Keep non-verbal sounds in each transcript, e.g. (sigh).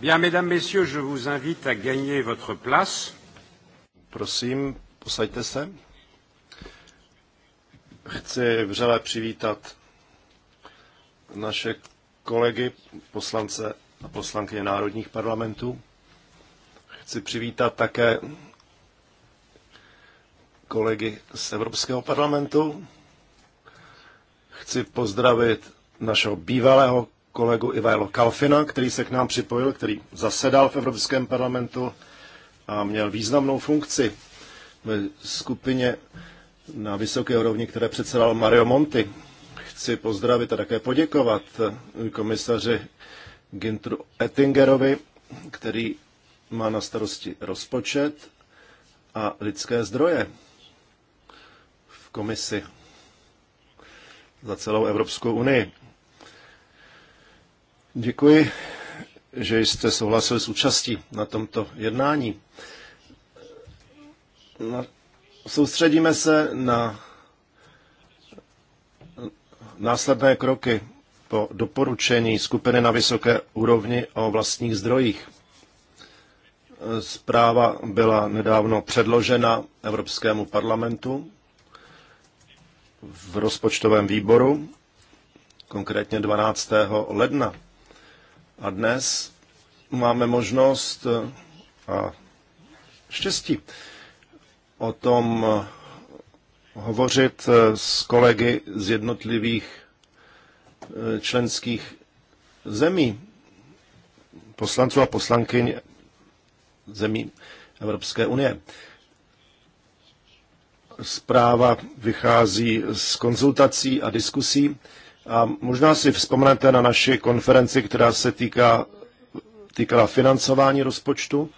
Bien, mesdames, messieurs, je vous invite à gagner votre place. Prosím, posaďte se. Chci vřele přivítat naše kolegy, poslance a poslankyně národních parlamentů. Chci přivítat také kolegy z Evropského parlamentu. Chci pozdravit našeho bývalého kolegu Ivajlo Kalfina, který se k nám připojil, který zasedal v Evropském parlamentu a měl významnou funkci v skupině na vysoké úrovni, které předsedal Mario Monti. Chci pozdravit a také poděkovat komisaři Gintru Ettingerovi, který má na starosti rozpočet a lidské zdroje v komisi za celou Evropskou unii. Děkuji, že jste souhlasili s účastí na tomto jednání. Na, soustředíme se na následné kroky po doporučení skupiny na vysoké úrovni o vlastních zdrojích. Zpráva byla nedávno předložena Evropskému parlamentu v rozpočtovém výboru, konkrétně 12. ledna a dnes máme možnost eh, a štěstí o tom eh, hovořit eh, s kolegy z jednotlivých členských zemí, poslanců a poslankyň zemí Evropské unie. Zpráva vychází z konzultací a diskusí a možná si vzpomenete na naši konferenci, která se týká, týkala financování rozpočtu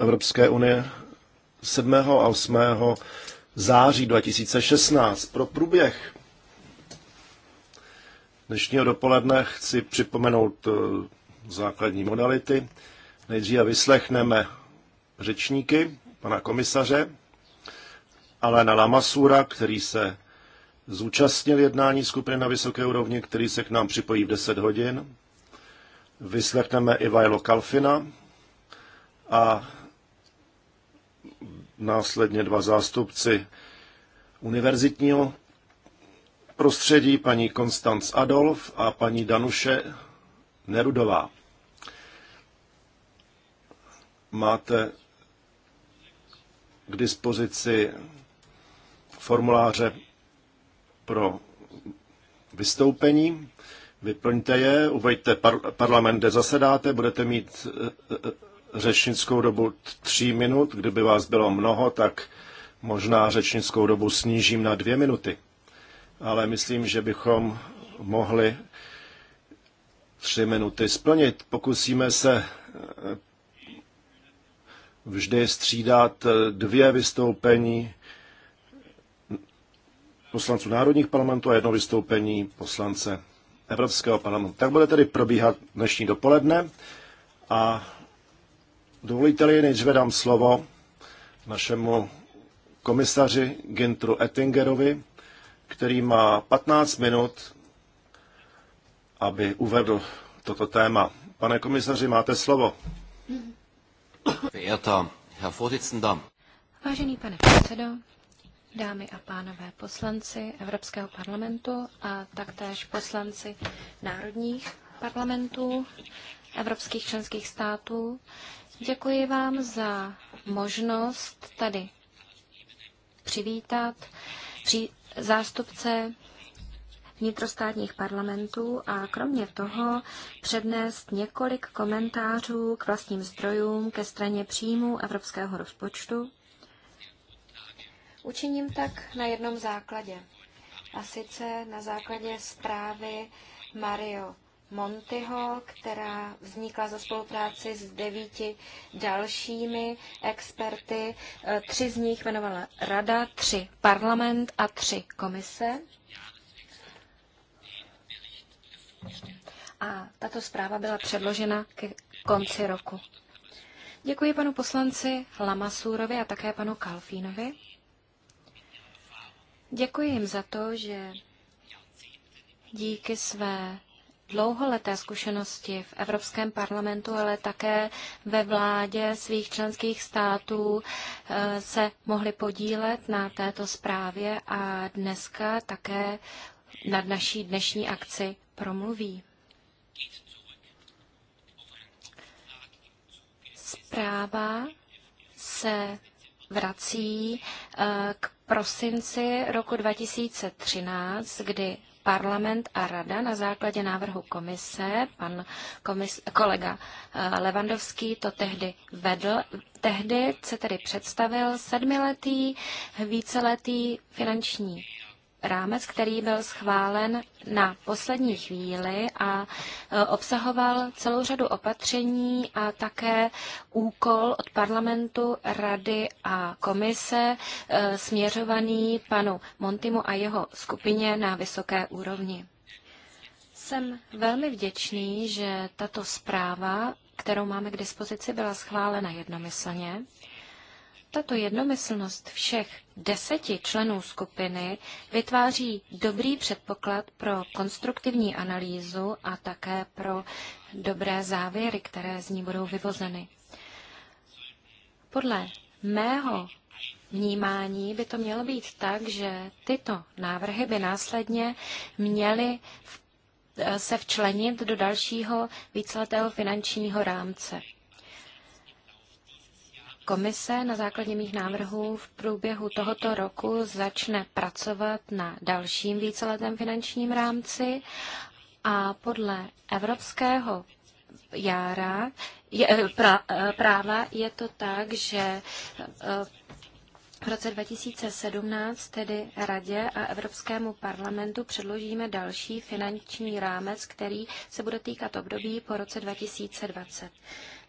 Evropské unie 7. a 8. září 2016. Pro průběh dnešního dopoledne chci připomenout eh, základní modality. Nejdříve vyslechneme řečníky, pana komisaře, Alena Lamasura, který se zúčastnil jednání skupiny na vysoké úrovni, který se k nám připojí v 10 hodin. Vyslechneme Ivajlo Kalfina a následně dva zástupci univerzitního prostředí, paní Konstanc Adolf a paní Danuše Nerudová. Máte k dispozici formuláře pro vystoupení. Vyplňte je, uveďte par- parlament, kde zasedáte, budete mít e, e, řečnickou dobu tří minut. Kdyby vás bylo mnoho, tak možná řečnickou dobu snížím na dvě minuty. Ale myslím, že bychom mohli tři minuty splnit. Pokusíme se e, vždy střídat dvě vystoupení poslanců národních parlamentů a jedno vystoupení poslance Evropského parlamentu. Tak bude tedy probíhat dnešní dopoledne a dovolíte-li, nejdříve dám slovo našemu komisaři Gintru Ettingerovi, který má 15 minut, aby uvedl toto téma. Pane komisaři, máte slovo. Vážený pane předsedo, dámy a pánové poslanci Evropského parlamentu a taktéž poslanci národních parlamentů evropských členských států. Děkuji vám za možnost tady přivítat při zástupce vnitrostátních parlamentů a kromě toho přednést několik komentářů k vlastním zdrojům ke straně příjmů evropského rozpočtu Učiním tak na jednom základě. A sice na základě zprávy Mario Montyho, která vznikla za spolupráci s devíti dalšími experty. E, tři z nich jmenovala Rada, tři parlament a tři komise. A tato zpráva byla předložena k konci roku. Děkuji panu poslanci Lamasurovi a také panu Kalfínovi. Děkuji jim za to, že díky své dlouholeté zkušenosti v Evropském parlamentu, ale také ve vládě svých členských států eh, se mohli podílet na této zprávě a dneska také nad naší dnešní akci promluví. Zpráva se vrací eh, k prosinci roku 2013, kdy parlament a rada na základě návrhu komise, pan komis, kolega eh, Levandovský to tehdy vedl, tehdy se tedy představil sedmiletý, víceletý finanční rámec, který byl schválen na poslední chvíli a e, obsahoval celou řadu opatření a také úkol od parlamentu, rady a komise e, směřovaný panu Montimu a jeho skupině na vysoké úrovni. Jsem velmi vděčný, že tato zpráva, kterou máme k dispozici, byla schválena jednomyslně. Tato jednomyslnost všech deseti členů skupiny vytváří dobrý předpoklad pro konstruktivní analýzu a také pro dobré závěry, které z ní budou vyvozeny. Podle mého vnímání by to mělo být tak, že tyto návrhy by následně měly se včlenit do dalšího víceletého finančního rámce. Komise na základě mých návrhů v průběhu tohoto roku začne pracovat na dalším víceletém finančním rámci a podle evropského jára, je, pra, práva je to tak, že eh, v roce 2017 tedy Radě a Evropskému parlamentu předložíme další finanční rámec, který se bude týkat období po roce 2020.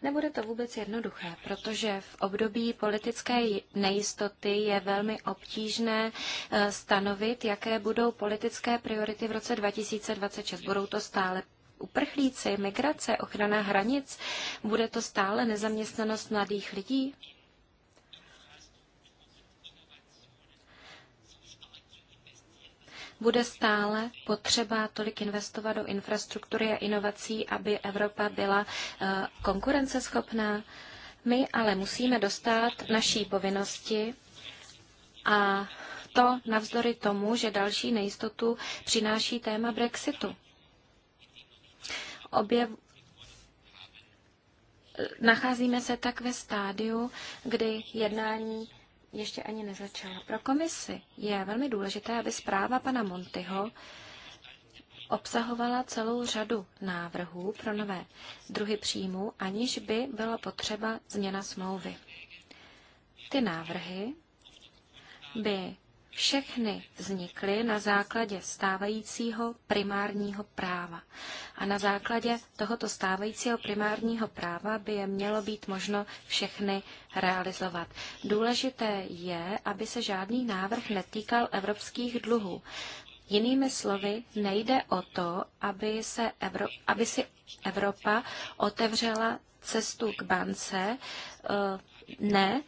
Nebude to vůbec jednoduché, protože v období politické nejistoty je velmi obtížné eh, stanovit, jaké budou politické priority v roce 2026. Budou to stále uprchlíci, migrace, ochrana hranic, bude to stále nezaměstnanost mladých lidí? bude stále potřeba tolik investovat do infrastruktury a inovací, aby Evropa byla eh, konkurenceschopná. My ale musíme dostat naší povinnosti a to navzdory tomu, že další nejistotu přináší téma Brexitu. Objev... Nacházíme se tak ve stádiu, kdy jednání ještě ani nezačala. Pro komisi je velmi důležité, aby zpráva pana Montyho obsahovala celou řadu návrhů pro nové druhy příjmu, aniž by byla potřeba změna smlouvy. Ty návrhy by všechny vznikly na základě stávajícího primárního práva. A na základě tohoto stávajícího primárního práva by je mělo být možno všechny realizovat. Důležité je, aby se žádný návrh netýkal evropských dluhů. Jinými slovy, nejde o to, aby, se Evro, aby si Evropa otevřela cestu k bance. Eh, ne,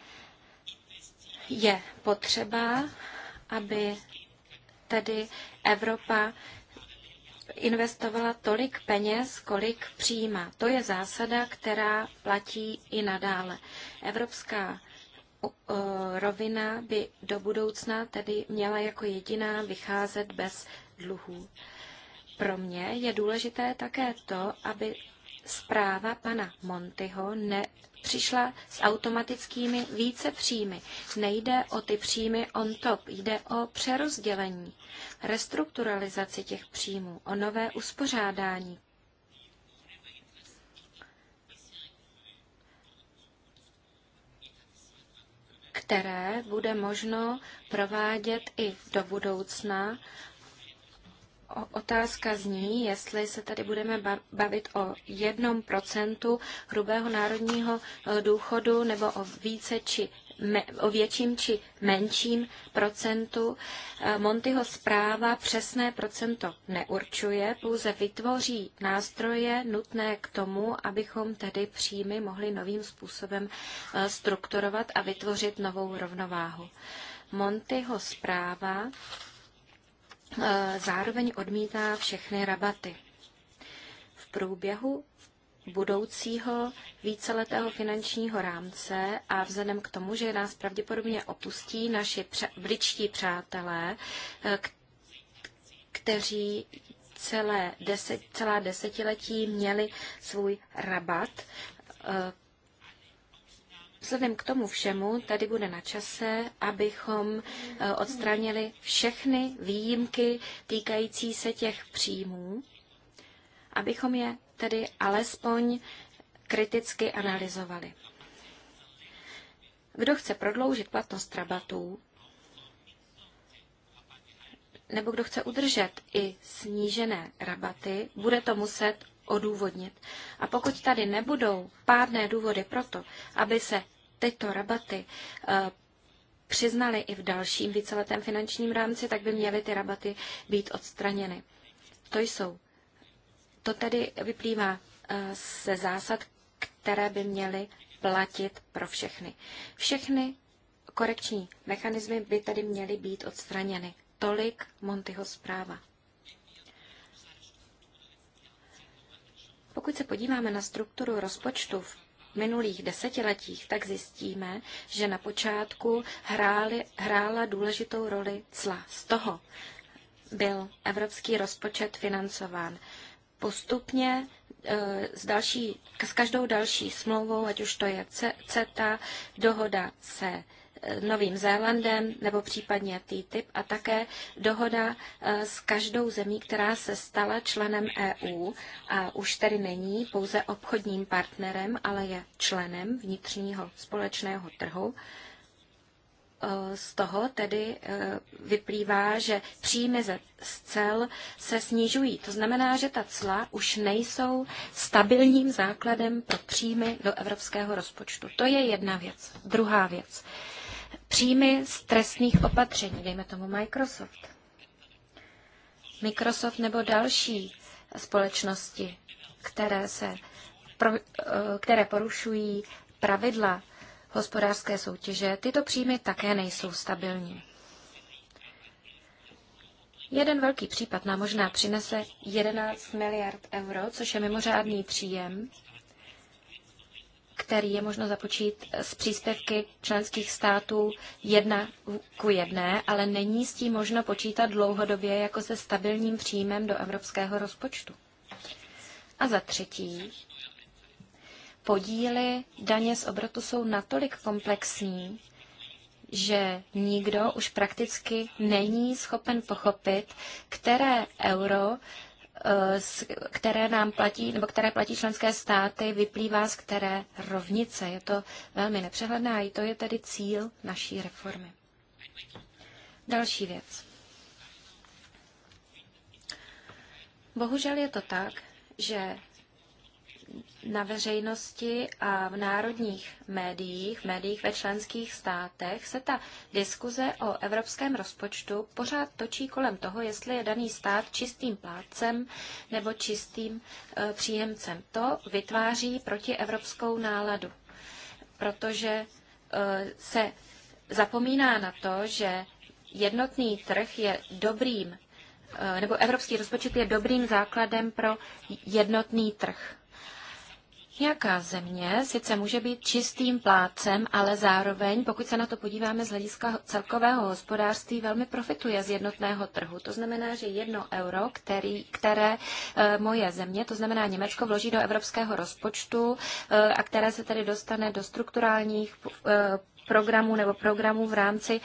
je potřeba aby tedy Evropa investovala tolik peněz, kolik přijímá. To je zásada, která platí i nadále. Evropská rovina by do budoucna tedy měla jako jediná vycházet bez dluhů. Pro mě je důležité také to, aby zpráva pana Montyho ne, přišla s automatickými více příjmy. Nejde o ty příjmy on top, jde o přerozdělení, restrukturalizaci těch příjmů, o nové uspořádání. které bude možno provádět i do budoucna otázka zní, jestli se tady budeme bavit o jednom procentu hrubého národního e, důchodu nebo o více či me, o větším či menším procentu. E, Montyho zpráva přesné procento neurčuje, pouze vytvoří nástroje nutné k tomu, abychom tedy příjmy mohli novým způsobem e, strukturovat a vytvořit novou rovnováhu. Montyho zpráva zároveň odmítá všechny rabaty. V průběhu budoucího víceletého finančního rámce a vzhledem k tomu, že nás pravděpodobně opustí naši pře- britští přátelé, e, kteří celé deset, celá desetiletí měli svůj rabat, e, Vzhledem k tomu všemu tady bude na čase, abychom eh, odstranili všechny výjimky týkající se těch příjmů, abychom je tedy alespoň kriticky analyzovali. Kdo chce prodloužit platnost rabatů, nebo kdo chce udržet i snížené rabaty, bude to muset odůvodnit. A pokud tady nebudou pádné důvody pro to, aby se tyto rabaty eh, přiznali i v dalším víceletém finančním rámci, tak by měly ty rabaty být odstraněny. To jsou. To tedy vyplývá se eh, zásad, které by měly platit pro všechny. Všechny korekční mechanismy by tedy měly být odstraněny. Tolik Montyho zpráva. Pokud se podíváme na strukturu rozpočtu v minulých desetiletích, tak zjistíme, že na počátku hráli, hrála důležitou roli cla. Z toho byl evropský rozpočet financován. Postupně eh, s, další, s každou další smlouvou, ať už to je CETA, dohoda se Novým Zélandem nebo případně TTIP a také dohoda eh, s každou zemí, která se stala členem EU a už tedy není pouze obchodním partnerem, ale je členem vnitřního společného trhu. Eh, z toho tedy eh, vyplývá, že příjmy ze cel se snižují. To znamená, že ta cla už nejsou stabilním základem pro příjmy do evropského rozpočtu. To je jedna věc. Druhá věc příjmy z trestných opatření, dejme tomu Microsoft. Microsoft nebo další společnosti, které, se, eh, které porušují pravidla hospodářské soutěže, tyto příjmy také nejsou stabilní. Jeden velký případ nám možná přinese 11 miliard euro, což je mimořádný příjem který je možno započít s příspěvky členských států jedna ku jedné, ale není s tím možno počítat dlouhodobě jako se stabilním příjmem do evropského rozpočtu. A za třetí, podíly daně z obrotu jsou natolik komplexní, že nikdo už prakticky není schopen pochopit, které euro Eh, které nám platí, nebo které platí členské státy, vyplývá z které rovnice. Je to velmi nepřehledné a i to je tedy cíl naší reformy. Další věc. Bohužel je to tak, že na veřejnosti a v národních médiích, v médiích ve členských státech, se ta diskuze o evropském rozpočtu pořád točí kolem toho, jestli je daný stát čistým plátcem nebo čistým e, příjemcem. To vytváří protievropskou náladu, protože e, se zapomíná na to, že jednotný trh je dobrým e, nebo evropský rozpočet je dobrým základem pro jednotný trh. Jaká země sice může být čistým plácem, ale zároveň, pokud se na to podíváme z hlediska celkového hospodářství, velmi profituje z jednotného trhu. To znamená, že jedno euro, který, které eh, moje země, to znamená Německo, vloží do evropského rozpočtu eh, a které se tedy dostane do strukturálních eh, programů nebo programů v rámci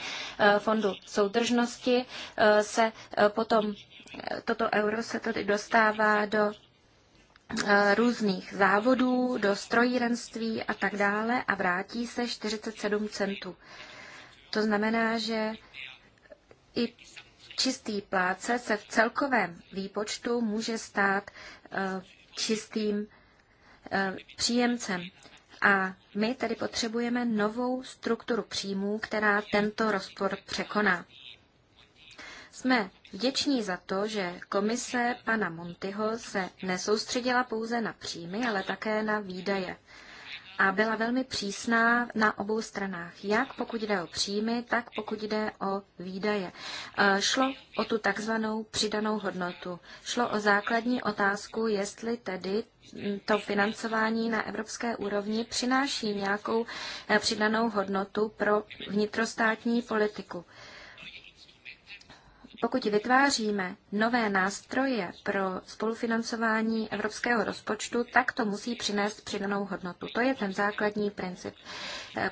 fondu soudržnosti, se potom toto euro se tedy dostává do Eh, různých závodů, do strojírenství a tak dále a vrátí se 47 centů. To znamená, že i čistý pláce se v celkovém výpočtu může stát eh, čistým eh, příjemcem. A my tedy potřebujeme novou strukturu příjmů, která tento rozpor překoná. Jsme vděční za to, že komise pana Montyho se nesoustředila pouze na příjmy, ale také na výdaje. A byla velmi přísná na obou stranách, jak pokud jde o příjmy, tak pokud jde o výdaje. E, šlo o tu takzvanou přidanou hodnotu. Šlo o základní otázku, jestli tedy to financování na evropské úrovni přináší nějakou e, přidanou hodnotu pro vnitrostátní politiku pokud vytváříme nové nástroje pro spolufinancování evropského rozpočtu, tak to musí přinést přidanou hodnotu. To je ten základní princip. Eh,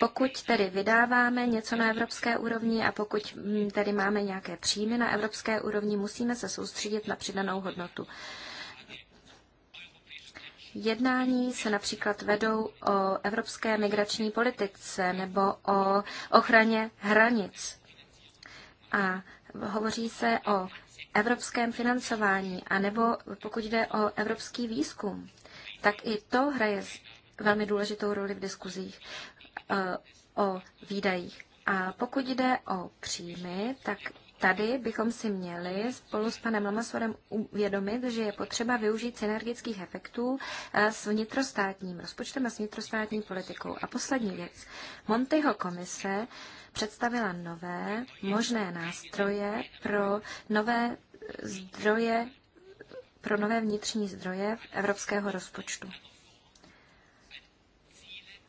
pokud tedy vydáváme něco na evropské úrovni a pokud mm, tedy máme nějaké příjmy na evropské úrovni, musíme se soustředit na přidanou hodnotu. Jednání se například vedou o evropské migrační politice nebo o ochraně hranic. A hovoří se o evropském financování, anebo pokud jde o evropský výzkum, tak i to hraje velmi důležitou roli v diskuzích eh, o výdajích. A pokud jde o příjmy, tak tady bychom si měli spolu s panem Lamasorem uvědomit, že je potřeba využít synergických efektů eh, s vnitrostátním rozpočtem a s vnitrostátní politikou. A poslední věc. Montyho komise představila nové možné nástroje pro nové zdroje, pro nové vnitřní zdroje evropského rozpočtu.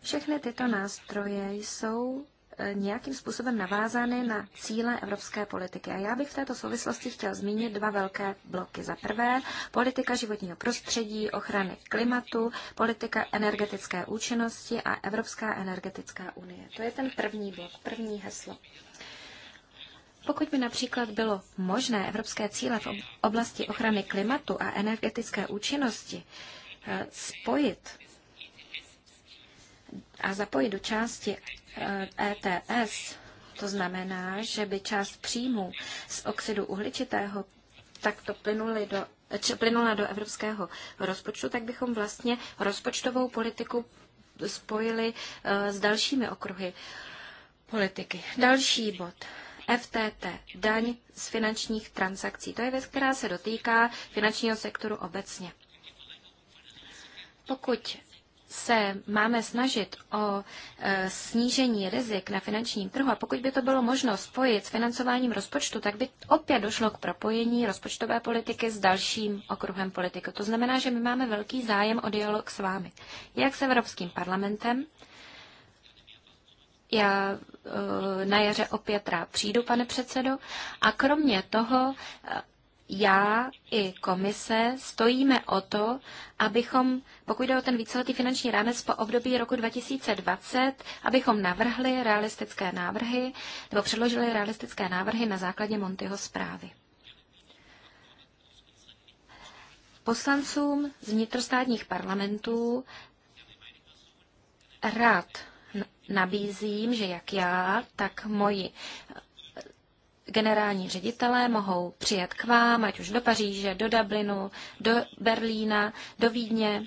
Všechny tyto nástroje jsou nějakým způsobem navázány na cíle evropské politiky. A já bych v této souvislosti chtěl zmínit dva velké bloky. Za prvé, politika životního prostředí, ochrany klimatu, politika energetické účinnosti a Evropská energetická unie. To je ten první blok, první heslo. Pokud by například bylo možné evropské cíle v oblasti ochrany klimatu a energetické účinnosti eh, spojit a zapojit do části ETS, eh, e to znamená, že by část příjmů z oxidu uhličitého takto plynuly do plynula do evropského rozpočtu, tak bychom vlastně rozpočtovou politiku spojili eh, s dalšími okruhy politiky. Další bod. FTT, daň z finančních transakcí. To je věc, která se dotýká finančního sektoru obecně. Pokud se máme snažit o e, snížení rizik na finančním trhu a pokud by to bylo možno spojit s financováním rozpočtu, tak by opět došlo k propojení rozpočtové politiky s dalším okruhem politiky. To znamená, že my máme velký zájem o dialog s vámi, jak s Evropským parlamentem, já e, na jaře opět rád přijdu, pane předsedo. A kromě toho e, já i komise stojíme o to, abychom, pokud jde o ten víceletý finanční rámec po období roku 2020, abychom navrhli realistické návrhy nebo předložili realistické návrhy na základě Montyho zprávy. Poslancům z vnitrostátních parlamentů rád nabízím, že jak já, tak moji generální ředitelé mohou přijet k vám, ať už do Paříže, do Dublinu, do Berlína, do Vídně.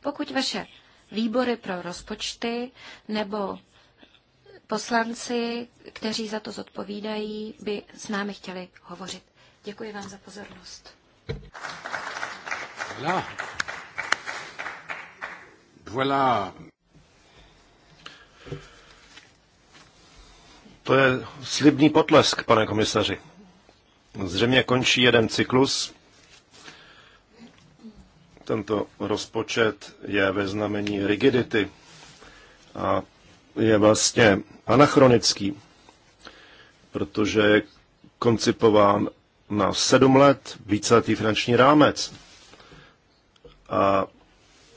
Pokud vaše výbory pro rozpočty nebo poslanci, kteří za to zodpovídají, by s námi chtěli hovořit. Děkuji vám za pozornost. Voilà. Voilà To je slibný potlesk, pane komisaři. Zřejmě končí jeden cyklus. Tento rozpočet je ve znamení rigidity a je vlastně anachronický, protože je koncipován na sedm let víceletý finanční rámec. A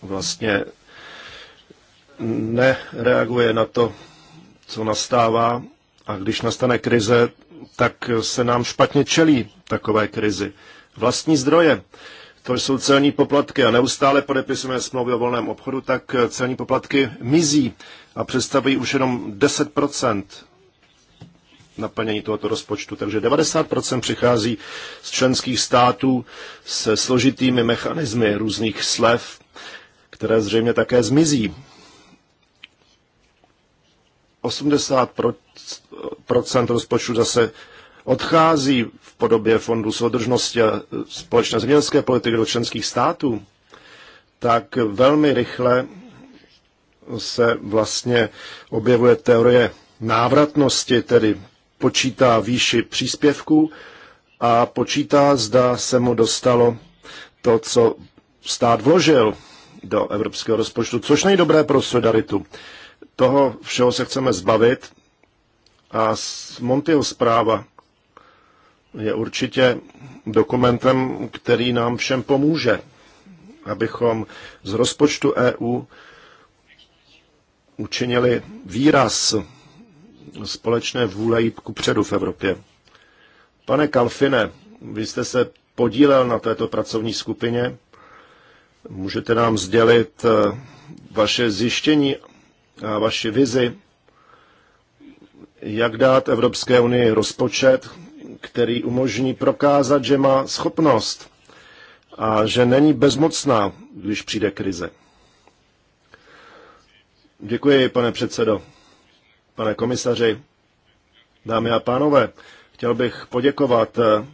vlastně nereaguje na to, co nastává a když nastane krize, tak se nám špatně čelí takové krizi. Vlastní zdroje, to jsou celní poplatky a neustále podepisujeme smlouvy o volném obchodu, tak celní poplatky mizí a představují už jenom 10% naplnění tohoto rozpočtu. Takže 90% přichází z členských států se složitými mechanismy různých slev, které zřejmě také zmizí. 80% rozpočtu zase odchází v podobě fondu soudržnosti a společné zemědělské politiky do členských států, tak velmi rychle se vlastně objevuje teorie návratnosti, tedy počítá výši příspěvků a počítá, zda se mu dostalo to, co stát vložil do evropského rozpočtu, což není dobré pro solidaritu toho všeho se chceme zbavit a Montyho zpráva je určitě dokumentem, který nám všem pomůže, abychom z rozpočtu EU učinili výraz společné vůle jít ku předu v Evropě. Pane Kalfine, vy jste se podílel na této pracovní skupině. Můžete nám sdělit eh, vaše zjištění a vaši vizi, jak dát Evropské unii rozpočet, který umožní prokázat, že má schopnost a že není bezmocná, když přijde krize. Děkuji, pane předsedo, pane komisaři, dámy a pánové. Chtěl bych poděkovat eh,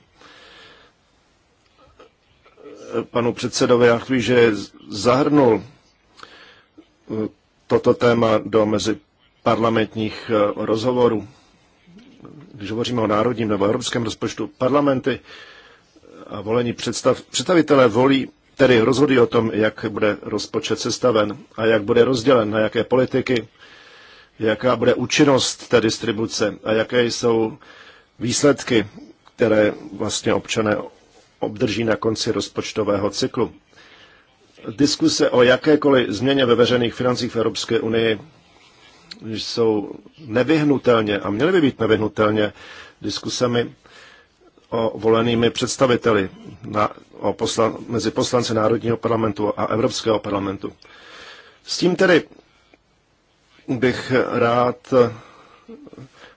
panu předsedovi Achvi, že zahrnul eh, toto téma do mezi parlamentních eh, rozhovorů. Když hovoříme o národním nebo evropském rozpočtu, parlamenty eh, a volení představ, představitelé volí, tedy rozhodují o tom, jak bude rozpočet sestaven a jak bude rozdělen, na jaké politiky, jaká bude účinnost té distribuce a jaké jsou výsledky, které vlastně občané obdrží na konci rozpočtového cyklu. Diskuse o jakékoliv změně ve veřejných financích v Evropské unii jsou nevyhnutelně a měly by být nevyhnutelně diskusemi o volenými představiteli na, o poslan, mezi poslanci Národního parlamentu a Evropského parlamentu. S tím tedy bych rád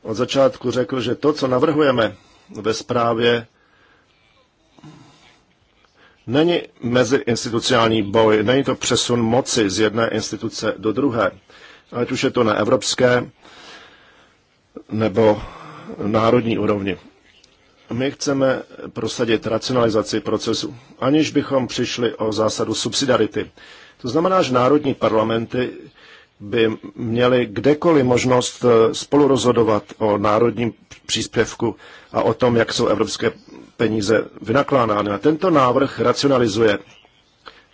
od začátku řekl, že to, co navrhujeme ve zprávě, Není meziinstitucionální boj, není to přesun moci z jedné instituce do druhé, ať už je to na evropské nebo národní úrovni. My chceme prosadit racionalizaci procesu, aniž bychom přišli o zásadu subsidiarity. To znamená, že národní parlamenty by měli kdekoliv možnost eh, spolu rozhodovat o národním příspěvku a o tom, jak jsou evropské peníze vynakládány. A tento návrh racionalizuje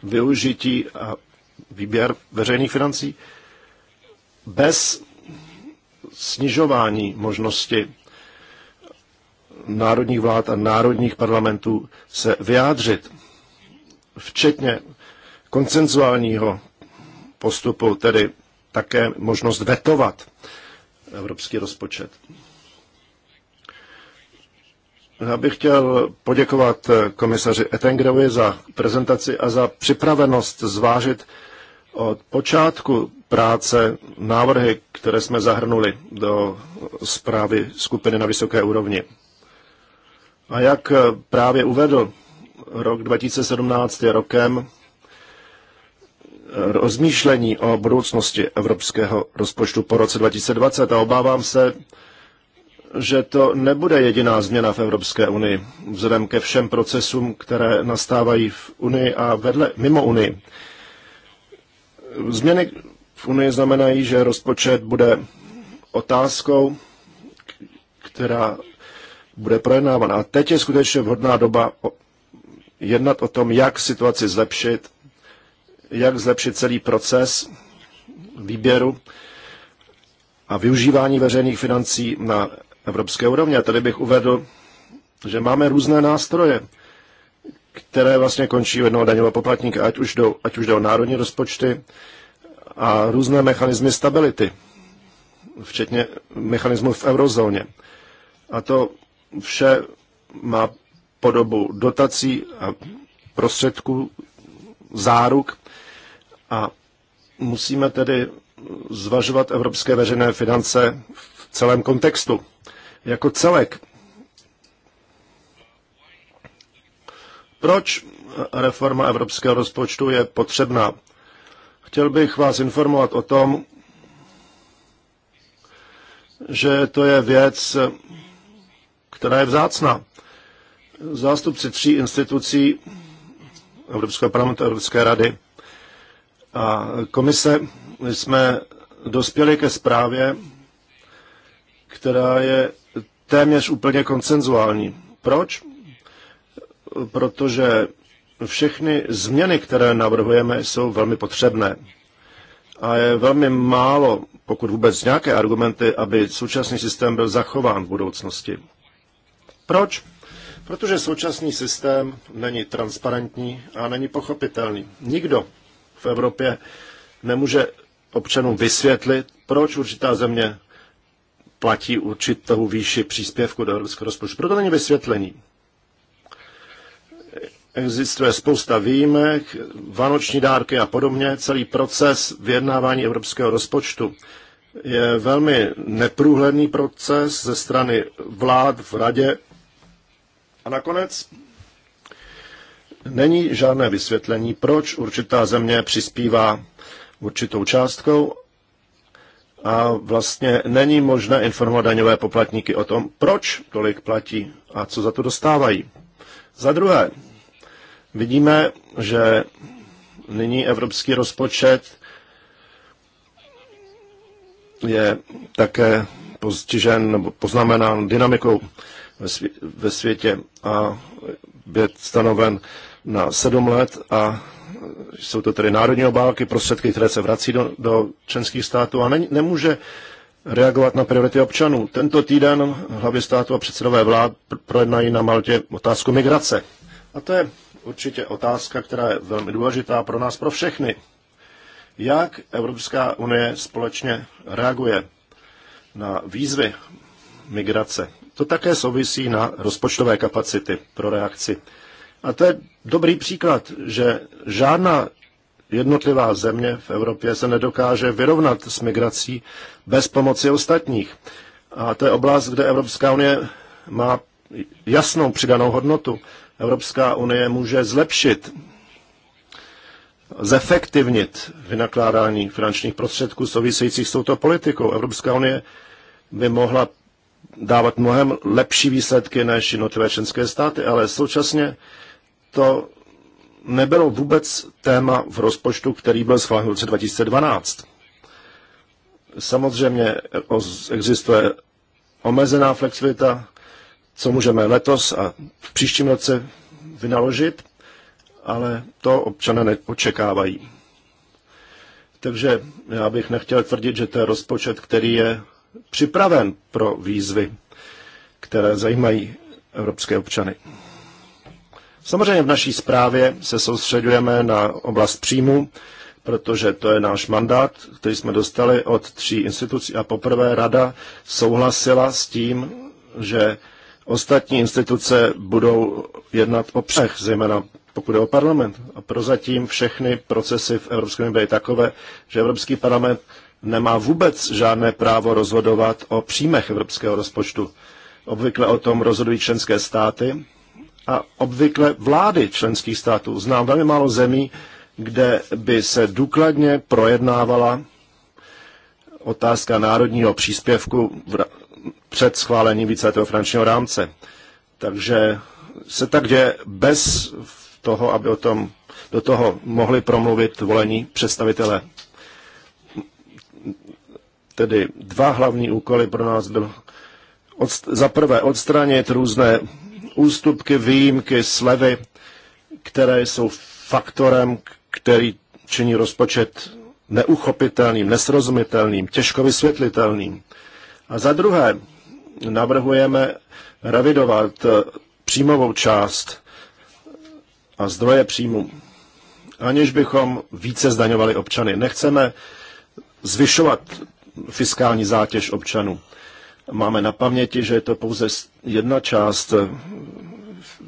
využití a výběr veřejných financí bez snižování možnosti národních vlád a národních parlamentů se vyjádřit, včetně koncenzuálního postupu, tedy také možnost vetovat evropský rozpočet. Já bych chtěl poděkovat komisaři Etengrovi za prezentaci a za připravenost zvážit od počátku práce návrhy, které jsme zahrnuli do zprávy skupiny na vysoké úrovni. A jak právě uvedl, rok 2017 je rokem, rozmýšlení o budoucnosti evropského rozpočtu po roce 2020 a obávám se, že to nebude jediná změna v Evropské unii, vzhledem ke všem procesům, které nastávají v Unii a vedle, mimo Unii. Změny v Unii znamenají, že rozpočet bude otázkou, která bude projednávána. A teď je skutečně vhodná doba jednat o tom, jak situaci zlepšit jak zlepšit celý proces výběru a využívání veřejných financí na evropské úrovni. A tady bych uvedl, že máme různé nástroje, které vlastně končí u jednoho daňového poplatníka, ať už, jdou, ať už jde o národní rozpočty a různé mechanismy stability, včetně mechanismů v eurozóně. A to vše má podobu dotací a prostředků, záruk a musíme tedy zvažovat evropské veřejné finance v celém kontextu, jako celek. Proč reforma evropského rozpočtu je potřebná? Chtěl bych vás informovat o tom, že to je věc, která je vzácná. Zástupci tří institucí Evropského parlamentu a Evropské rady a komise jsme dospěli ke zprávě, která je téměř úplně konsenzuální. Proč? Protože všechny změny, které navrhujeme, jsou velmi potřebné. A je velmi málo, pokud vůbec nějaké argumenty, aby současný systém byl zachován v budoucnosti. Proč? Protože současný systém není transparentní a není pochopitelný. Nikdo v Evropě nemůže občanům vysvětlit, proč určitá země platí určitou výši příspěvku do evropského rozpočtu. Proto není vysvětlení. Existuje spousta výjimek, vánoční dárky a podobně. Celý proces vyjednávání evropského rozpočtu je velmi neprůhledný proces ze strany vlád v radě. A nakonec není žádné vysvětlení, proč určitá země přispívá určitou částkou a vlastně není možné informovat daňové poplatníky o tom, proč tolik platí a co za to dostávají. Za druhé, vidíme, že nyní evropský rozpočet je také postižen nebo poznamenán dynamikou ve, světě a je stanoven na sedm let a jsou to tedy národní obálky, prostředky, které se vrací do, do členských států a ne, nemůže reagovat na priority občanů. Tento týden hlavy státu a předsedové vlád projednají na Maltě otázku migrace. A to je určitě otázka, která je velmi důležitá pro nás, pro všechny. Jak Evropská unie společně reaguje na výzvy migrace? To také souvisí na rozpočtové kapacity pro reakci. A to je dobrý příklad, že žádná jednotlivá země v Evropě se nedokáže vyrovnat s migrací bez pomoci ostatních. A to je oblast, kde Evropská unie má jasnou přidanou hodnotu. Evropská unie může zlepšit, zefektivnit vynakládání finančních prostředků souvisejících s touto politikou. Evropská unie by mohla dávat mnohem lepší výsledky než jednotlivé členské státy, ale současně to nebylo vůbec téma v rozpočtu, který byl schválen v roce 2012. Samozřejmě existuje omezená flexibilita, co můžeme letos a v příštím roce vynaložit, ale to občané neočekávají. Takže já bych nechtěl tvrdit, že to je rozpočet, který je připraven pro výzvy, které zajímají evropské občany. Samozřejmě v naší zprávě se soustředujeme na oblast příjmu, protože to je náš mandát, který jsme dostali od tří institucí a poprvé rada souhlasila s tím, že ostatní instituce budou jednat o přech, zejména pokud je o parlament. A prozatím všechny procesy v Evropské unii byly takové, že Evropský parlament nemá vůbec žádné právo rozhodovat o příjmech evropského rozpočtu. Obvykle o tom rozhodují členské státy a obvykle vlády členských států. Znám velmi málo zemí, kde by se důkladně projednávala otázka národního příspěvku v, před schválením víceletého finančního rámce. Takže se tak děje bez toho, aby o tom, do toho mohli promluvit volení představitelé. Tedy dva hlavní úkoly pro nás byl za prvé odstranit různé ústupky, výjimky, slevy, které jsou faktorem, který činí rozpočet neuchopitelným, nesrozumitelným, těžko vysvětlitelným. A za druhé, navrhujeme revidovat eh, příjmovou část a zdroje příjmu, aniž bychom více zdaňovali občany. Nechceme zvyšovat fiskální zátěž občanů máme na paměti, že je to pouze jedna část eh,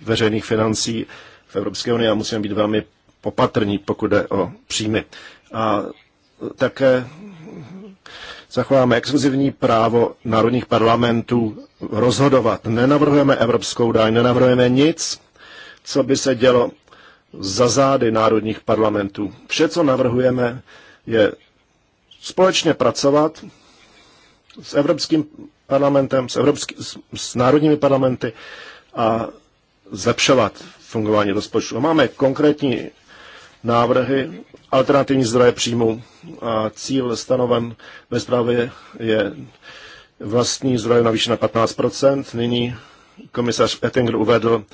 veřejných financí v Evropské unii a musíme být velmi opatrní, pokud jde o příjmy. A eh, také zachováme exkluzivní právo národních parlamentů rozhodovat. Nenavrhujeme evropskou daň, nenavrhujeme nic, co by se dělo za zády národních parlamentů. Vše, co navrhujeme, je společně pracovat s Evropským parlamentem, s, evropský, s, s národními parlamenty a zlepšovat fungování rozpočtu. A máme konkrétní návrhy, alternativní zdroje příjmu a cíl stanoven ve zprávě je vlastní zdroje navýšen na 15%. Nyní komisař Ettinger uvedl,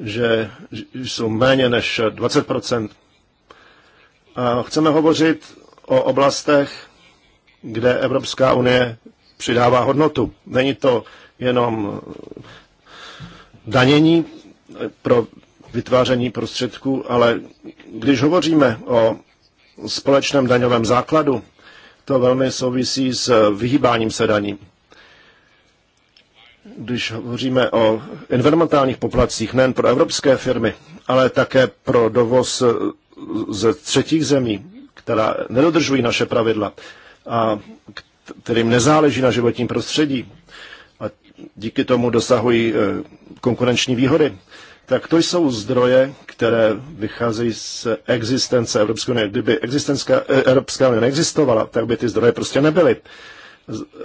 že jsou méně než 20%. A chceme hovořit o oblastech, kde Evropská unie přidává hodnotu. Není to jenom danění pro vytváření prostředků, ale když hovoříme o společném daňovém základu, to velmi souvisí s vyhýbáním se daní. Když hovoříme o environmentálních poplacích, nejen pro evropské firmy, ale také pro dovoz ze třetích zemí, která nedodržují naše pravidla a kterým nezáleží na životním prostředí a díky tomu dosahují e, konkurenční výhody, tak to jsou zdroje, které vycházejí z existence Evropské unie. Kdyby e, Evropská unie neexistovala, tak by ty zdroje prostě nebyly.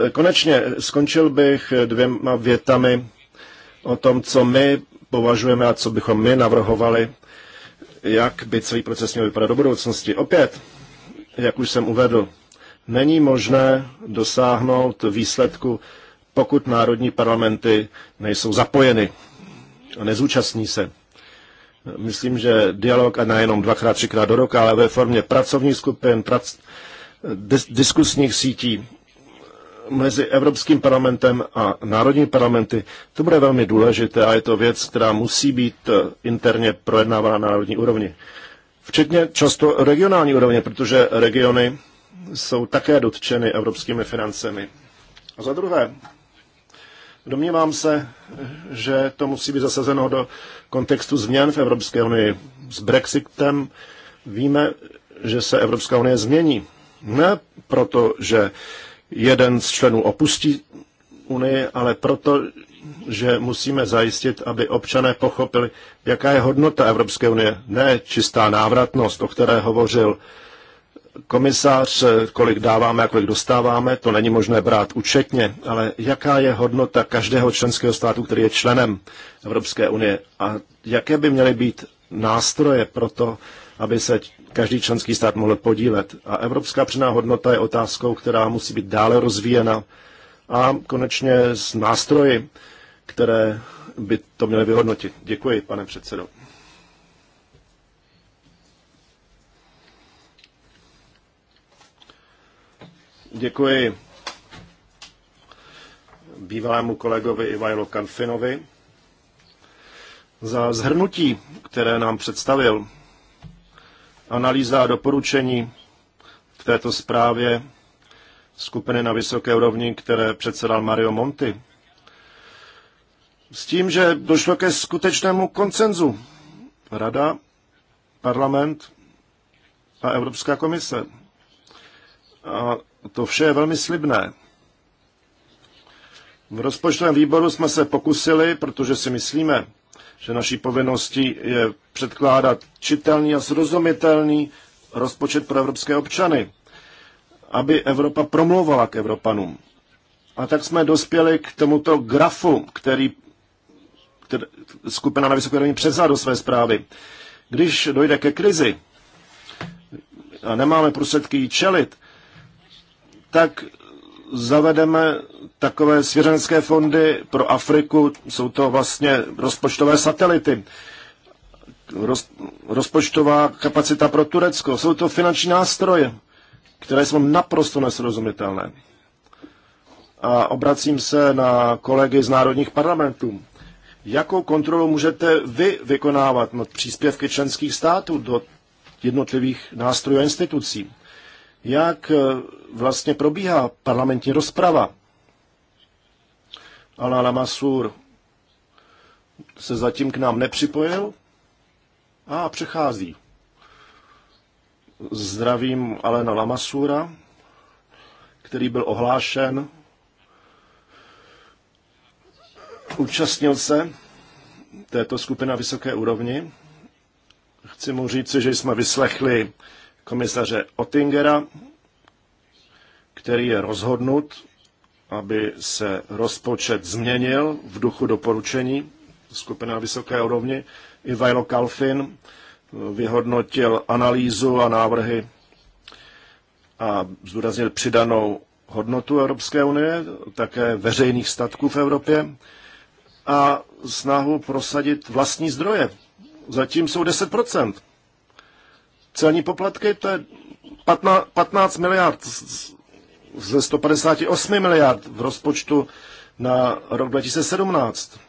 E, konečně skončil bych dvěma větami o tom, co my považujeme a co bychom my navrhovali, jak by celý proces měl vypadat do budoucnosti. Opět, jak už jsem uvedl, není možné dosáhnout výsledku, pokud národní parlamenty nejsou zapojeny a nezúčastní se. Myslím, že dialog a nejenom dvakrát, třikrát do roka, ale ve formě pracovních skupin, prac, dis, diskusních sítí mezi Evropským parlamentem a národní parlamenty, to bude velmi důležité a je to věc, která musí být eh, interně projednávána na národní úrovni. Včetně často regionální úrovně, protože regiony jsou také dotčeny evropskými financemi. A za druhé, domnívám se, že to musí být zasazeno do kontextu změn v Evropské unii. S Brexitem víme, že se Evropská unie změní. Ne proto, že jeden z členů opustí Unii, ale proto, že musíme zajistit, aby občané pochopili, jaká je hodnota Evropské unie, ne čistá návratnost, o které hovořil komisář, eh, kolik dáváme a kolik dostáváme, to není možné brát účetně, ale jaká je hodnota každého členského státu, který je členem Evropské unie a jaké by měly být nástroje pro to, aby se každý členský stát mohl podílet. A evropská přená hodnota je otázkou, která musí být dále rozvíjena a konečně s nástroji, které by to měly vyhodnotit. Děkuji, pane předsedo. Děkuji bývalému kolegovi Ivajlo Kanfinovi za zhrnutí, které nám představil. Analýza a doporučení k této zprávě skupiny na vysoké úrovni, které předsedal Mario Monti. S tím, že došlo ke skutečnému koncenzu. Rada, parlament a Evropská komise. A to vše je velmi slibné. V rozpočtovém výboru jsme se pokusili, protože si myslíme, že naší povinností je předkládat čitelný a srozumitelný rozpočet pro evropské občany, aby Evropa promluvala k Evropanům. A tak jsme dospěli k tomuto grafu, který, který skupina na vysoké úrovni převzala do své zprávy. Když dojde ke krizi a nemáme prostředky jí čelit, tak zavedeme takové svěřenské fondy pro Afriku, jsou to vlastně rozpočtové satelity, roz, rozpočtová kapacita pro Turecko, jsou to finanční nástroje, které jsou naprosto nesrozumitelné. A obracím se na kolegy z národních parlamentů. Jakou kontrolu můžete vy vykonávat nad příspěvky členských států do jednotlivých nástrojů a institucí? jak eh, vlastně probíhá parlamentní rozprava. Alain Lamassur se zatím k nám nepřipojil a přechází. Zdravím Alena Lamasura, který byl ohlášen. Účastnil se této skupina vysoké úrovni. Chci mu říci, že jsme vyslechli komisaře Ottingera, který je rozhodnut, aby se rozpočet změnil v duchu doporučení skupina vysoké úrovni. Ivajlo Kalfin vyhodnotil analýzu a návrhy a zdůraznil přidanou hodnotu Evropské unie, také veřejných statků v Evropě a snahu prosadit vlastní zdroje. Zatím jsou 10 Celní poplatky to je 15 miliard ze 158 miliard v rozpočtu na rok 2017.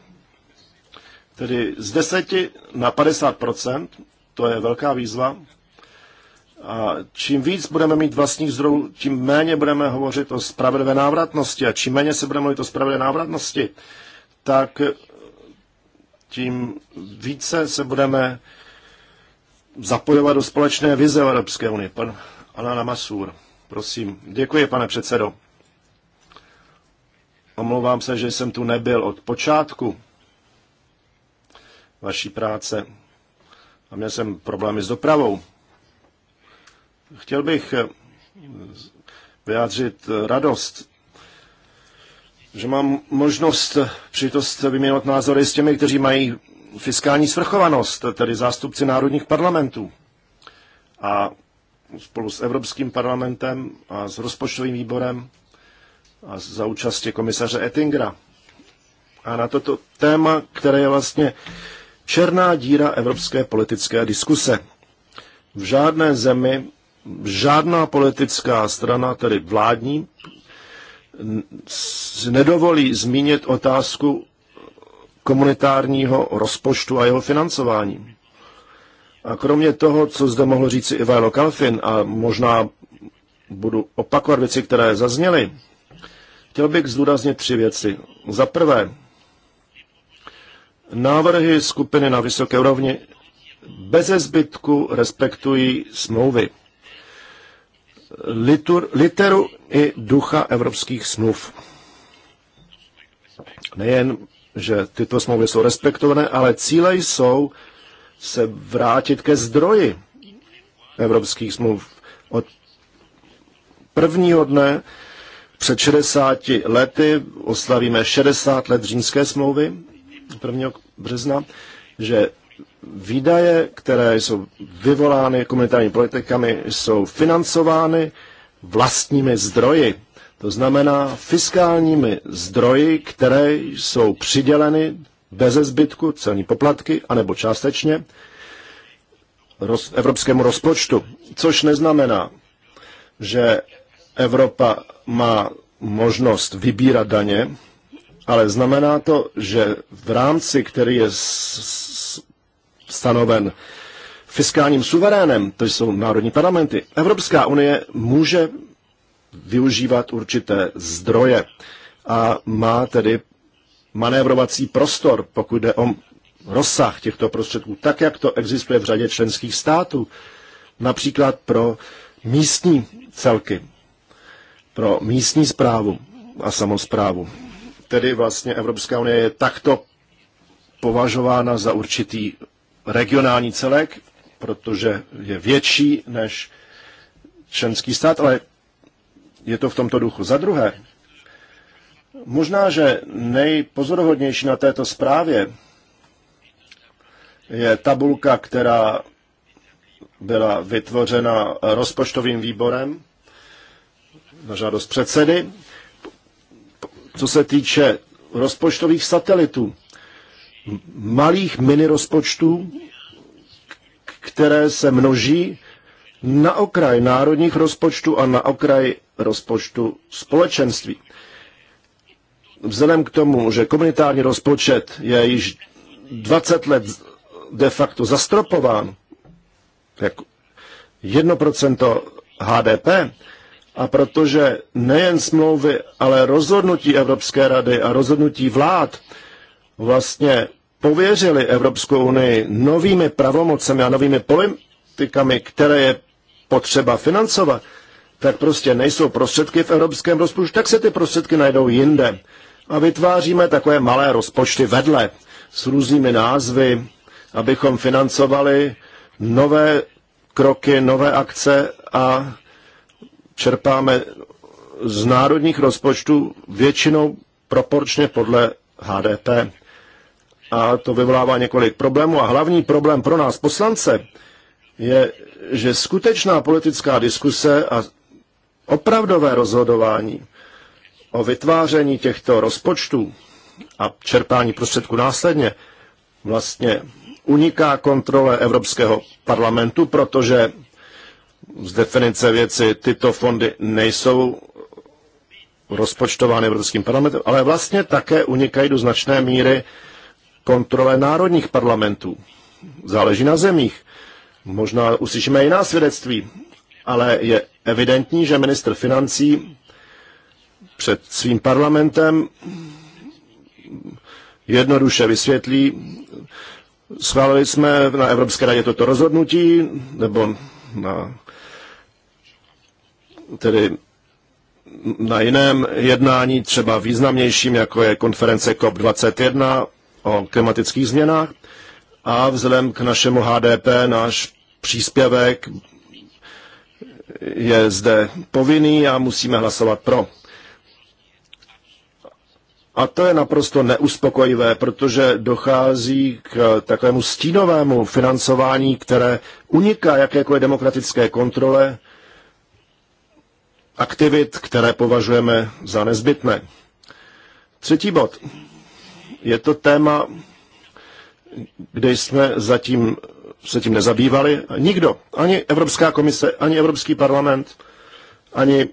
Tedy z 10 na 50 to je velká výzva. A čím víc budeme mít vlastních zdrojů, tím méně budeme hovořit o spravedlivé návratnosti. A čím méně se budeme mluvit o spravedlivé návratnosti, tak tím více se budeme zapojovat do společné vize Evropské unie. Pan Alana Masur, prosím. Děkuji, pane předsedo. Omlouvám se, že jsem tu nebyl od počátku vaší práce a měl jsem problémy s dopravou. Chtěl bych vyjádřit radost, že mám možnost přitost vyměnit názory s těmi, kteří mají fiskální svrchovanost, tedy zástupci národních parlamentů. A spolu s Evropským parlamentem a s rozpočtovým výborem a za účastě komisaře Ettingera. A na toto téma, které je vlastně černá díra evropské politické diskuse. V žádné zemi žádná politická strana, tedy vládní, nedovolí zmínit otázku komunitárního rozpočtu a jeho financování. A kromě toho, co zde mohl říci Ivajlo Kalfin, a možná budu opakovat věci, které zazněly, chtěl bych zdůraznit tři věci. Za prvé, návrhy skupiny na vysoké úrovni beze zbytku respektují smlouvy. Litur, literu i ducha evropských smluv. Nejen že tyto smlouvy jsou respektované, ale cíle jsou se vrátit ke zdroji evropských smluv. Od prvního dne před 60 lety oslavíme 60 let římské smlouvy 1. března, že výdaje, které jsou vyvolány komunitárními politikami, jsou financovány vlastními zdroji to znamená fiskálními zdroji, které jsou přiděleny bez zbytku celní poplatky, anebo částečně, roz, evropskému rozpočtu. Což neznamená, že Evropa má možnost vybírat daně, ale znamená to, že v rámci, který je stanoven fiskálním suverénem, to jsou národní parlamenty, Evropská unie může využívat určité zdroje a má tedy manévrovací prostor, pokud jde o rozsah těchto prostředků, tak jak to existuje v řadě členských států, například pro místní celky, pro místní zprávu a samozprávu. Tedy vlastně Evropská unie je takto považována za určitý regionální celek, protože je větší než členský stát, ale je to v tomto duchu. Za druhé, možná, že nejpozoruhodnější na této zprávě je tabulka, která byla vytvořena rozpočtovým výborem na žádost předsedy. Co se týče rozpočtových satelitů, malých mini rozpočtů, které se množí na okraj národních rozpočtů a na okraj rozpočtu společenství. Vzhledem k tomu, že komunitární rozpočet je již 20 let de facto zastropován, jako 1% HDP, a protože nejen smlouvy, ale rozhodnutí Evropské rady a rozhodnutí vlád vlastně pověřili Evropskou unii novými pravomocemi a novými politikami, které je potřeba financovat, tak prostě nejsou prostředky v evropském rozpočtu, tak se ty prostředky najdou jinde. A vytváříme takové malé rozpočty vedle s různými názvy, abychom financovali nové kroky, nové akce a čerpáme z národních rozpočtů většinou proporčně podle HDP. A to vyvolává několik problémů. A hlavní problém pro nás poslance je, že skutečná politická diskuse a opravdové rozhodování o vytváření těchto rozpočtů a čerpání prostředků následně vlastně uniká kontrole Evropského parlamentu, protože z definice věci tyto fondy nejsou rozpočtovány Evropským parlamentem, ale vlastně také unikají do značné míry kontrole národních parlamentů. Záleží na zemích. Možná uslyšíme jiná svědectví, ale je evidentní, že ministr financí před svým parlamentem jednoduše vysvětlí, schválili jsme na Evropské radě toto rozhodnutí, nebo na, tedy na jiném jednání, třeba významnějším, jako je konference COP21 o klimatických změnách. A vzhledem k našemu HDP náš příspěvek je zde povinný a musíme hlasovat pro. A to je naprosto neuspokojivé, protože dochází k takovému stínovému financování, které uniká jakékoliv demokratické kontrole aktivit, které považujeme za nezbytné. Třetí bod. Je to téma, kde jsme zatím se tím nezabývali. Nikdo, ani Evropská komise, ani Evropský parlament, ani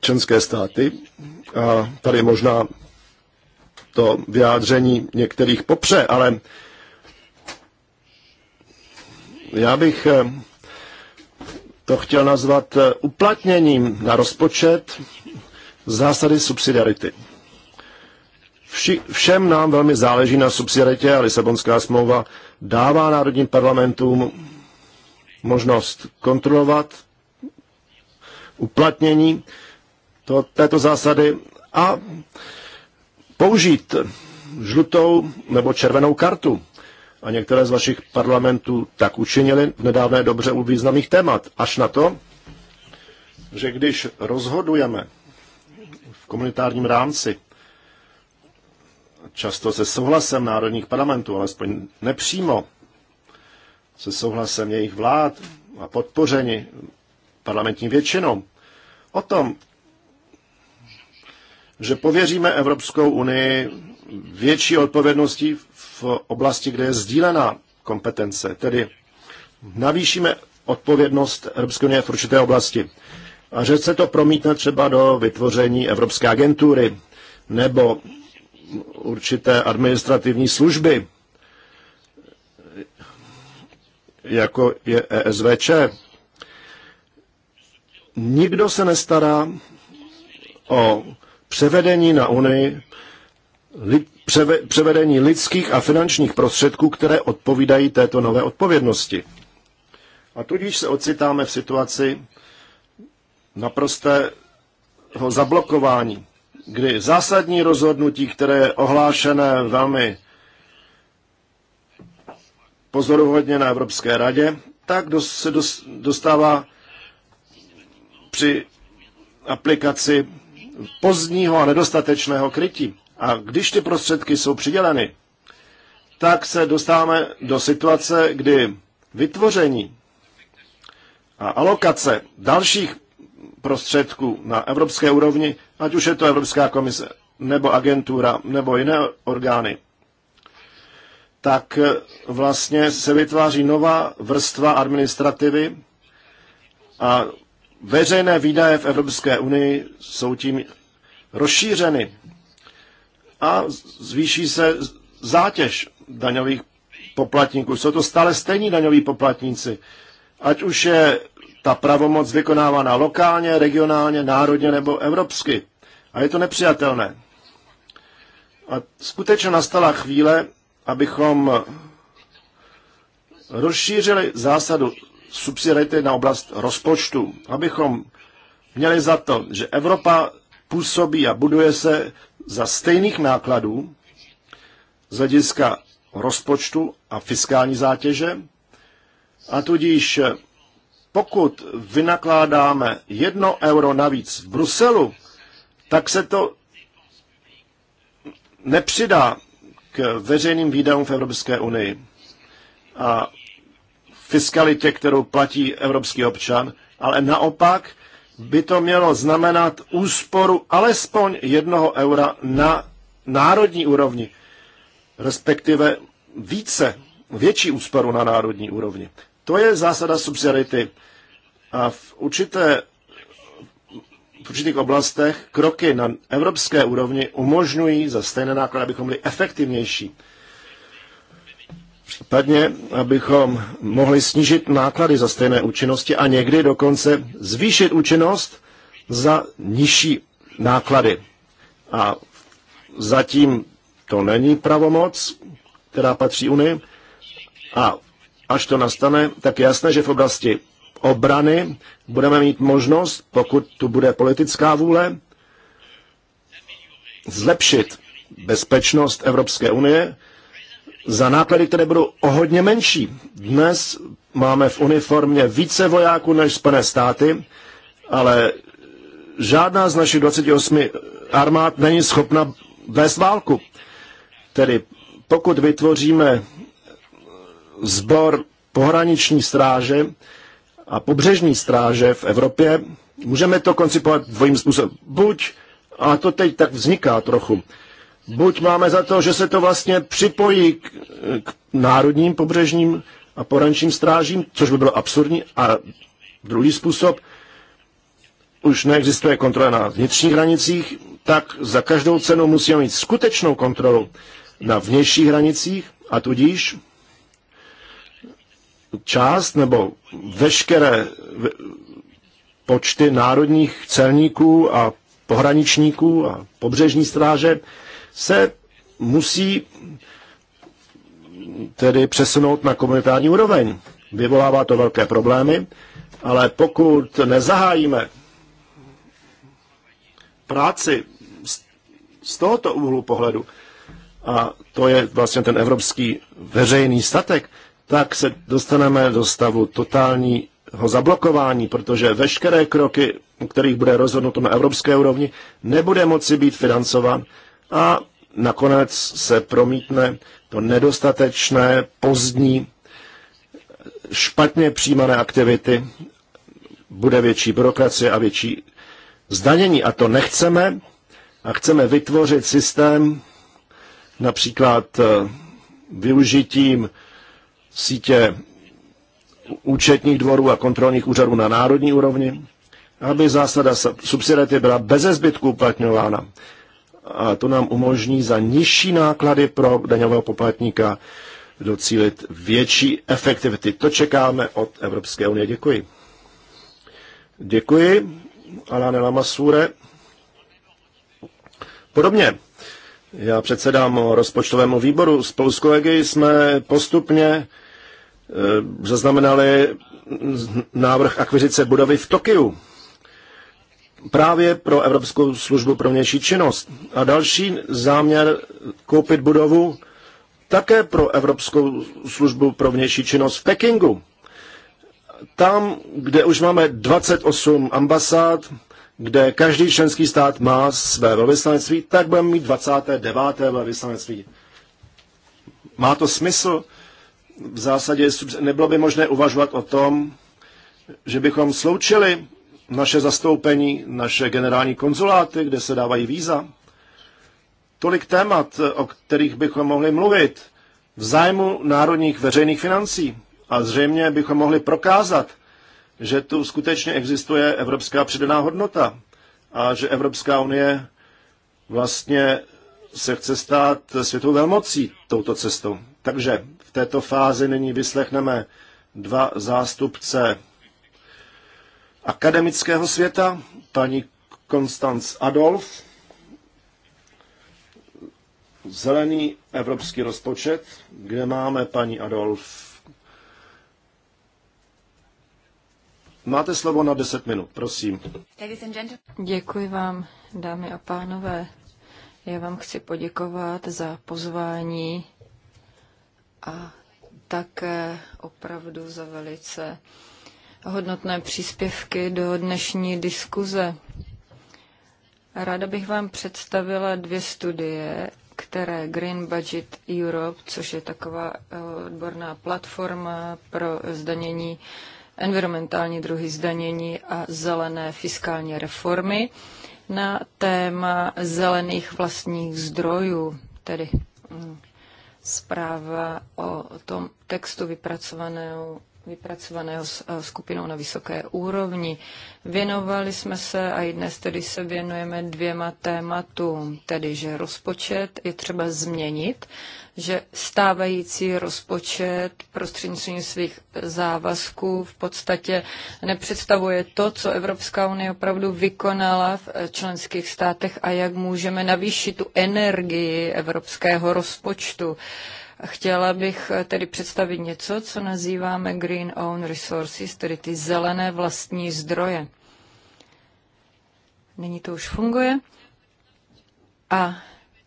členské státy. A tady možná to vyjádření některých popře, ale já bych eh, to chtěl nazvat eh, uplatněním na rozpočet zásady subsidiarity. Vši, všem nám velmi záleží na subsidiaritě a Lisabonská smlouva dává národním parlamentům možnost kontrolovat uplatnění to, této zásady a použít žlutou nebo červenou kartu. A některé z vašich parlamentů tak učinili v nedávné dobře u významných témat. Až na to, že když rozhodujeme v komunitárním rámci často se souhlasem národních parlamentů, alespoň nepřímo, se souhlasem jejich vlád a podpořeni parlamentní většinou, o tom, že pověříme Evropskou unii větší odpovědností v oblasti, kde je sdílená kompetence, tedy navýšíme odpovědnost Evropské unie v určité oblasti. A že se to promítne třeba do vytvoření Evropské agentury nebo určité administrativní služby, jako je ESVČ. Nikdo se nestará o převedení na Unii li, převe, převedení lidských a finančních prostředků, které odpovídají této nové odpovědnosti. A tudíž se ocitáme v situaci naprostého zablokování kdy zásadní rozhodnutí, které je ohlášené velmi pozoruhodně na Evropské radě, tak se dostává při aplikaci pozdního a nedostatečného krytí. A když ty prostředky jsou přiděleny, tak se dostáváme do situace, kdy vytvoření a alokace dalších prostředků na evropské úrovni, ať už je to Evropská komise, nebo agentura, nebo jiné orgány, tak eh, vlastně se vytváří nová vrstva administrativy a veřejné výdaje v Evropské unii jsou tím rozšířeny a zvýší se zátěž daňových poplatníků. Jsou to stále stejní daňoví poplatníci. Ať už je ta pravomoc vykonávána lokálně, regionálně, národně nebo evropsky. A je to nepřijatelné. A skutečně nastala chvíle, abychom rozšířili zásadu subsidiarity na oblast rozpočtu, abychom měli za to, že Evropa působí a buduje se za stejných nákladů z hlediska rozpočtu a fiskální zátěže, a tudíž pokud vynakládáme jedno euro navíc v Bruselu, tak se to nepřidá k veřejným výdajům v Evropské unii a fiskalitě, kterou platí evropský občan, ale naopak by to mělo znamenat úsporu alespoň jednoho eura na národní úrovni, respektive více, větší úsporu na národní úrovni. To je zásada subsidiarity. A v, určité, v určitých oblastech kroky na evropské úrovni umožňují za stejné náklady, abychom byli efektivnější. Případně, abychom mohli snížit náklady za stejné účinnosti a někdy dokonce zvýšit účinnost za nižší náklady. A zatím to není pravomoc, která patří Unii. A až to nastane, tak je jasné, že v oblasti obrany budeme mít možnost, pokud tu bude politická vůle, zlepšit bezpečnost Evropské unie za náklady, které budou o hodně menší. Dnes máme v uniformě více vojáků než Spojené státy, ale žádná z našich 28 armád není schopna vést válku. Tedy pokud vytvoříme sbor pohraniční stráže a pobřežní stráže v Evropě, můžeme to koncipovat dvojím způsobem. Buď, a to teď tak vzniká trochu, buď máme za to, že se to vlastně připojí k, k národním pobřežním a pohraničním strážím, což by bylo absurdní, a druhý způsob, už neexistuje kontrola na vnitřních hranicích, tak za každou cenu musíme mít skutečnou kontrolu na vnějších hranicích a tudíž část nebo veškeré počty národních celníků a pohraničníků a pobřežní stráže se musí tedy přesunout na komunitární úroveň. Vyvolává to velké problémy, ale pokud nezahájíme práci z tohoto úhlu pohledu, a to je vlastně ten evropský veřejný statek, tak se dostaneme do stavu totálního zablokování, protože veškeré kroky, o kterých bude rozhodnuto na evropské úrovni, nebude moci být financován a nakonec se promítne to nedostatečné, pozdní, špatně přijímané aktivity, bude větší byrokracie a větší zdanění. A to nechceme a chceme vytvořit systém například eh, využitím sítě účetních dvorů a kontrolních úřadů na národní úrovni, aby zásada subsidiarity byla beze zbytku uplatňována. A to nám umožní za nižší náklady pro daňového poplatníka docílit větší efektivity. To čekáme od Evropské unie. Děkuji. Děkuji, Alane Lamasure. Podobně já předsedám rozpočtovému výboru. Spolu s kolegy jsme postupně e, zaznamenali návrh akvizice budovy v Tokiu právě pro Evropskou službu pro vnější činnost. A další záměr koupit budovu také pro Evropskou službu pro vnější činnost v Pekingu. Tam, kde už máme 28 ambasád, kde každý členský stát má své velvyslanectví, tak budeme mít 29. velvyslanectví. Má to smysl? V zásadě nebylo by možné uvažovat o tom, že bychom sloučili naše zastoupení, naše generální konzuláty, kde se dávají víza. Tolik témat, o kterých bychom mohli mluvit v zájmu národních veřejných financí. A zřejmě bychom mohli prokázat, že tu skutečně existuje evropská přidaná hodnota a že Evropská unie vlastně se chce stát světovou velmocí touto cestou. Takže v této fázi nyní vyslechneme dva zástupce akademického světa, paní Konstanc Adolf, zelený evropský rozpočet, kde máme paní Adolf Máte slovo na 10 minut, prosím. Děkuji vám, dámy a pánové. Já vám chci poděkovat za pozvání a také opravdu za velice hodnotné příspěvky do dnešní diskuze. Ráda bych vám představila dvě studie, které Green Budget Europe, což je taková eh, odborná platforma pro zdanění environmentální druhy zdanění a zelené fiskální reformy na téma zelených vlastních zdrojů, tedy mm, zpráva o tom textu vypracovaného vypracovaného eh, skupinou na vysoké úrovni. Věnovali jsme se a i dnes tedy se věnujeme dvěma tématům, tedy že rozpočet je třeba změnit, že stávající rozpočet prostřednictvím svých závazků v podstatě nepředstavuje to, co Evropská unie opravdu vykonala v eh, členských státech a jak můžeme navýšit tu energii evropského rozpočtu. Chtěla bych eh, tedy představit něco, co nazýváme Green Own Resources, tedy ty zelené vlastní zdroje. Nyní to už funguje. A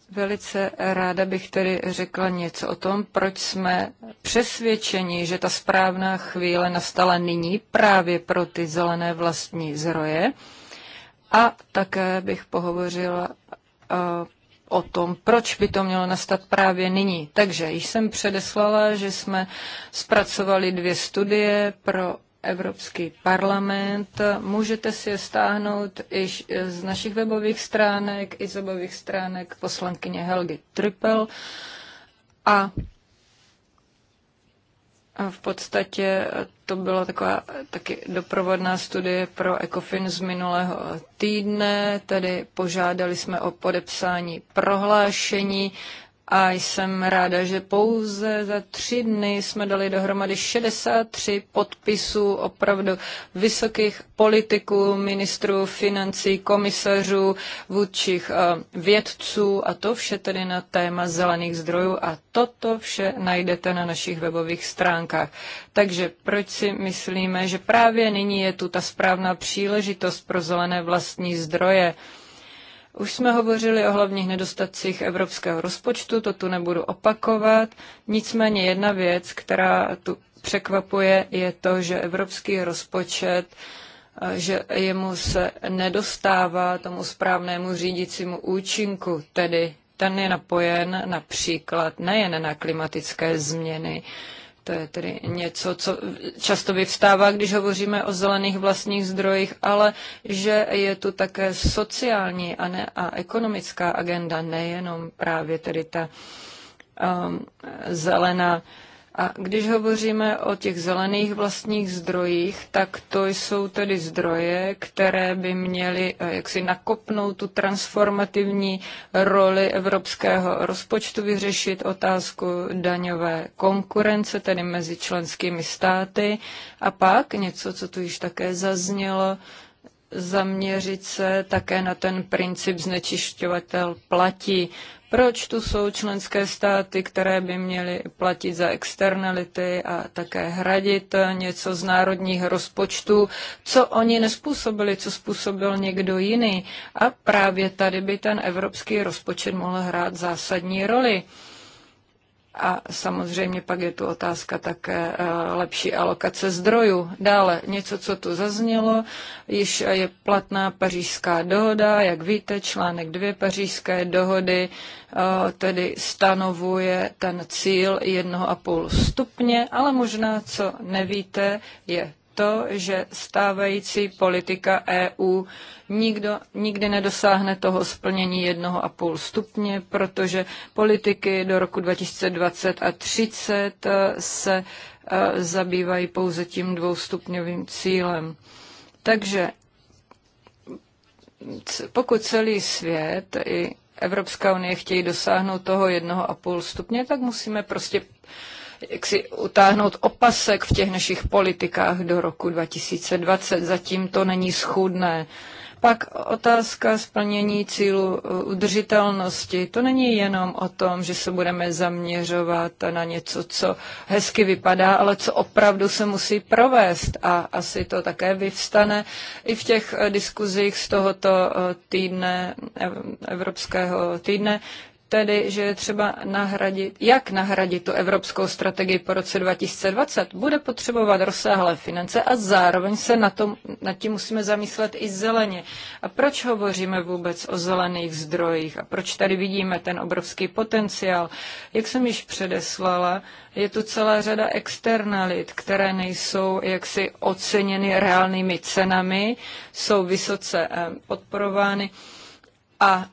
Velice ráda bych tedy řekla něco o tom, proč jsme přesvědčeni, že ta správná chvíle nastala nyní právě pro ty zelené vlastní zdroje. A také bych pohovořila o tom, proč by to mělo nastat právě nyní. Takže již jsem předeslala, že jsme zpracovali dvě studie pro Evropský parlament. Můžete si je stáhnout i z našich webových stránek, i z webových stránek poslankyně Helgy Trippel. A v podstatě to byla taková taky doprovodná studie pro ECOFIN z minulého týdne, tedy požádali jsme o podepsání prohlášení a jsem ráda, že pouze za tři dny jsme dali dohromady 63 podpisů opravdu vysokých politiků, ministrů financí, komisařů, vůdčích eh, vědců a to vše tedy na téma zelených zdrojů a toto vše najdete na našich webových stránkách. Takže proč si myslíme, že právě nyní je tu ta správná příležitost pro zelené vlastní zdroje? Už jsme hovořili o hlavních nedostatcích evropského rozpočtu, to tu nebudu opakovat. Nicméně jedna věc, která tu překvapuje, je to, že evropský rozpočet že jemu se nedostává tomu správnému řídícímu účinku, tedy ten je napojen například nejen na klimatické změny, to je tedy něco, co často vyvstává, když hovoříme o zelených vlastních zdrojích, ale že je tu také sociální a, ne, a ekonomická agenda, nejenom právě tedy ta um, zelená uh, a když hovoříme o těch zelených vlastních zdrojích, tak to jsou tedy zdroje, které by měly eh, jaksi nakopnout tu transformativní roli evropského rozpočtu, vyřešit otázku daňové konkurence, tedy mezi členskými státy. A pak něco, co tu již také zaznělo, zaměřit se také na ten princip znečišťovatel platí. Proč tu jsou členské státy, které by měly platit za externality a také hradit něco z národních rozpočtů, co oni nespůsobili, co způsobil někdo jiný. A právě tady by ten evropský rozpočet mohl hrát zásadní roli. A samozřejmě pak je tu otázka také eh, lepší alokace zdrojů. Dále něco, co tu zaznělo, již je platná pařížská dohoda, jak víte, článek 2 pařížské dohody eh, tedy stanovuje ten cíl 1,5 stupně, ale možná, co nevíte, je to, že stávající politika EU nikdo, nikdy nedosáhne toho splnění 1,5 stupně, protože politiky do roku 2020 a 30 eh, se eh, zabývají pouze tím dvoustupňovým cílem. Takže pokud celý svět i Evropská unie chtějí dosáhnout toho 1,5 stupně, tak musíme prostě jak si utáhnout opasek v těch našich politikách do roku 2020. Zatím to není schůdné. Pak otázka splnění cílu eh, udržitelnosti. To není jenom o tom, že se budeme zaměřovat na něco, co hezky vypadá, ale co opravdu se musí provést. A asi to také vyvstane i v těch eh, diskuzích z tohoto eh, týdne, Evropského týdne, tedy, že je třeba nahradit, jak nahradit tu evropskou strategii po roce 2020, bude potřebovat rozsáhlé finance a zároveň se na tom, nad tím musíme zamyslet i zeleně. A proč hovoříme vůbec o zelených zdrojích a proč tady vidíme ten obrovský potenciál? Jak jsem již předeslala, je tu celá řada externalit, které nejsou jaksi oceněny reálnými cenami, jsou vysoce eh, podporovány a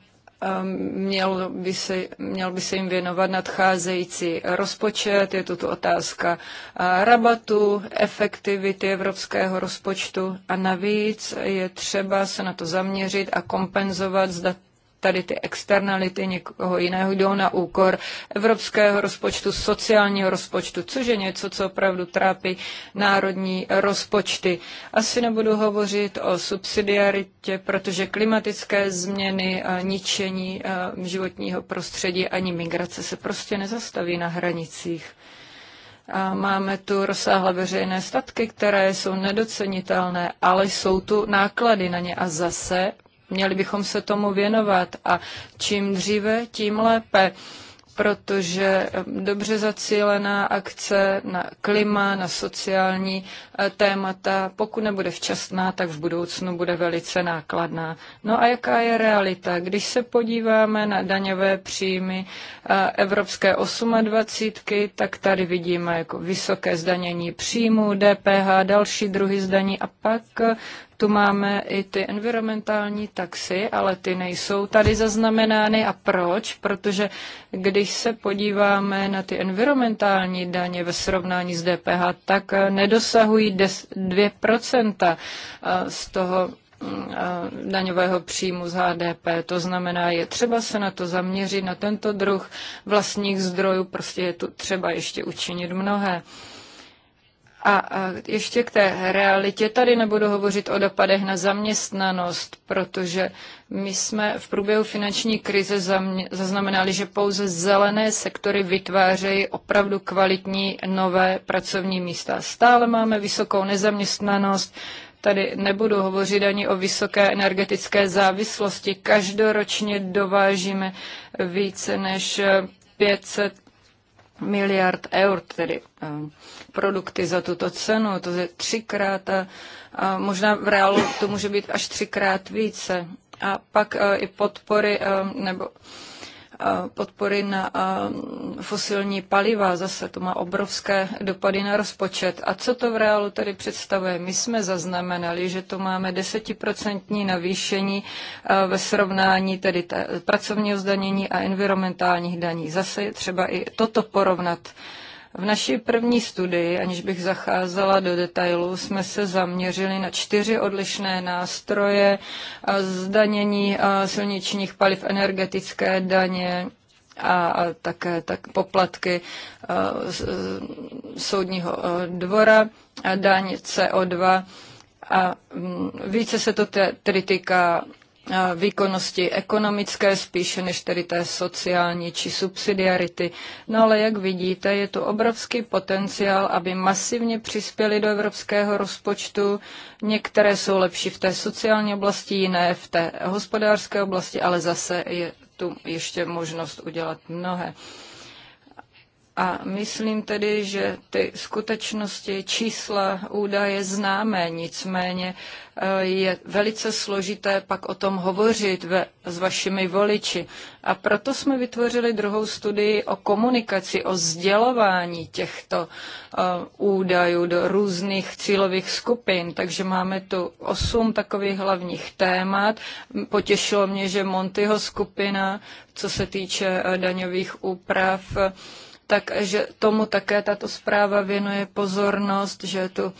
Ehm, měl by, se, měl by se jim věnovat nadcházející rozpočet. Je to tu otázka eh, rabatu, efektivity evropského rozpočtu a navíc je třeba se na to zaměřit a kompenzovat, zda tady ty externality někoho jiného jdou na úkor evropského rozpočtu, sociálního rozpočtu, což je něco, co opravdu trápí národní rozpočty. Asi nebudu hovořit o subsidiaritě, protože klimatické změny, ničení životního prostředí ani migrace se prostě nezastaví na hranicích. A máme tu rozsáhlé veřejné statky, které jsou nedocenitelné, ale jsou tu náklady na ně a zase Měli bychom se tomu věnovat a čím dříve, tím lépe protože eh, dobře zacílená akce na klima, na sociální eh, témata, pokud nebude včasná, tak v budoucnu bude velice nákladná. No a jaká je realita? Když se podíváme na daňové příjmy eh, Evropské 28, tak tady vidíme jako vysoké zdanění příjmů, DPH, další druhy zdaní a pak tu máme i ty environmentální taxy, ale ty nejsou tady zaznamenány. A proč? Protože když se podíváme na ty environmentální daně ve srovnání s DPH, tak eh, nedosahují 2% eh, z toho mm, eh, daňového příjmu z HDP. To znamená, je třeba se na to zaměřit, na tento druh vlastních zdrojů, prostě je tu třeba ještě učinit mnohé. A ještě k té realitě tady nebudu hovořit o dopadech na zaměstnanost, protože my jsme v průběhu finanční krize zaznamenali, že pouze zelené sektory vytvářejí opravdu kvalitní nové pracovní místa. Stále máme vysokou nezaměstnanost, Tady nebudu hovořit ani o vysoké energetické závislosti. Každoročně dovážíme více než 500 miliard eur, tedy eh, produkty za tuto cenu, to je třikrát a, eh, a možná v reálu to může být až třikrát více. A pak eh, i podpory nebo podpory na fosilní paliva. Zase to má obrovské dopady na rozpočet. A co to v reálu tedy představuje? My jsme zaznamenali, že to máme desetiprocentní navýšení ve srovnání tedy pracovního zdanění a environmentálních daní. Zase je třeba i toto porovnat. V naší první studii, aniž bych zacházela do detailů, jsme se zaměřili na čtyři odlišné nástroje zdanění silničních paliv, energetické daně, a také tak poplatky soudního dvora, daň CO2 a více se to tedy týká výkonnosti ekonomické spíše než tedy té sociální či subsidiarity. No ale jak vidíte, je tu obrovský potenciál, aby masivně přispěli do evropského rozpočtu. Některé jsou lepší v té sociální oblasti, jiné v té hospodářské oblasti, ale zase je tu ještě možnost udělat mnohé. A myslím tedy, že ty skutečnosti, čísla, údaje známe, nicméně eh, je velice složité pak o tom hovořit ve, s vašimi voliči. A proto jsme vytvořili druhou studii o komunikaci, o sdělování těchto eh, údajů do různých cílových skupin. Takže máme tu osm takových hlavních témat. Potěšilo mě, že Montyho skupina, co se týče eh, daňových úprav, takže tomu také tato zpráva věnuje pozornost, že je tu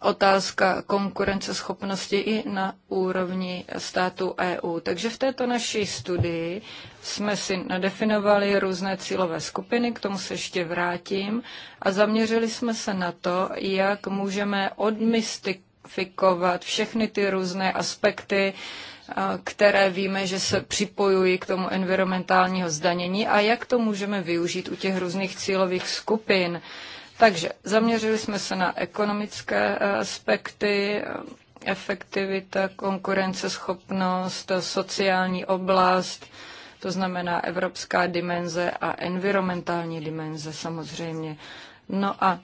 otázka konkurenceschopnosti i na úrovni států EU. Takže v této naší studii jsme si nadefinovali různé cílové skupiny, k tomu se ještě vrátím, a zaměřili jsme se na to, jak můžeme odmystikovat všechny ty různé aspekty které víme, že se připojují k tomu environmentálního zdanění a jak to můžeme využít u těch různých cílových skupin. Takže zaměřili jsme se na ekonomické e, aspekty, e, efektivita, konkurenceschopnost, sociální oblast, to znamená evropská dimenze a environmentální dimenze samozřejmě. No a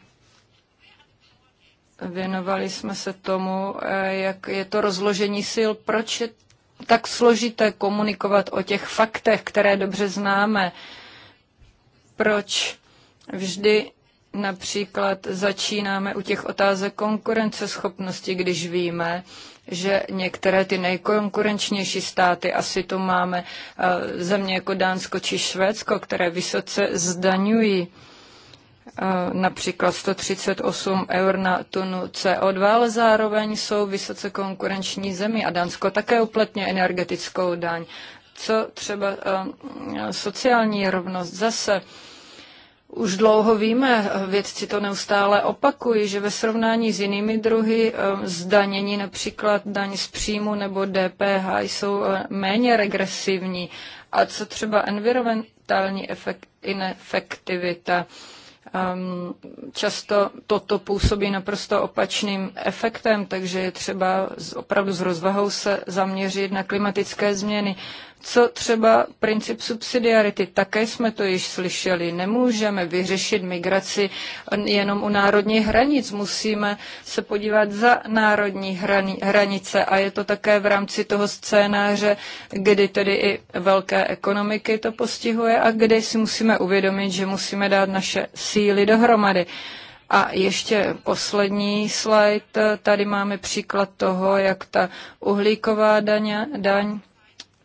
věnovali jsme se tomu, e, jak je to rozložení sil, proč je tak složité komunikovat o těch faktech, které dobře známe. Proč vždy například začínáme u těch otázek konkurenceschopnosti, když víme, že některé ty nejkonkurenčnější státy, asi tu máme eh, země jako Dánsko či Švédsko, které vysoce zdaňují Eh, například 138 eur na tunu CO2, ale zároveň jsou vysoce konkurenční zemi a Dánsko také uplatňuje energetickou daň. Co třeba eh, sociální rovnost zase? Už dlouho víme, eh, vědci to neustále opakují, že ve srovnání s jinými druhy zdanění, například daň z příjmu nebo DPH, jsou méně regresivní. A co třeba environmentální efekt, inefektivita? Ehm, často toto působí naprosto opačným efektem, takže je třeba opravdu s rozvahou se zaměřit na klimatické změny. Co třeba princip subsidiarity? Také jsme to již slyšeli. Nemůžeme vyřešit migraci jenom u národních hranic. Musíme se podívat za národní hranice a je to také v rámci toho scénáře, kdy tedy i velké ekonomiky to postihuje a kdy si musíme uvědomit, že musíme dát naše síly dohromady. A ještě poslední slide. Tady máme příklad toho, jak ta uhlíková daň, daň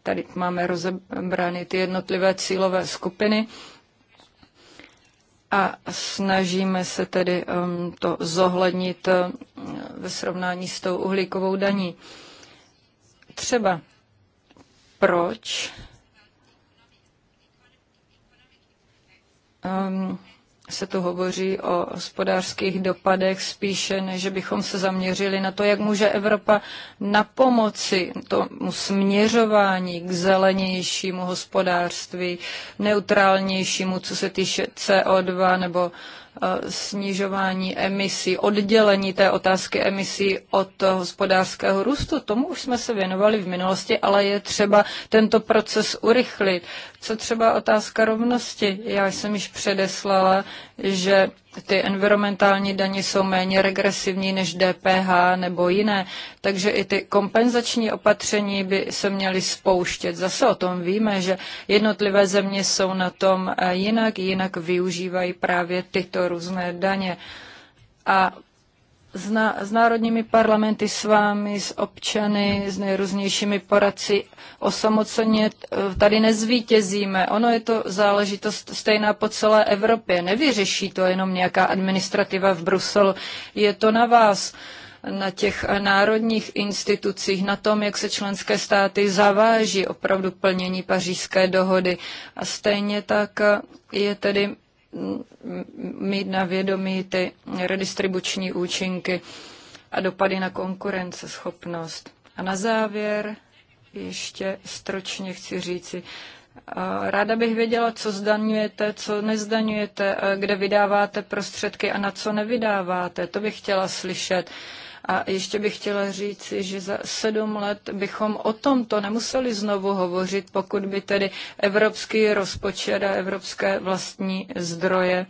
Tady máme rozebrány ty jednotlivé cílové skupiny a snažíme se tedy um, to zohlednit um, ve srovnání s tou uhlíkovou daní. Třeba proč um, se tu hovoří o hospodářských dopadech spíše, než bychom se zaměřili na to, jak může Evropa na pomoci tomu směřování k zelenějšímu hospodářství, neutrálnějšímu, co se týče CO2 nebo eh, snižování emisí, oddělení té otázky emisí od hospodářského růstu. Tomu už jsme se věnovali v minulosti, ale je třeba tento proces urychlit. Co třeba otázka rovnosti? Já jsem již předeslala, že ty environmentální daně jsou méně regresivní než DPH nebo jiné, takže i ty kompenzační opatření by se měly spouštět. Zase o tom víme, že jednotlivé země jsou na tom eh, jinak, jinak využívají právě tyto různé daně. A s, na, s národními parlamenty, s vámi, s občany, s nejrůznějšími poradci. Osamoceně eh, tady nezvítězíme. Ono je to záležitost stejná po celé Evropě. Nevyřeší to jenom nějaká administrativa v Bruselu. Je to na vás na těch národních institucích, na tom, jak se členské státy zaváží opravdu plnění pařížské dohody. A stejně tak je tedy mít na vědomí ty redistribuční účinky a dopady na konkurenceschopnost. A na závěr ještě stročně chci říci, Ráda bych věděla, co zdaňujete, co nezdaňujete, kde vydáváte prostředky a na co nevydáváte. To bych chtěla slyšet. A ještě bych chtěla říct, že za sedm let bychom o tomto nemuseli znovu hovořit, pokud by tedy evropský rozpočet a evropské vlastní zdroje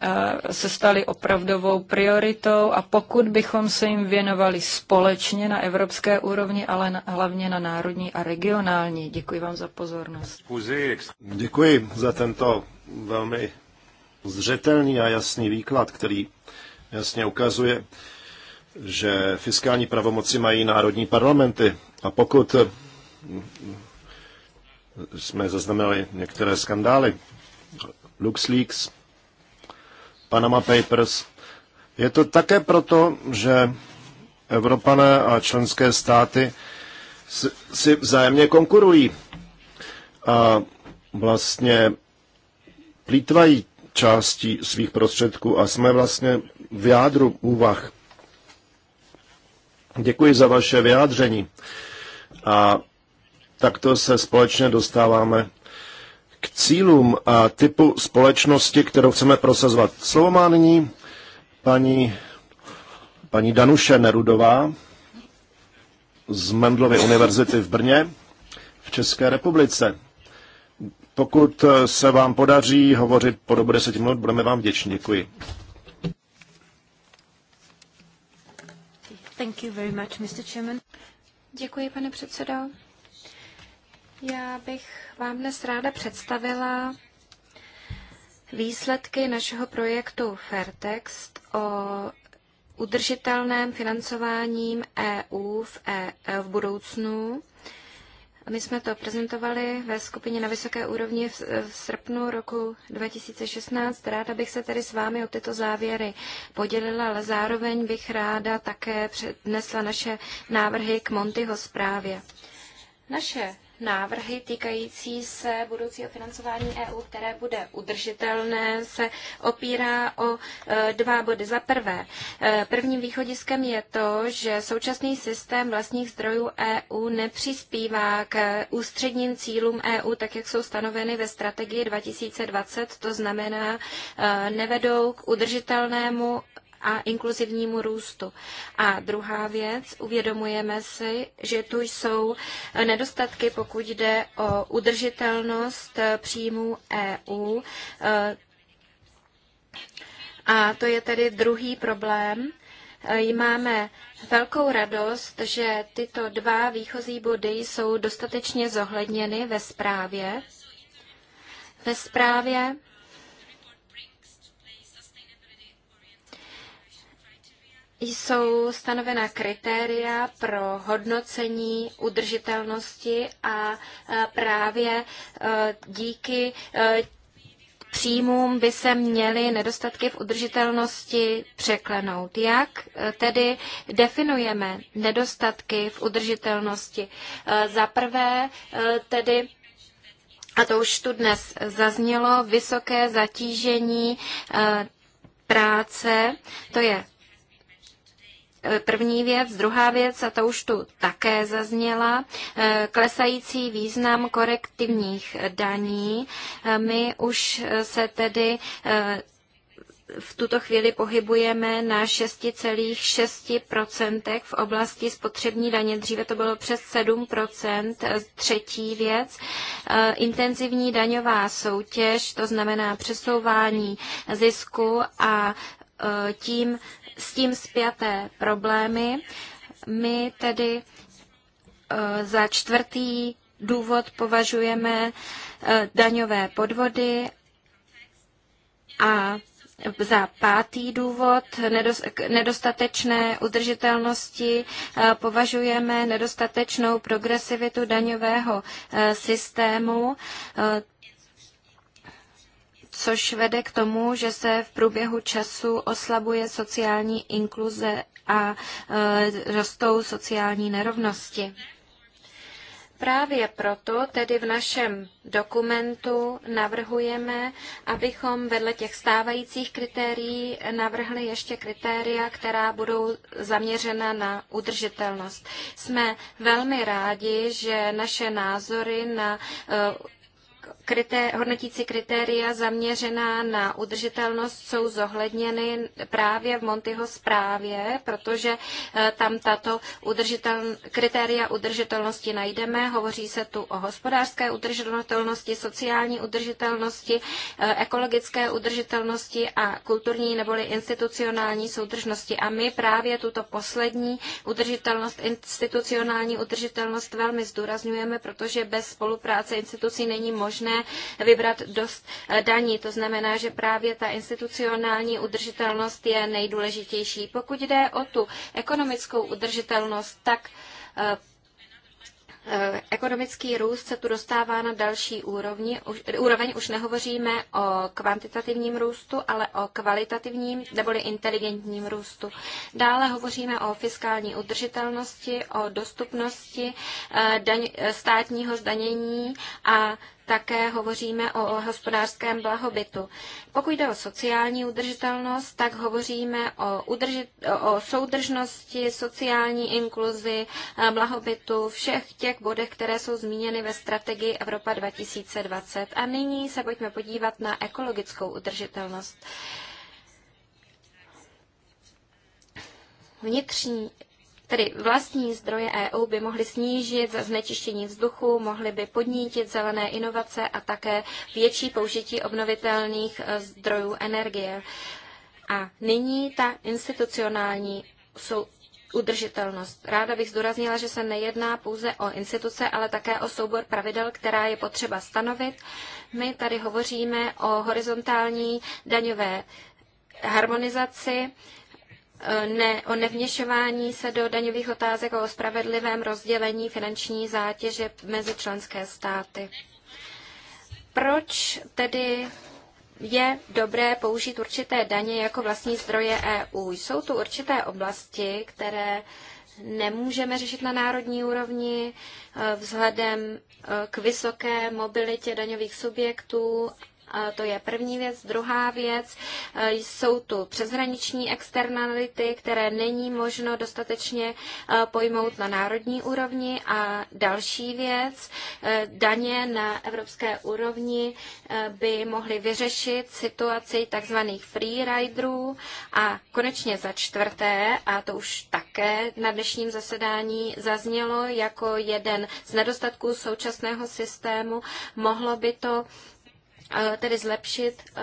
eh, se staly opravdovou prioritou a pokud bychom se jim věnovali společně na evropské úrovni, ale na, hlavně na národní a regionální. Děkuji vám za pozornost. Děkuji za tento velmi zřetelný a jasný výklad, který jasně ukazuje, že fiskální pravomoci mají národní parlamenty. A pokud jsme zaznamenali některé skandály, LuxLeaks, Panama Papers, je to také proto, že Evropané a členské státy si vzájemně konkurují a vlastně plítvají částí svých prostředků a jsme vlastně v jádru úvah Děkuji za vaše vyjádření. A takto se společně dostáváme k cílům a typu společnosti, kterou chceme prosazovat. Slovo má nyní paní, paní Danuše Nerudová z Mendlovy univerzity v Brně v České republice. Pokud se vám podaří hovořit po dobu 10 minut, budeme vám vděční. Děkuji. Thank you very much, Mr. Chairman. Děkuji, pane předsedo. Já bych vám dnes ráda představila výsledky našeho projektu Fairtext o udržitelném financováním EU v, e, v budoucnu. My jsme to prezentovali ve skupině na vysoké úrovni v, srpnu roku 2016. Ráda bych se tedy s vámi o tyto závěry podělila, ale zároveň bych ráda také přednesla naše návrhy k Montyho zprávě. Naše návrhy týkající se budoucího financování EU, které bude udržitelné, se opírá o e, dva body. Za prvé, e, prvním východiskem je to, že současný systém vlastních zdrojů EU nepřispívá k ústředním cílům EU, tak jak jsou stanoveny ve strategii 2020. To znamená, e, nevedou k udržitelnému a inkluzivnímu růstu. A druhá věc, uvědomujeme si, že tu jsou nedostatky, pokud jde o udržitelnost příjmů EU. A to je tedy druhý problém. Máme velkou radost, že tyto dva výchozí body jsou dostatečně zohledněny ve zprávě. Ve zprávě jsou stanovena kritéria pro hodnocení udržitelnosti a e, právě e, díky e, příjmům by se měly nedostatky v udržitelnosti překlenout. Jak tedy definujeme nedostatky v udržitelnosti? Za prvé tedy a to už tu dnes zaznělo, vysoké zatížení práce, to je první věc. Druhá věc, a to už tu také zazněla, eh, klesající význam korektivních daní. Eh, my už eh, se tedy v tuto chvíli pohybujeme na 6,6% v oblasti spotřební daně. Dříve to bylo přes 7%. Třetí věc, intenzivní daňová soutěž, to znamená přesouvání zisku a Eh, tím, s tím spjaté problémy. My tedy eh, za čtvrtý důvod považujeme eh, daňové podvody a za pátý důvod nedostatečné udržitelnosti považujeme nedostatečnou progresivitu daňového systému což vede k tomu, že se v průběhu času oslabuje sociální inkluze a e, rostou sociální nerovnosti. Právě proto tedy v našem dokumentu navrhujeme, abychom vedle těch stávajících kritérií navrhli ještě kritéria, která budou zaměřena na udržitelnost. Jsme velmi rádi, že naše názory na e, krité, hodnotící kritéria zaměřená na udržitelnost jsou zohledněny právě v Montyho zprávě, protože eh, tam tato udržitel, kritéria udržitelnosti najdeme. Hovoří se tu o hospodářské udržitelnosti, sociální udržitelnosti, eh, ekologické udržitelnosti a kulturní neboli institucionální soudržnosti. A my právě tuto poslední udržitelnost, institucionální udržitelnost velmi zdůrazňujeme, protože bez spolupráce institucí není možné vybrat dost eh, daní. To znamená, že právě ta institucionální udržitelnost je nejdůležitější. Pokud jde o tu ekonomickou udržitelnost, tak eh, eh, Ekonomický růst se tu dostává na další úrovni. Už, úroveň už nehovoříme o kvantitativním růstu, ale o kvalitativním neboli inteligentním růstu. Dále hovoříme o fiskální udržitelnosti, o dostupnosti daň, státního zdanění a také hovoříme o hospodářském blahobytu. Pokud jde o sociální udržitelnost, tak hovoříme o, udržit, o soudržnosti, sociální inkluzi, blahobytu, všech těch bodech, které jsou zmíněny ve strategii Evropa 2020. A nyní se pojďme podívat na ekologickou udržitelnost. Vnitřní Tedy vlastní zdroje EU by mohly snížit znečištění vzduchu, mohly by podnítit zelené inovace a také větší použití obnovitelných eh, zdrojů energie. A nyní ta institucionální jsou udržitelnost. Ráda bych zdůraznila, že se nejedná pouze o instituce, ale také o soubor pravidel, která je potřeba stanovit. My tady hovoříme o horizontální daňové harmonizaci, Eh, ne, o nevněšování se do daňových otázek a o spravedlivém rozdělení finanční zátěže mezi členské státy. Proč tedy je dobré použít určité daně jako vlastní zdroje EU? Jsou tu určité oblasti, které nemůžeme řešit na národní úrovni eh, vzhledem eh, k vysoké mobilitě daňových subjektů to je první věc. Druhá věc, e, jsou tu přeshraniční externality, které není možno dostatečně e, pojmout na národní úrovni. A další věc, e, daně na evropské úrovni by mohly vyřešit situaci tzv. freeriderů. A konečně za čtvrté, a to už také na dnešním zasedání zaznělo jako jeden z nedostatků současného systému, mohlo by to Eh, tedy zlepšit eh,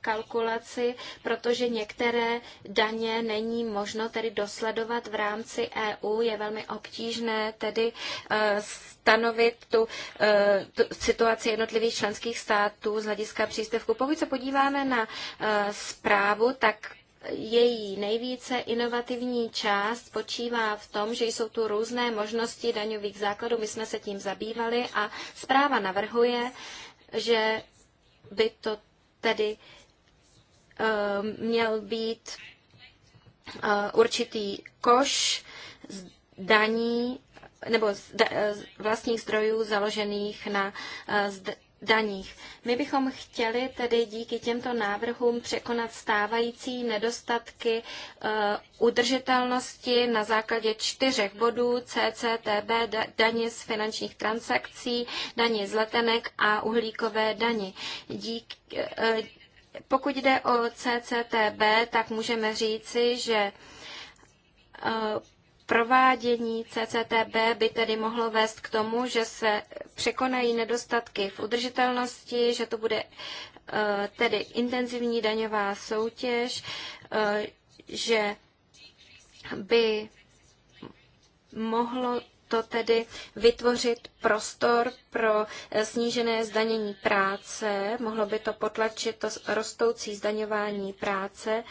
kalkulaci, protože některé daně není možno tedy dosledovat v rámci EU. Je velmi obtížné tedy eh, stanovit tu, tu situaci jednotlivých členských států z hlediska příspěvku. Pokud se podíváme na zprávu, tak její nejvíce inovativní část počívá v tom, že jsou tu různé možnosti daňových základů. My jsme se tím zabývali a zpráva navrhuje, že by to tedy eh, měl být eh, určitý koš z daní nebo z eh, vlastních zdrojů založených na daních. My bychom chtěli tedy díky těmto návrhům překonat stávající nedostatky eh, udržitelnosti na základě čtyřech bodů CCTB, daně z finančních transakcí, daně z letenek a uhlíkové daně. Dík, eh, pokud jde o CCTB, tak můžeme říci, že eh, Provádění CCTB by tedy mohlo vést k tomu, že se překonají nedostatky v udržitelnosti, že to bude eh, tedy intenzivní daňová soutěž, eh, že by mohlo to tedy vytvořit prostor pro eh, snížené zdanění práce, mohlo by to potlačit to rostoucí zdaňování práce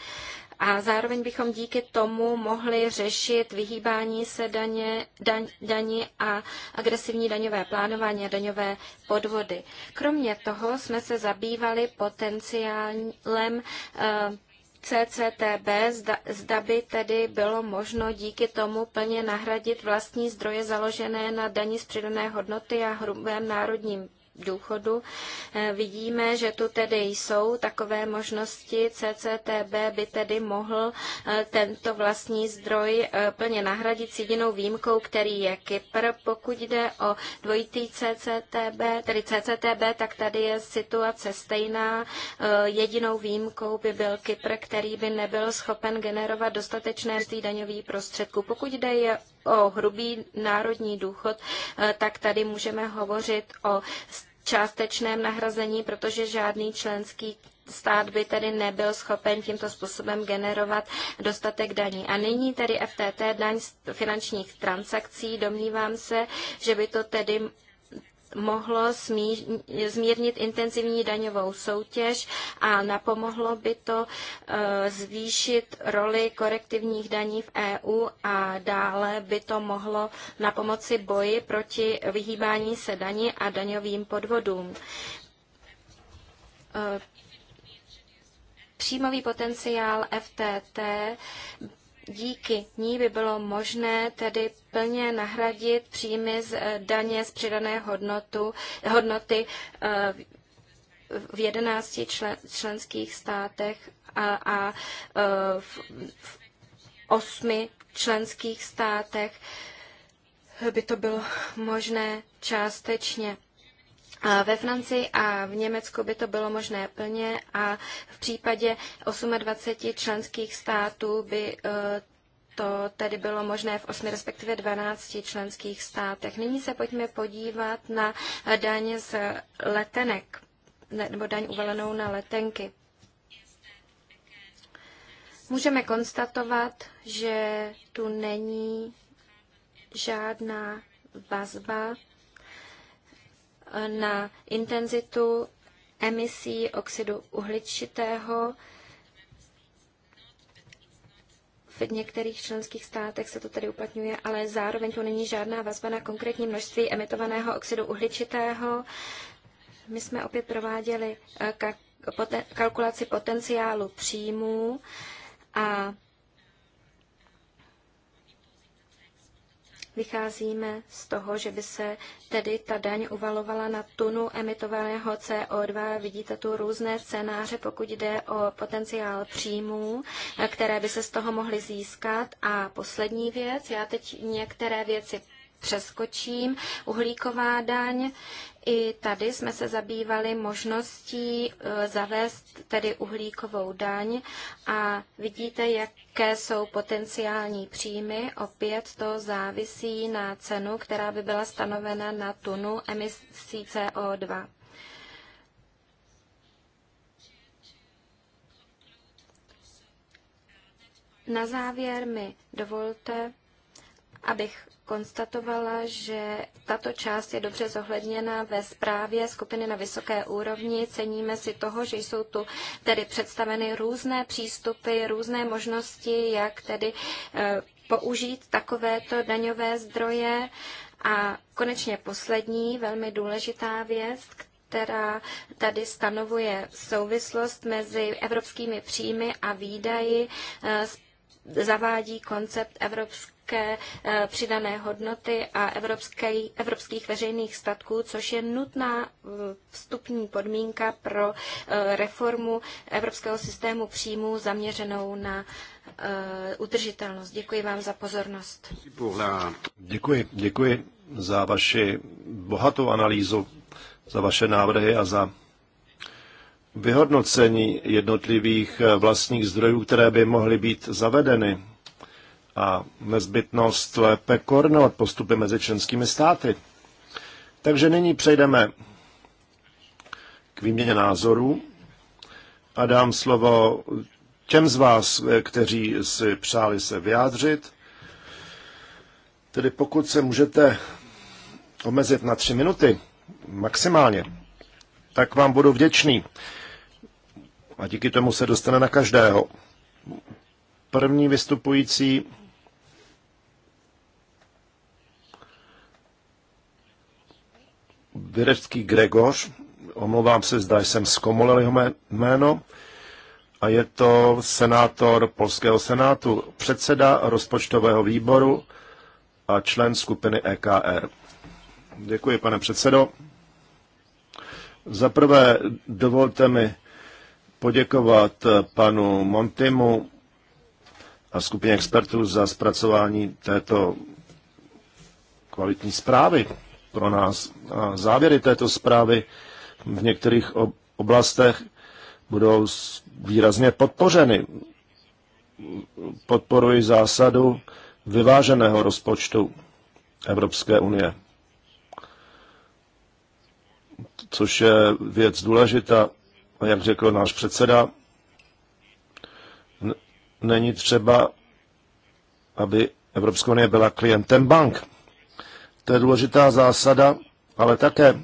a zároveň bychom díky tomu mohli řešit vyhýbání se daně, daň, daní a agresivní daňové plánování a daňové podvody. Kromě toho jsme se zabývali potenciálem eh, CCTB, zda, zda by tedy bylo možno díky tomu plně nahradit vlastní zdroje založené na daní z přidané hodnoty a hrubém národním důchodu. Eh, vidíme, že tu tedy jsou takové možnosti. CCTB by tedy mohl eh, tento vlastní zdroj eh, plně nahradit s jedinou výjimkou, který je Kypr. Pokud jde o dvojitý CCTB, tedy CCTB, tak tady je situace stejná. Jedinou výjimkou by byl Kypr, který by nebyl schopen generovat dostatečné množství daňových prostředků. Pokud jde o hrubý národní důchod, eh, tak tady můžeme hovořit o částečném nahrazení, protože žádný členský stát by tedy nebyl schopen tímto způsobem generovat dostatek daní. A nyní tedy FTT daň z finančních transakcí, domnívám se, že by to tedy mohlo zmírnit intenzivní daňovou soutěž a napomohlo by to e, zvýšit roli korektivních daní v EU a dále by to mohlo na pomoci boji proti vyhýbání se daní a daňovým podvodům. E, příjmový potenciál FTT Díky ní by bylo možné tedy plně nahradit příjmy z eh, daně z přidané hodnotu, hodnoty eh, v 11 členských státech a, a eh, v, v osmi členských státech by to bylo možné částečně. Ve Francii a v Německu by to bylo možné plně a v případě 28 členských států by e, to tedy bylo možné v 8, respektive 12 členských státech. Nyní se pojďme podívat na daň z letenek, nebo daň uvalenou na letenky. Můžeme konstatovat, že tu není žádná vazba na intenzitu emisí oxidu uhličitého. V některých členských státech se to tedy uplatňuje, ale zároveň tu není žádná vazba na konkrétní množství emitovaného oxidu uhličitého. My jsme opět prováděli eh, kalkulaci potenciálu příjmů a Vycházíme z toho, že by se tedy ta daň uvalovala na tunu emitovaného CO2. Vidíte tu různé scénáře, pokud jde o potenciál příjmů, které by se z toho mohly získat. A poslední věc, já teď některé věci přeskočím. Uhlíková daň. I tady jsme se zabývali možností e, zavést tedy uhlíkovou daň a vidíte, jaké jsou potenciální příjmy. Opět to závisí na cenu, která by byla stanovena na tunu emisí CO2. Na závěr mi dovolte, abych konstatovala, že tato část je dobře zohledněna ve zprávě skupiny na vysoké úrovni. Ceníme si toho, že jsou tu tedy představeny různé přístupy, různé možnosti, jak tedy eh, použít takovéto daňové zdroje. A konečně poslední, velmi důležitá věc, která tady stanovuje souvislost mezi evropskými příjmy a výdaji, eh, zavádí koncept evropské evropské eh, přidané hodnoty a evropský, evropských veřejných statků, což je nutná eh, vstupní podmínka pro eh, reformu evropského systému příjmů zaměřenou na udržitelnost. Děkuji vám za pozornost. Děkuji, děkuji za vaši bohatou analýzu, za vaše návrhy a za vyhodnocení jednotlivých vlastních zdrojů, které by mohly být zavedeny a nezbytnost lépe koordinovat postupy mezi členskými státy. Takže nyní přejdeme k výměně názorů a dám slovo těm z vás, kteří si přáli se vyjádřit. Tedy pokud se můžete omezit na tři minuty maximálně, tak vám budu vděčný. A díky tomu se dostane na každého. První vystupující Vědevský Gregoř, omlouvám se, zda jsem zkomolil jeho jméno, a je to senátor Polského senátu, předseda rozpočtového výboru a člen skupiny EKR. Děkuji, pane předsedo. Za prvé dovolte mi poděkovat panu Montimu a skupině expertů za zpracování této kvalitní zprávy pro nás. A závěry této zprávy v některých oblastech budou výrazně podpořeny. Podporuji zásadu vyváženého rozpočtu Evropské unie, což je věc důležitá. A jak řekl náš předseda, není třeba, aby Evropská unie byla klientem bank. To je důležitá zásada, ale také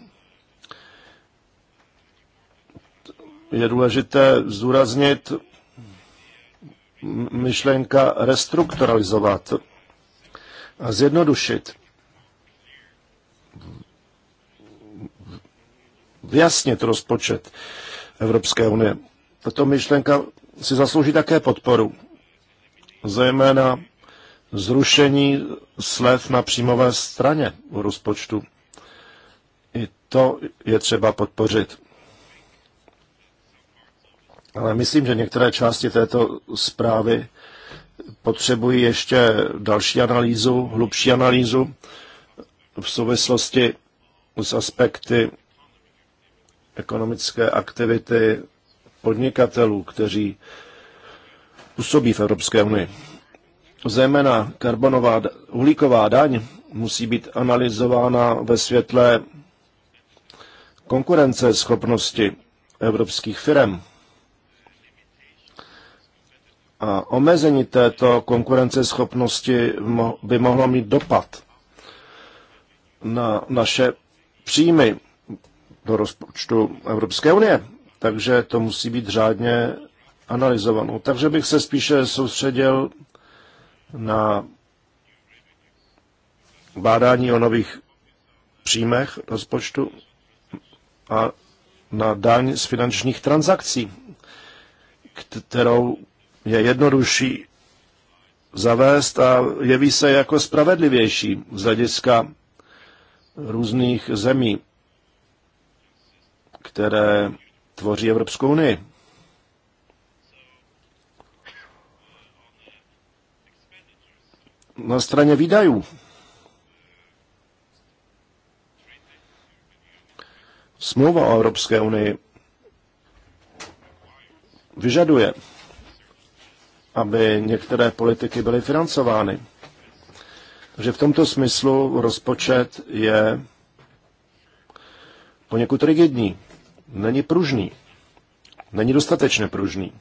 je důležité zdůraznit myšlenka restrukturalizovat a zjednodušit. Vyjasnit rozpočet Evropské unie. Tato myšlenka si zaslouží také podporu, zejména zrušení slev na příjmové straně u rozpočtu. I to je třeba podpořit. Ale myslím, že některé části této zprávy potřebují ještě další analýzu, hlubší analýzu v souvislosti s aspekty ekonomické aktivity podnikatelů, kteří působí v Evropské unii zejména karbonová uhlíková daň musí být analyzována ve světle konkurence schopnosti evropských firm. A omezení této konkurenceschopnosti by mohlo mít dopad na naše příjmy do rozpočtu Evropské unie. Takže to musí být řádně analyzováno. Takže bych se spíše soustředil na bádání o nových příjmech rozpočtu a na daň z finančních transakcí, kterou je jednodušší zavést a jeví se jako spravedlivější z hlediska různých zemí, které tvoří Evropskou unii. na straně výdajů. Smlouva o Evropské unii vyžaduje, aby některé politiky byly financovány. Takže v tomto smyslu rozpočet je poněkud rigidní, není pružný, není dostatečně pružný.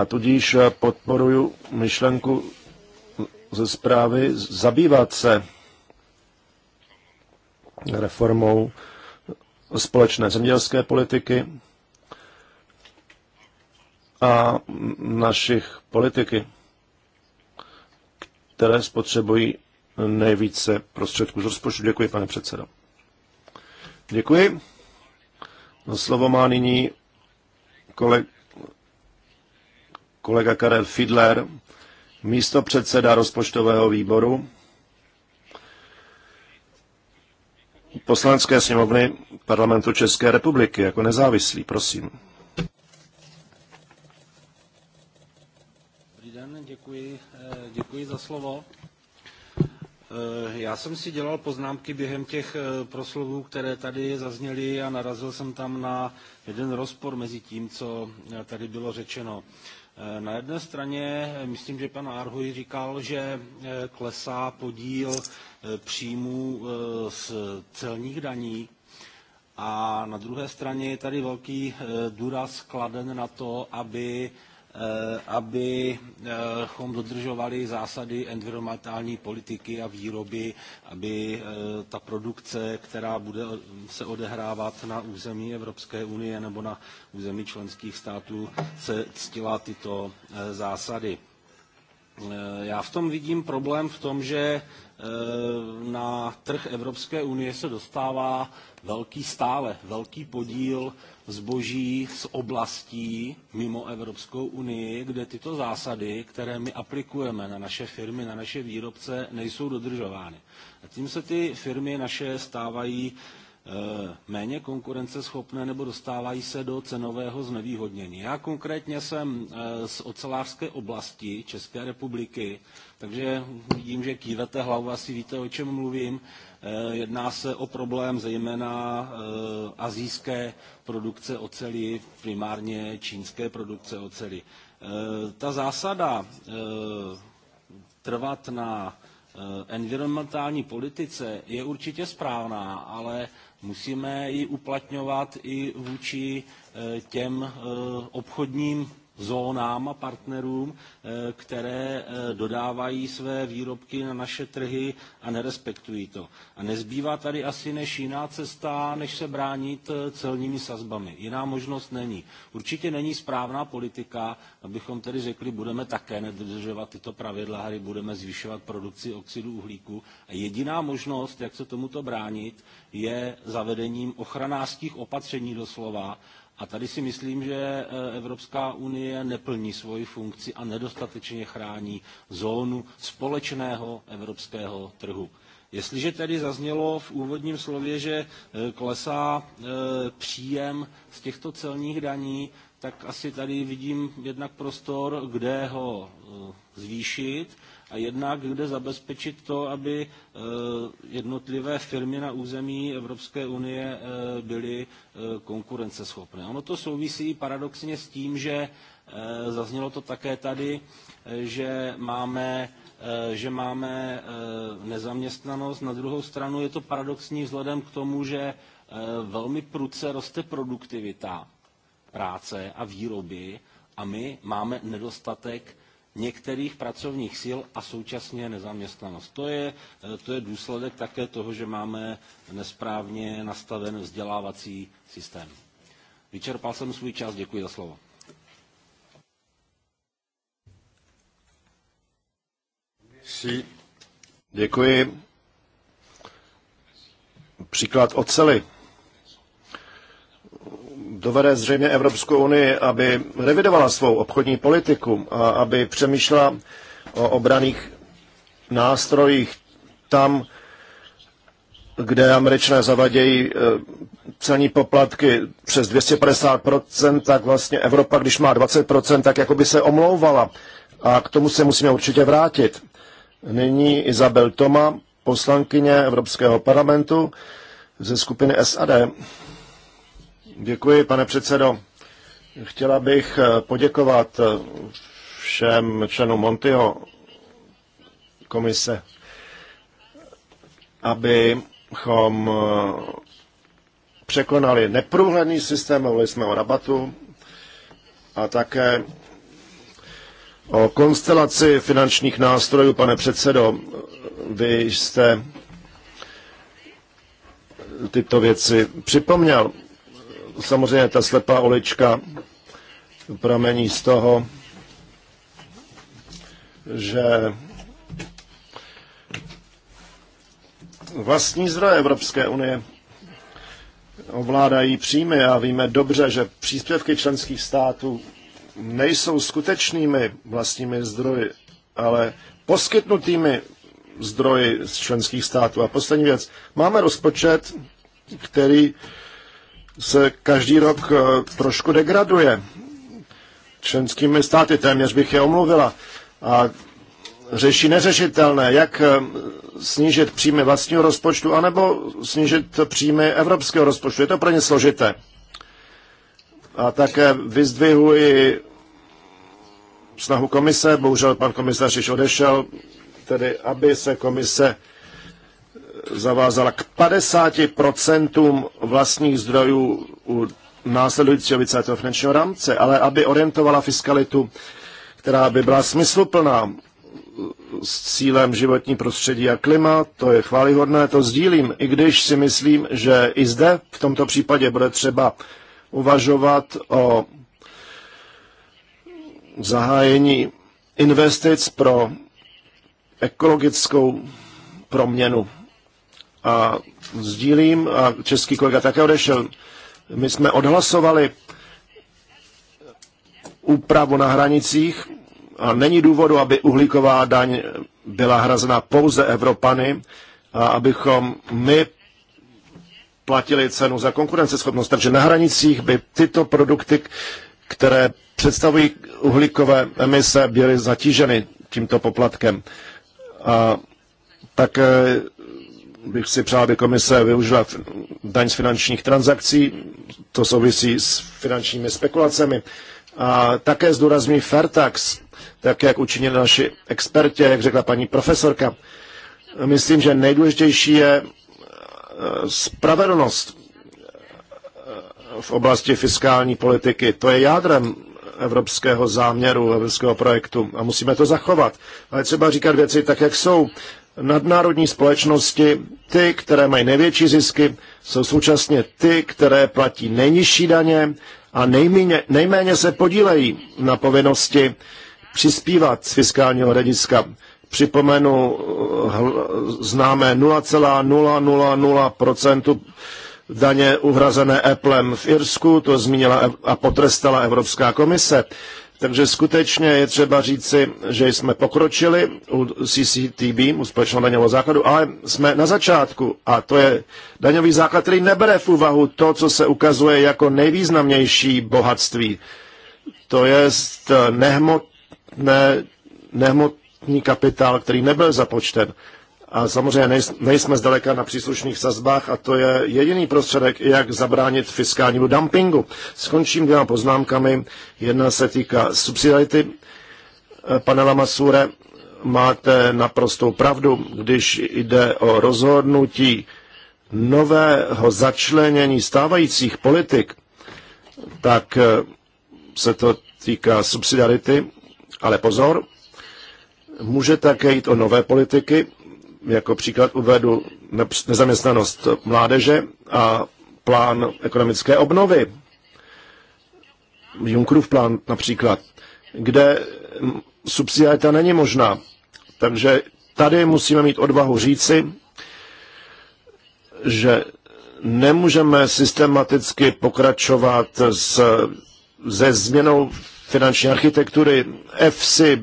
A tudíž eh, podporuji myšlenku ze zprávy zabývat se reformou společné zemědělské politiky a našich politiky, které spotřebují nejvíce prostředků z rozpočtu. Děkuji, pane předsedo. Děkuji. Slovo má nyní kolega kolega Karel Fidler, místo předseda rozpočtového výboru poslanecké sněmovny parlamentu České republiky jako nezávislý, prosím. Dobrý den, děkuji, eh, děkuji za slovo. Eh, já jsem si dělal poznámky během těch eh, proslovů, které tady zazněly a narazil jsem tam na jeden rozpor mezi tím, co tady bylo řečeno. Eh, na jedné straně, eh, myslím, že pan Arhuj říkal, že eh, klesá podíl příjmů z celních daní a na druhé straně je tady velký důraz kladen na to, aby Eh, abychom eh, dodržovali zásady environmentální politiky a výroby, aby eh, ta produkce, která bude se odehrávat na území Evropské unie nebo na území členských států, se ctila tyto zásady. Já v tom vidím problém v tom, že na trh Evropské unie se dostává velký stále, velký podíl zboží z oblastí mimo Evropskou unii, kde tyto zásady, které my aplikujeme na naše firmy, na naše výrobce, nejsou dodržovány. A tím se ty firmy naše stávají Eh, méně konkurenceschopné nebo dostávají se do cenového znevýhodnění. Já konkrétně jsem eh, z ocelářské oblasti České republiky, takže vidím, že kývete hlavu, asi víte, o čem mluvím. Eh, jedná se o problém zejména azijské produkce oceli, primárně čínské produkce oceli. Ta zásada trvat na environmentální politice je určitě správná, ale musíme ji uplatňovat i vůči eh, těm eh, obchodním zónám a partnerům, eh, které eh, dodávají své výrobky na naše trhy a nerespektují to. A nezbývá tady asi než jiná cesta, než se bránit eh, celními sazbami. Jiná možnost není. Určitě není správná politika, abychom tedy řekli, budeme také nedržovat tyto pravidla hry, budeme zvyšovat produkci oxidu uhlíku. A jediná možnost, jak se tomuto bránit, je zavedením ochranářských opatření doslova, a tady si myslím, že e, Evropská unie neplní svoji funkci a nedostatečně chrání zónu společného evropského trhu. Jestliže tedy zaznělo v úvodním slově, že e, klesá e, příjem z těchto celních daní, tak asi tady vidím jednak prostor, kde ho zvýšit a jednak kde zabezpečit to, aby eh, jednotlivé firmy na území Evropské unie eh, byly eh, konkurenceschopné. Ono to souvisí paradoxně s tím, že zaznělo to také tady, že máme že máme nezaměstnanost. Na druhou stranu je to paradoxní vzhledem k tomu, že velmi prudce roste produktivita práce a výroby a my máme nedostatek některých pracovních sil a současně nezaměstnanost. To je, eh, to je důsledek také toho, že máme nesprávně nastaven vzdělávací systém. Vyčerpal jsem svůj čas, děkuji za slovo. Sí. Děkuji. Příklad oceli. To vede zřejmě Evropskou unii, aby revidovala svou obchodní politiku a aby přemýšlela o obraných nástrojích tam, kde američané zavadějí eh, celní poplatky přes 250%, tak vlastně Evropa, když má 20%, tak jako by se omlouvala. A k tomu se musíme určitě vrátit. Nyní Izabel Toma, poslankyně Evropského parlamentu ze skupiny SAD. Děkuji, pane předsedo. Chtěla bych eh, poděkovat eh, všem členům Montyho komise, abychom eh, překonali neprůhledný systém, mluvili jsme o rabatu a také o konstelaci finančních nástrojů, pane předsedo. Vy jste tyto věci připomněl samozřejmě ta slepá olička pramení z toho, že vlastní zdroje Evropské unie ovládají příjmy a víme dobře, že příspěvky členských států nejsou skutečnými vlastními zdroji, ale poskytnutými zdroji z členských států. A poslední věc. Máme rozpočet, který se každý rok eh, trošku degraduje členskými státy, téměř bych je omluvila. A řeší neřešitelné, jak eh, snížit příjmy vlastního rozpočtu, anebo snížit příjmy evropského rozpočtu. Je to pro ně složité. A také vyzdvihuji snahu komise, bohužel pan komisař již odešel, tedy aby se komise zavázala k 50% vlastních zdrojů u následujícího víceletého finančního rámce, ale aby orientovala fiskalitu, která by byla smysluplná s cílem životní prostředí a klima, to je chválihodné, to sdílím, i když si myslím, že i zde v tomto případě bude třeba uvažovat o zahájení investic pro ekologickou proměnu a sdílím, a český kolega také odešel, my jsme odhlasovali úpravu na hranicích a není důvodu, aby uhlíková daň byla hrazena pouze Evropany a abychom my platili cenu za konkurenceschopnost. Takže na hranicích by tyto produkty, které představují uhlíkové emise, byly zatíženy tímto poplatkem. A tak eh, bych si přál, aby komise využila daň z finančních transakcí, to souvisí s finančními spekulacemi. A také zdůrazňuji Fairtax, tak jak učinili naši experti, jak řekla paní profesorka. Myslím, že nejdůležitější je eh, spravedlnost eh, v oblasti fiskální politiky. To je jádrem evropského záměru, evropského projektu a musíme to zachovat. Ale třeba říkat věci tak, jak jsou nadnárodní společnosti, ty, které mají největší zisky, jsou současně ty, které platí nejnižší daně a nejméně, nejméně se podílejí na povinnosti přispívat z fiskálního hlediska. Připomenu eh, známé 0,000% daně uhrazené Applem v Irsku, to zmínila a potrestala Evropská komise. Takže skutečně je třeba říci, že jsme pokročili u CCTB, u společného daňového základu, ale jsme na začátku a to je daňový základ, který nebere v úvahu to, co se ukazuje jako nejvýznamnější bohatství. To je eh, nehmotné, nehmotný kapitál, který nebyl započten. A samozřejmě nejsme zdaleka na příslušných sazbách a to je jediný prostředek, jak zabránit fiskálnímu dumpingu. Skončím dvěma poznámkami. Jedna se týká subsidiarity. Pane Lamasure, máte naprostou pravdu, když jde o rozhodnutí nového začlenění stávajících politik, tak eh, se to týká subsidiarity, ale pozor, může také jít o nové politiky, jako příklad uvedu nezaměstnanost mládeže a plán ekonomické obnovy. Junckerův plán například, kde subsidiarita není možná. Takže tady musíme mít odvahu říci, že nemůžeme systematicky pokračovat s, se změnou finanční architektury. EFSI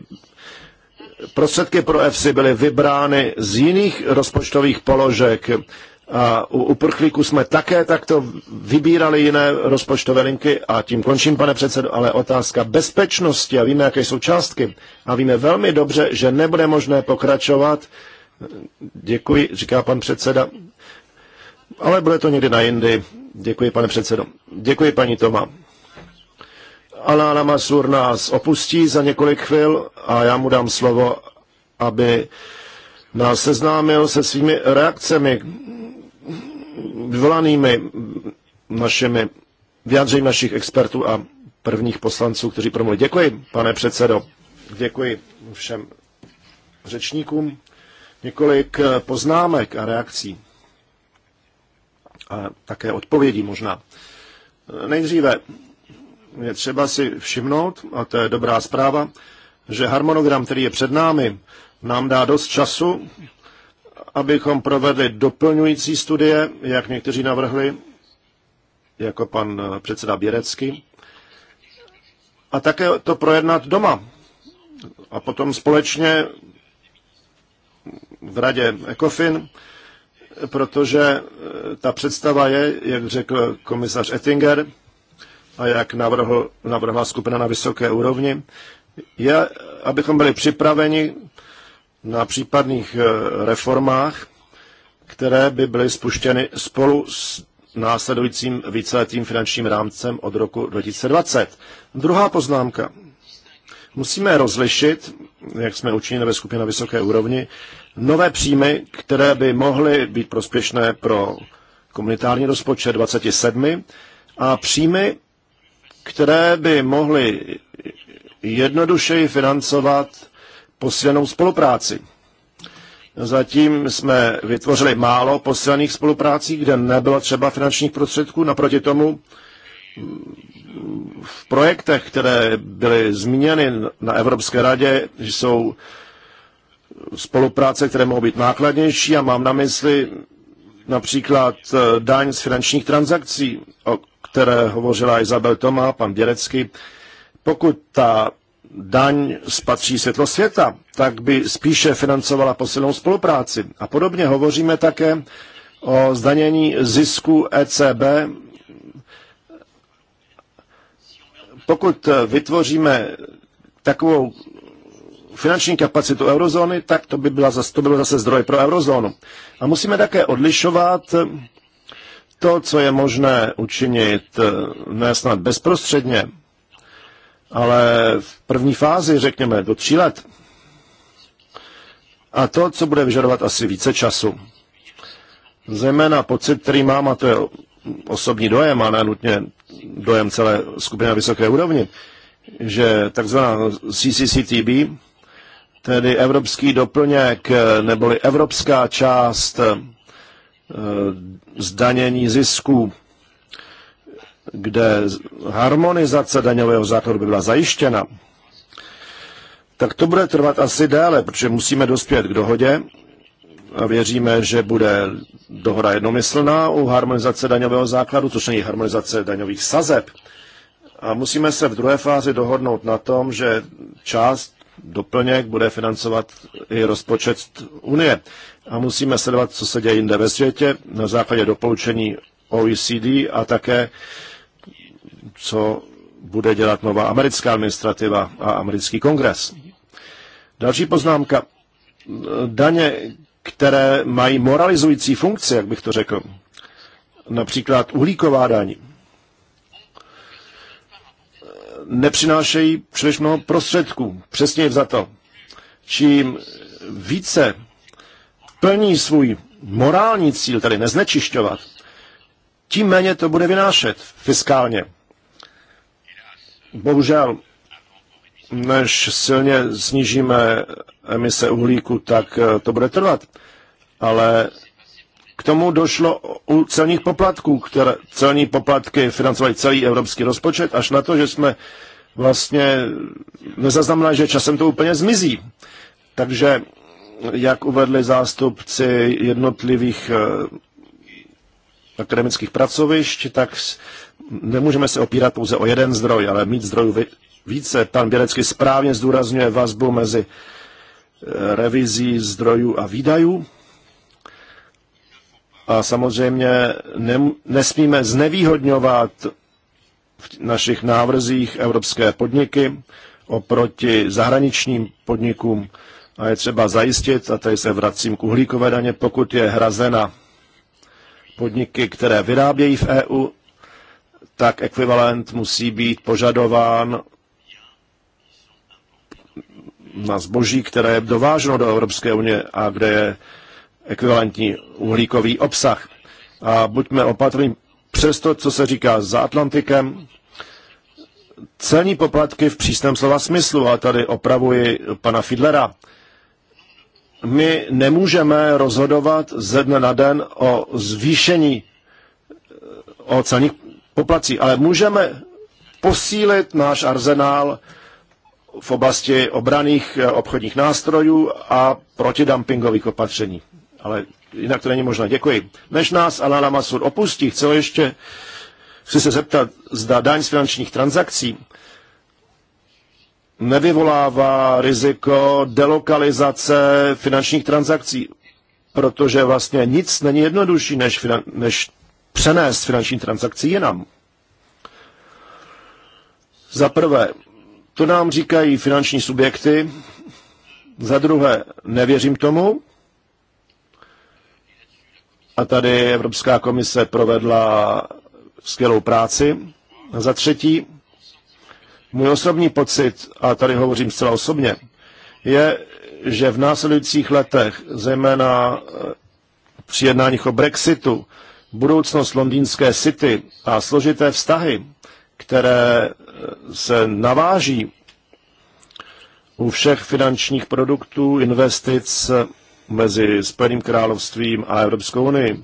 prostředky pro EFSI byly vybrány z jiných rozpočtových položek a u uprchlíků jsme také takto vybírali jiné rozpočtové linky a tím končím, pane předsedo, ale otázka bezpečnosti a víme, jaké jsou částky a víme velmi dobře, že nebude možné pokračovat. Děkuji, říká pan předseda, ale bude to někdy na jindy. Děkuji, pane předsedo. Děkuji, paní Toma. Alá Masur nás opustí za několik chvil a já mu dám slovo, aby nás seznámil se svými reakcemi vyvolanými našimi vyjádření našich expertů a prvních poslanců, kteří promluví. Děkuji, pane předsedo. Děkuji všem řečníkům. Několik poznámek a reakcí. A také odpovědí možná. Nejdříve je třeba si všimnout, a to je dobrá zpráva, že harmonogram, který je před námi, nám dá dost času, abychom provedli doplňující studie, jak někteří navrhli, jako pan předseda Běrecký, a také to projednat doma. A potom společně v radě ECOFIN, protože ta představa je, jak řekl komisař Ettinger, a jak navrhl, navrhla skupina na vysoké úrovni, je, abychom byli připraveni na případných eh, reformách, které by byly spuštěny spolu s následujícím víceletým finančním rámcem od roku 2020. Druhá poznámka. Musíme rozlišit, jak jsme učinili ve skupině na vysoké úrovni, nové příjmy, které by mohly být prospěšné pro komunitární rozpočet 27 a příjmy, které by mohly jednodušeji financovat posílenou spolupráci. Zatím jsme vytvořili málo posílených spoluprácí, kde nebylo třeba finančních prostředků. Naproti tomu v projektech, které byly zmíněny na Evropské radě, jsou spolupráce, které mohou být nákladnější a mám na mysli například eh, daň z finančních transakcí, které hovořila Izabel Toma, pan Bělecký, pokud ta daň spatří světlo světa, tak by spíše financovala posilnou spolupráci. A podobně hovoříme také o zdanění zisku ECB. Pokud vytvoříme takovou finanční kapacitu eurozóny, tak to by, byla zase, to byl zase zdroj pro eurozónu. A musíme také odlišovat to, co je možné učinit, eh, ne snad bezprostředně, ale v první fázi, řekněme, do tří let. A to, co bude vyžadovat asi více času. Zejména pocit, který mám, a to je osobní dojem, a ne nutně dojem celé skupiny na vysoké úrovni, že takzvaná CCCTB, tedy evropský doplněk neboli evropská část Eh, zdanění zisků, kde harmonizace daňového základu by byla zajištěna, tak to bude trvat asi déle, protože musíme dospět k dohodě a věříme, že bude dohoda jednomyslná u harmonizace daňového základu, což není harmonizace daňových sazeb. A musíme se v druhé fázi dohodnout na tom, že část doplněk bude financovat i rozpočet Unie a musíme sledovat, co se děje jinde ve světě na základě doporučení OECD a také, co bude dělat nová americká administrativa a americký kongres. Další poznámka. Daně, které mají moralizující funkci, jak bych to řekl, například uhlíková daň, nepřinášejí příliš mnoho prostředků, přesně za to. Čím více splní svůj morální cíl, tedy neznečišťovat, tím méně to bude vynášet fiskálně. Bohužel, než silně snížíme emise uhlíku, tak eh, to bude trvat. Ale k tomu došlo u celních poplatků, které celní poplatky financovaly celý evropský rozpočet, až na to, že jsme vlastně nezaznamenali, že časem to úplně zmizí. Takže jak uvedli zástupci jednotlivých eh, akademických pracovišť, tak nemůžeme se opírat pouze o jeden zdroj, ale mít zdrojů více. Pan Bělecký správně zdůrazňuje vazbu mezi eh, revizí zdrojů a výdajů. A samozřejmě ne, nesmíme znevýhodňovat v našich návrzích evropské podniky oproti zahraničním podnikům a je třeba zajistit, a tady se vracím k uhlíkové daně, pokud je hrazena podniky, které vyrábějí v EU, tak ekvivalent musí být požadován na zboží, které je dováženo do Evropské unie a kde je ekvivalentní uhlíkový obsah. A buďme opatrní, přesto, co se říká za Atlantikem, celní poplatky v přísném slova smyslu, a tady opravuji pana Fidlera, my nemůžeme rozhodovat ze dne na den o zvýšení eh, o celních poplací, ale můžeme posílit náš arzenál v oblasti obraných eh, obchodních nástrojů a protidumpingových opatření. Ale jinak to není možné. Děkuji. Než nás Alana Masud opustí, chci ještě chci se zeptat, zda daň z finančních transakcí nevyvolává riziko delokalizace finančních transakcí, protože vlastně nic není jednodušší, než, finan- než přenést finanční transakci jinam. Za prvé, to nám říkají finanční subjekty, za druhé, nevěřím tomu, a tady Evropská komise provedla skvělou práci. za třetí, můj osobní pocit, a tady hovořím zcela osobně, je, že v následujících letech, zejména eh, při jednáních o Brexitu, budoucnost londýnské city a složité vztahy, které eh, se naváží u všech finančních produktů, investic eh, mezi Spojeným královstvím a Evropskou unii,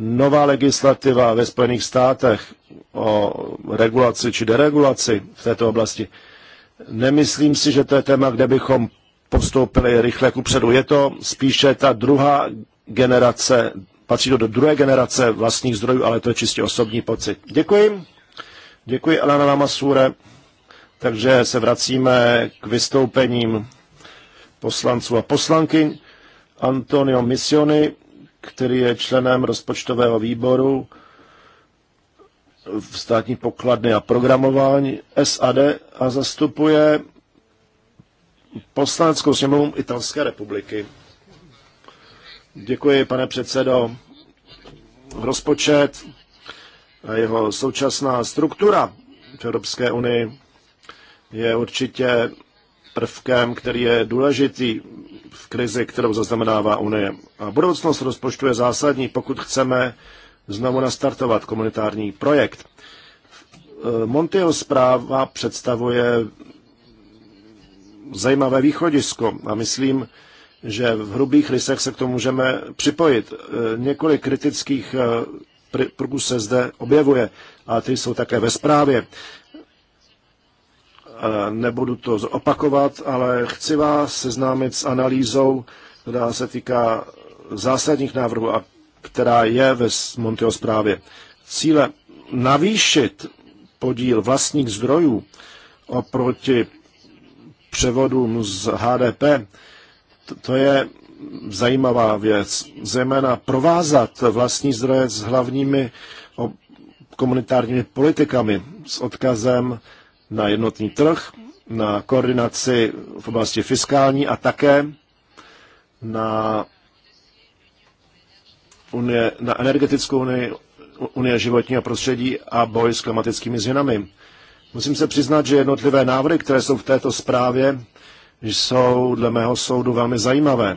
nová legislativa ve Spojených státech o regulaci či deregulaci v této oblasti. Nemyslím si, že to je téma, kde bychom postoupili rychle kupředu. Je to spíše ta druhá generace, patří to do druhé generace vlastních zdrojů, ale to je čistě osobní pocit. Děkuji. Děkuji Alana Lamasure. Takže se vracíme k vystoupením poslanců a poslankyň. Antonio Missioni, který je členem rozpočtového výboru v státní pokladny a programování SAD a zastupuje poslaneckou sněmovnu Italské republiky. Děkuji, pane předsedo. Rozpočet a jeho současná struktura v Evropské unii je určitě prvkem, který je důležitý v krizi, kterou zaznamenává Unie. A budoucnost rozpočtu je zásadní, pokud chceme znovu nastartovat komunitární projekt. E, Montiel zpráva představuje zajímavé východisko a myslím, že v hrubých rysech se k tomu můžeme připojit. E, Několik kritických e, prvků se zde objevuje a ty jsou také ve zprávě. Nebudu to opakovat, ale chci vás seznámit s analýzou, která se týká zásadních návrhů a která je ve Monteho zprávě. Cíle navýšit podíl vlastních zdrojů oproti převodům z HDP, to je zajímavá věc. Zejména provázat vlastní zdroje s hlavními komunitárními politikami s odkazem na jednotný trh, na koordinaci v oblasti fiskální a také na, unie, na energetickou unii, unie životního prostředí a boj s klimatickými změnami. Musím se přiznat, že jednotlivé návrhy, které jsou v této zprávě, jsou dle mého soudu velmi zajímavé.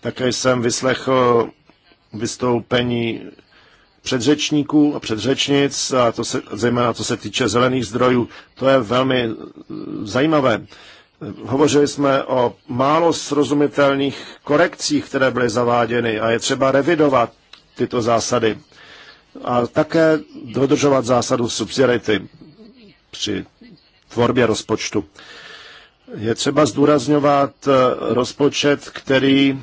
Také jsem vyslechl vystoupení předřečníků a předřečnic, a to se, zejména co se týče zelených zdrojů. To je velmi eh, zajímavé. Hovořili jsme o málo srozumitelných korekcích, které byly zaváděny a je třeba revidovat tyto zásady a také dodržovat zásadu subsidiarity při tvorbě rozpočtu. Je třeba zdůrazňovat eh, rozpočet, který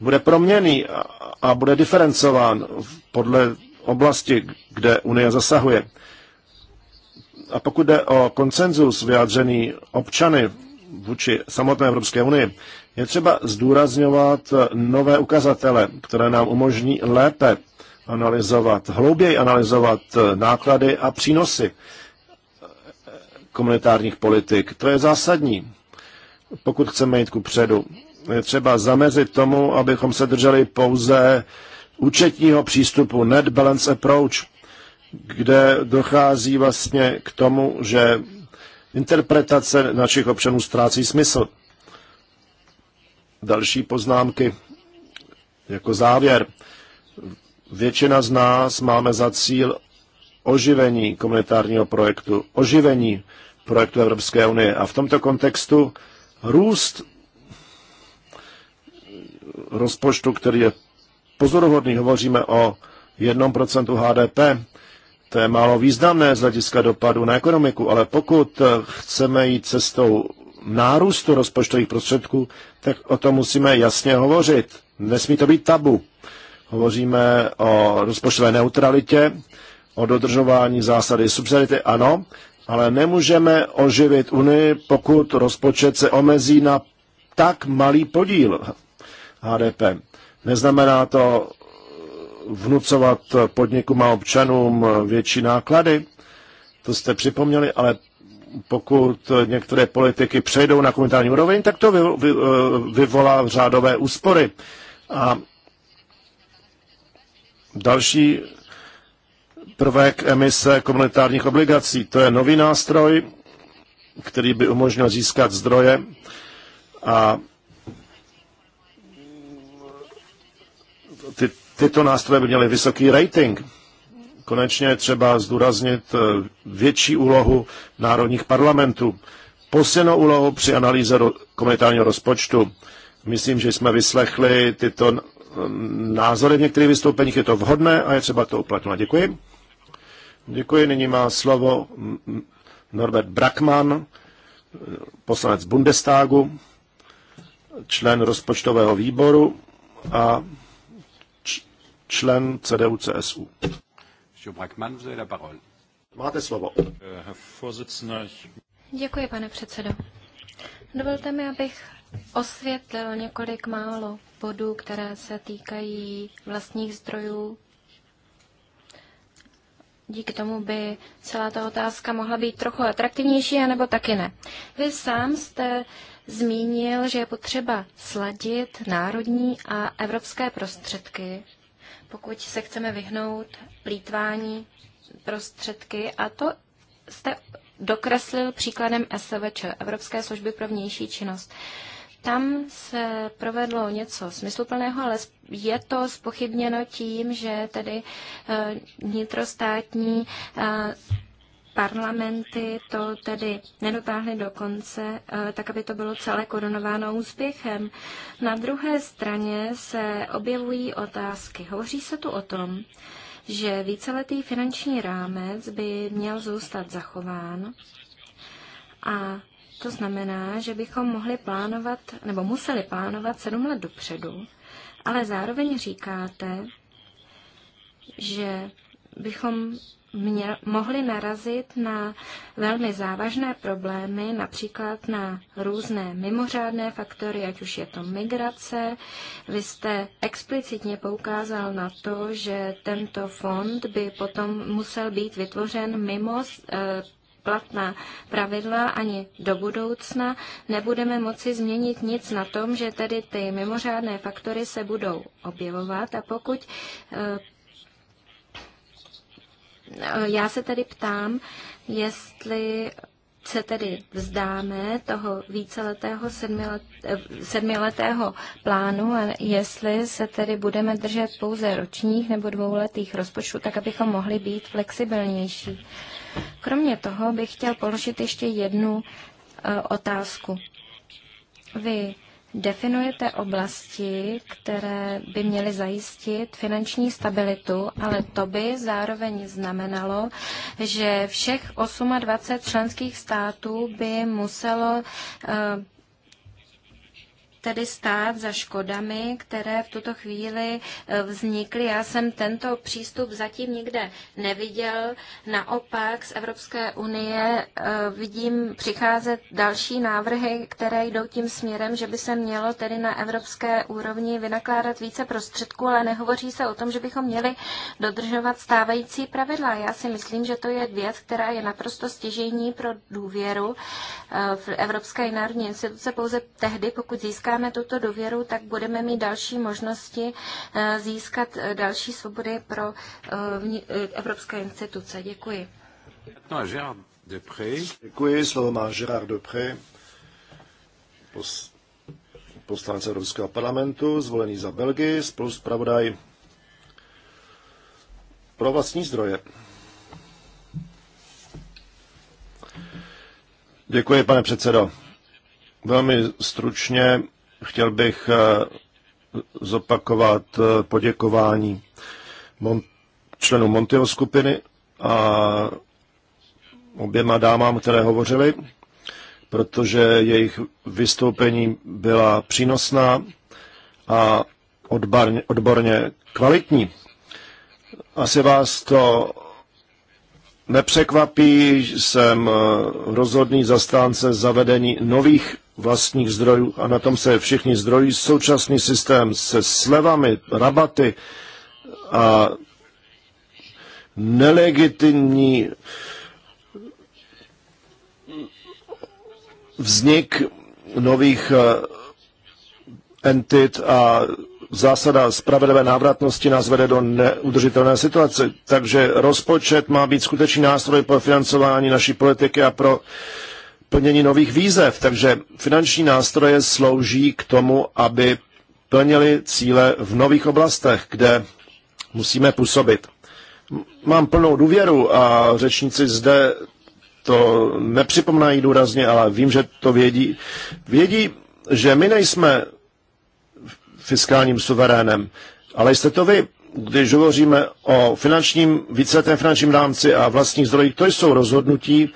bude proměný a bude diferencován podle oblasti, kde Unie zasahuje. A pokud jde o konsenzus vyjádřený občany vůči samotné Evropské unii, je třeba zdůrazňovat nové ukazatele, které nám umožní lépe analyzovat, hlouběji analyzovat náklady a přínosy komunitárních politik. To je zásadní, pokud chceme jít ku předu. Je třeba zamezit tomu, abychom se drželi pouze účetního přístupu, net balance approach, kde dochází vlastně k tomu, že interpretace našich občanů ztrácí smysl. Další poznámky jako závěr. Většina z nás máme za cíl oživení komunitárního projektu, oživení projektu Evropské unie. A v tomto kontextu růst rozpočtu, který je pozoruhodný. Hovoříme o 1% HDP. To je málo významné z hlediska dopadu na ekonomiku, ale pokud chceme jít cestou nárůstu rozpočtových prostředků, tak o tom musíme jasně hovořit. Nesmí to být tabu. Hovoříme o rozpočtové neutralitě, o dodržování zásady subsidiarity, ano, ale nemůžeme oživit Unii, pokud rozpočet se omezí na tak malý podíl HDP. Neznamená to eh, vnucovat podnikům a občanům eh, větší náklady, to jste připomněli, ale pokud eh, některé politiky přejdou na komunitární úroveň, tak to vy, vy, vyvolá řádové úspory. A další prvek emise komunitárních obligací, to je nový nástroj, který by umožnil získat zdroje a ty, tyto nástroje by měly vysoký rating. Konečně třeba zdůraznit eh, větší úlohu národních parlamentů, posilnou úlohu při analýze komunitárního rozpočtu. Myslím, že jsme vyslechli tyto eh, názory v některých vystoupeních. Je to vhodné a je třeba to uplatnit. Děkuji. Děkuji. Nyní má slovo Norbert Brackmann, eh, poslanec Bundestagu, člen rozpočtového výboru a člen CDU-CSU. Máte slovo. Děkuji, pane předsedo. Dovolte mi, abych osvětlil několik málo bodů, které se týkají vlastních zdrojů. Díky tomu by celá ta otázka mohla být trochu atraktivnější, anebo taky ne. Vy sám jste zmínil, že je potřeba sladit národní a evropské prostředky pokud se chceme vyhnout plítvání prostředky a to jste dokreslil příkladem SVČ, Evropské služby pro vnější činnost. Tam se provedlo něco smysluplného, ale je to spochybněno tím, že tedy eh, vnitrostátní eh, parlamenty to tedy nedotáhly do konce, eh, tak aby to bylo celé korunováno úspěchem. Na druhé straně se objevují otázky. Hovoří se tu o tom, že víceletý finanční rámec by měl zůstat zachován a to znamená, že bychom mohli plánovat, nebo museli plánovat sedm let dopředu, ale zároveň říkáte, že bychom mě, mohli narazit na velmi závažné problémy, například na různé mimořádné faktory, ať už je to migrace. Vy jste explicitně poukázal na to, že tento fond by potom musel být vytvořen mimo e, platná pravidla ani do budoucna. Nebudeme moci změnit nic na tom, že tedy ty mimořádné faktory se budou objevovat a pokud e, Eh, já se tedy ptám, jestli se tedy vzdáme toho víceletého eh, sedmiletého plánu a jestli se tedy budeme držet pouze ročních nebo dvouletých rozpočtů, tak abychom mohli být flexibilnější. Kromě toho bych chtěl položit ještě jednu eh, otázku. Vy definujete oblasti, které by měly zajistit finanční stabilitu, ale to by zároveň znamenalo, že všech 28 členských států by muselo eh, tedy stát za škodami, které v tuto chvíli e, vznikly. Já jsem tento přístup zatím nikde neviděl. Naopak z Evropské unie e, vidím přicházet další návrhy, které jdou tím směrem, že by se mělo tedy na evropské úrovni vynakládat více prostředků, ale nehovoří se o tom, že bychom měli dodržovat stávající pravidla. Já si myslím, že to je věc, která je naprosto stěžení pro důvěru e, v Evropské národní instituce pouze tehdy, pokud získá získáme tuto důvěru, tak budeme mít další možnosti eh, získat eh, další svobody pro eh, evropské instituce. Děkuji. Děkuji, slovo má Gerard Depré, poslanec Evropského parlamentu, zvolený za Belgii, spolu zpravodaj pro vlastní zdroje. Děkuji, pane předsedo. Velmi stručně Chtěl bych eh, zopakovat eh, poděkování členů Montyho skupiny a oběma dámám, které hovořily, protože jejich vystoupení byla přínosná a odbarně, odborně kvalitní. Asi vás to nepřekvapí, jsem eh, rozhodný zastánce zavedení nových vlastních zdrojů a na tom se všichni zdrojí. Současný systém se slevami, rabaty a nelegitimní vznik nových eh, entit a zásada spravedlivé návratnosti nás vede do neudržitelné situace. Takže rozpočet má být skutečný nástroj pro financování naší politiky a pro uh, plnění nových výzev. Takže finanční nástroje slouží k tomu, aby plnili cíle v nových oblastech, kde musíme působit. Mám plnou důvěru a řečníci zde to nepřipomnají důrazně, ale vím, že to vědí. Vědí, že my nejsme fiskálním suverénem, ale jste to vy, když hovoříme o finančním, víceletém finančním rámci a vlastních zdrojích, to jsou rozhodnutí,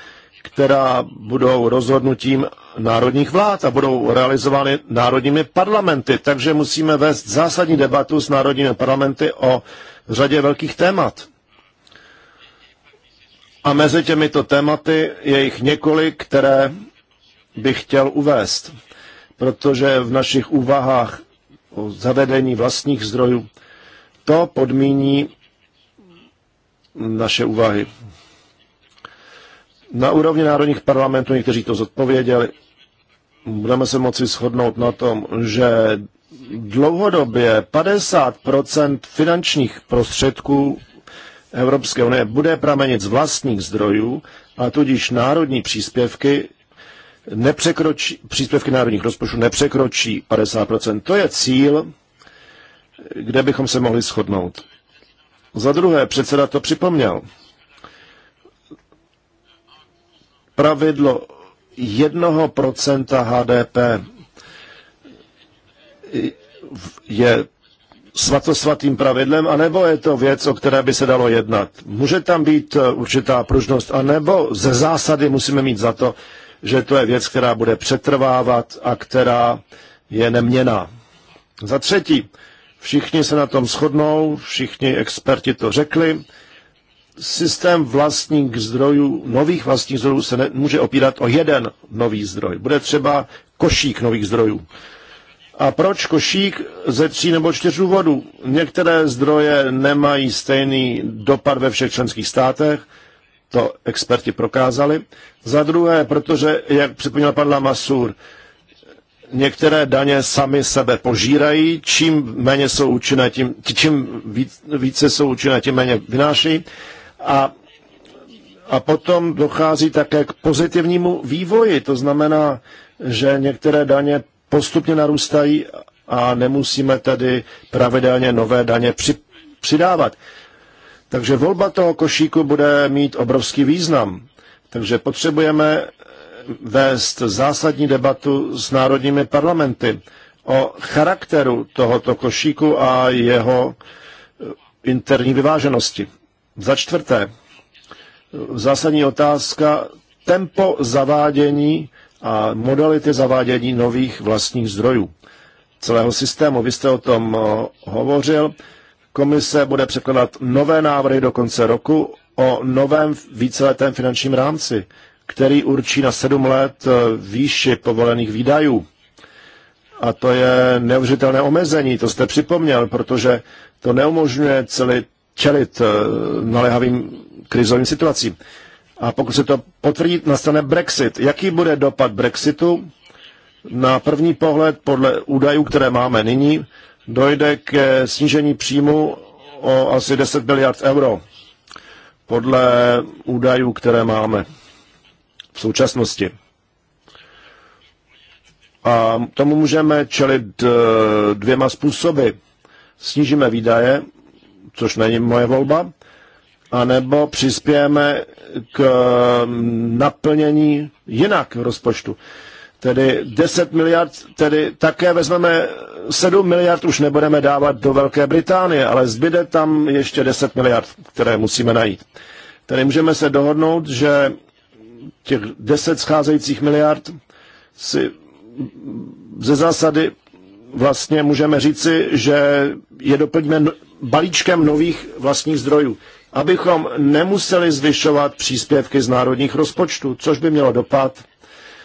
která budou rozhodnutím národních vlád a budou realizovány národními parlamenty. Takže musíme vést zásadní debatu s národními parlamenty o řadě velkých témat. A mezi těmito tématy je jich několik, které bych chtěl uvést, protože v našich úvahách o zavedení vlastních zdrojů to podmíní naše úvahy. Na úrovni národních parlamentů někteří to zodpověděli. Budeme se moci shodnout na tom, že dlouhodobě 50 finančních prostředků Evropské unie bude pramenit z vlastních zdrojů a tudíž národní příspěvky nepřekročí, příspěvky národních rozpočtů nepřekročí 50%. To je cíl, kde bychom se mohli shodnout. Za druhé, předseda to připomněl. pravidlo 1% HDP je svatosvatým pravidlem, anebo je to věc, o které by se dalo jednat. Může tam být eh, určitá pružnost, anebo ze zásady musíme mít za to, že to je věc, která bude přetrvávat a která je neměná. Za třetí, všichni se na tom shodnou, všichni experti to řekli, systém vlastních zdrojů, nových vlastních zdrojů se nemůže opírat o jeden nový zdroj. Bude třeba košík nových zdrojů. A proč košík? Ze tří nebo čtyř důvodů. Některé zdroje nemají stejný dopad ve všech členských státech, to experti prokázali. Za druhé, protože, jak připomněl pan Lamasur, některé daně sami sebe požírají, čím méně jsou účinné, tím, čím více jsou účinné, tím méně vynášejí. A, a potom dochází také k pozitivnímu vývoji. To znamená, že některé daně postupně narůstají a nemusíme tedy pravidelně nové daně při, přidávat. Takže volba toho košíku bude mít obrovský význam. Takže potřebujeme vést zásadní debatu s národními parlamenty o charakteru tohoto košíku a jeho interní vyváženosti. Za čtvrté, zásadní otázka tempo zavádění a modality zavádění nových vlastních zdrojů celého systému. Vy jste o tom eh, hovořil. Komise bude překládat nové návrhy do konce roku o novém víceletém finančním rámci, který určí na sedm let eh, výši povolených výdajů. A to je neuvěřitelné omezení, to jste připomněl, protože to neumožňuje celý čelit eh, naléhavým krizovým situacím. A pokud se to potvrdí, nastane Brexit. Jaký bude dopad Brexitu? Na první pohled, podle údajů, které máme nyní, dojde k snížení příjmu o asi 10 miliard euro. Podle údajů, které máme v současnosti. A tomu můžeme čelit eh, dvěma způsoby. Snížíme výdaje což není moje volba, anebo přispějeme k mm, naplnění jinak v rozpočtu. Tedy 10 miliard, tedy také vezmeme 7 miliard už nebudeme dávat do Velké Británie, ale zbyde tam ještě 10 miliard, které musíme najít. Tedy můžeme se dohodnout, že těch 10 scházejících miliard si ze zásady vlastně můžeme říci, že je doplníme no- balíčkem nových vlastních zdrojů, abychom nemuseli zvyšovat příspěvky z národních rozpočtů, což by mělo dopad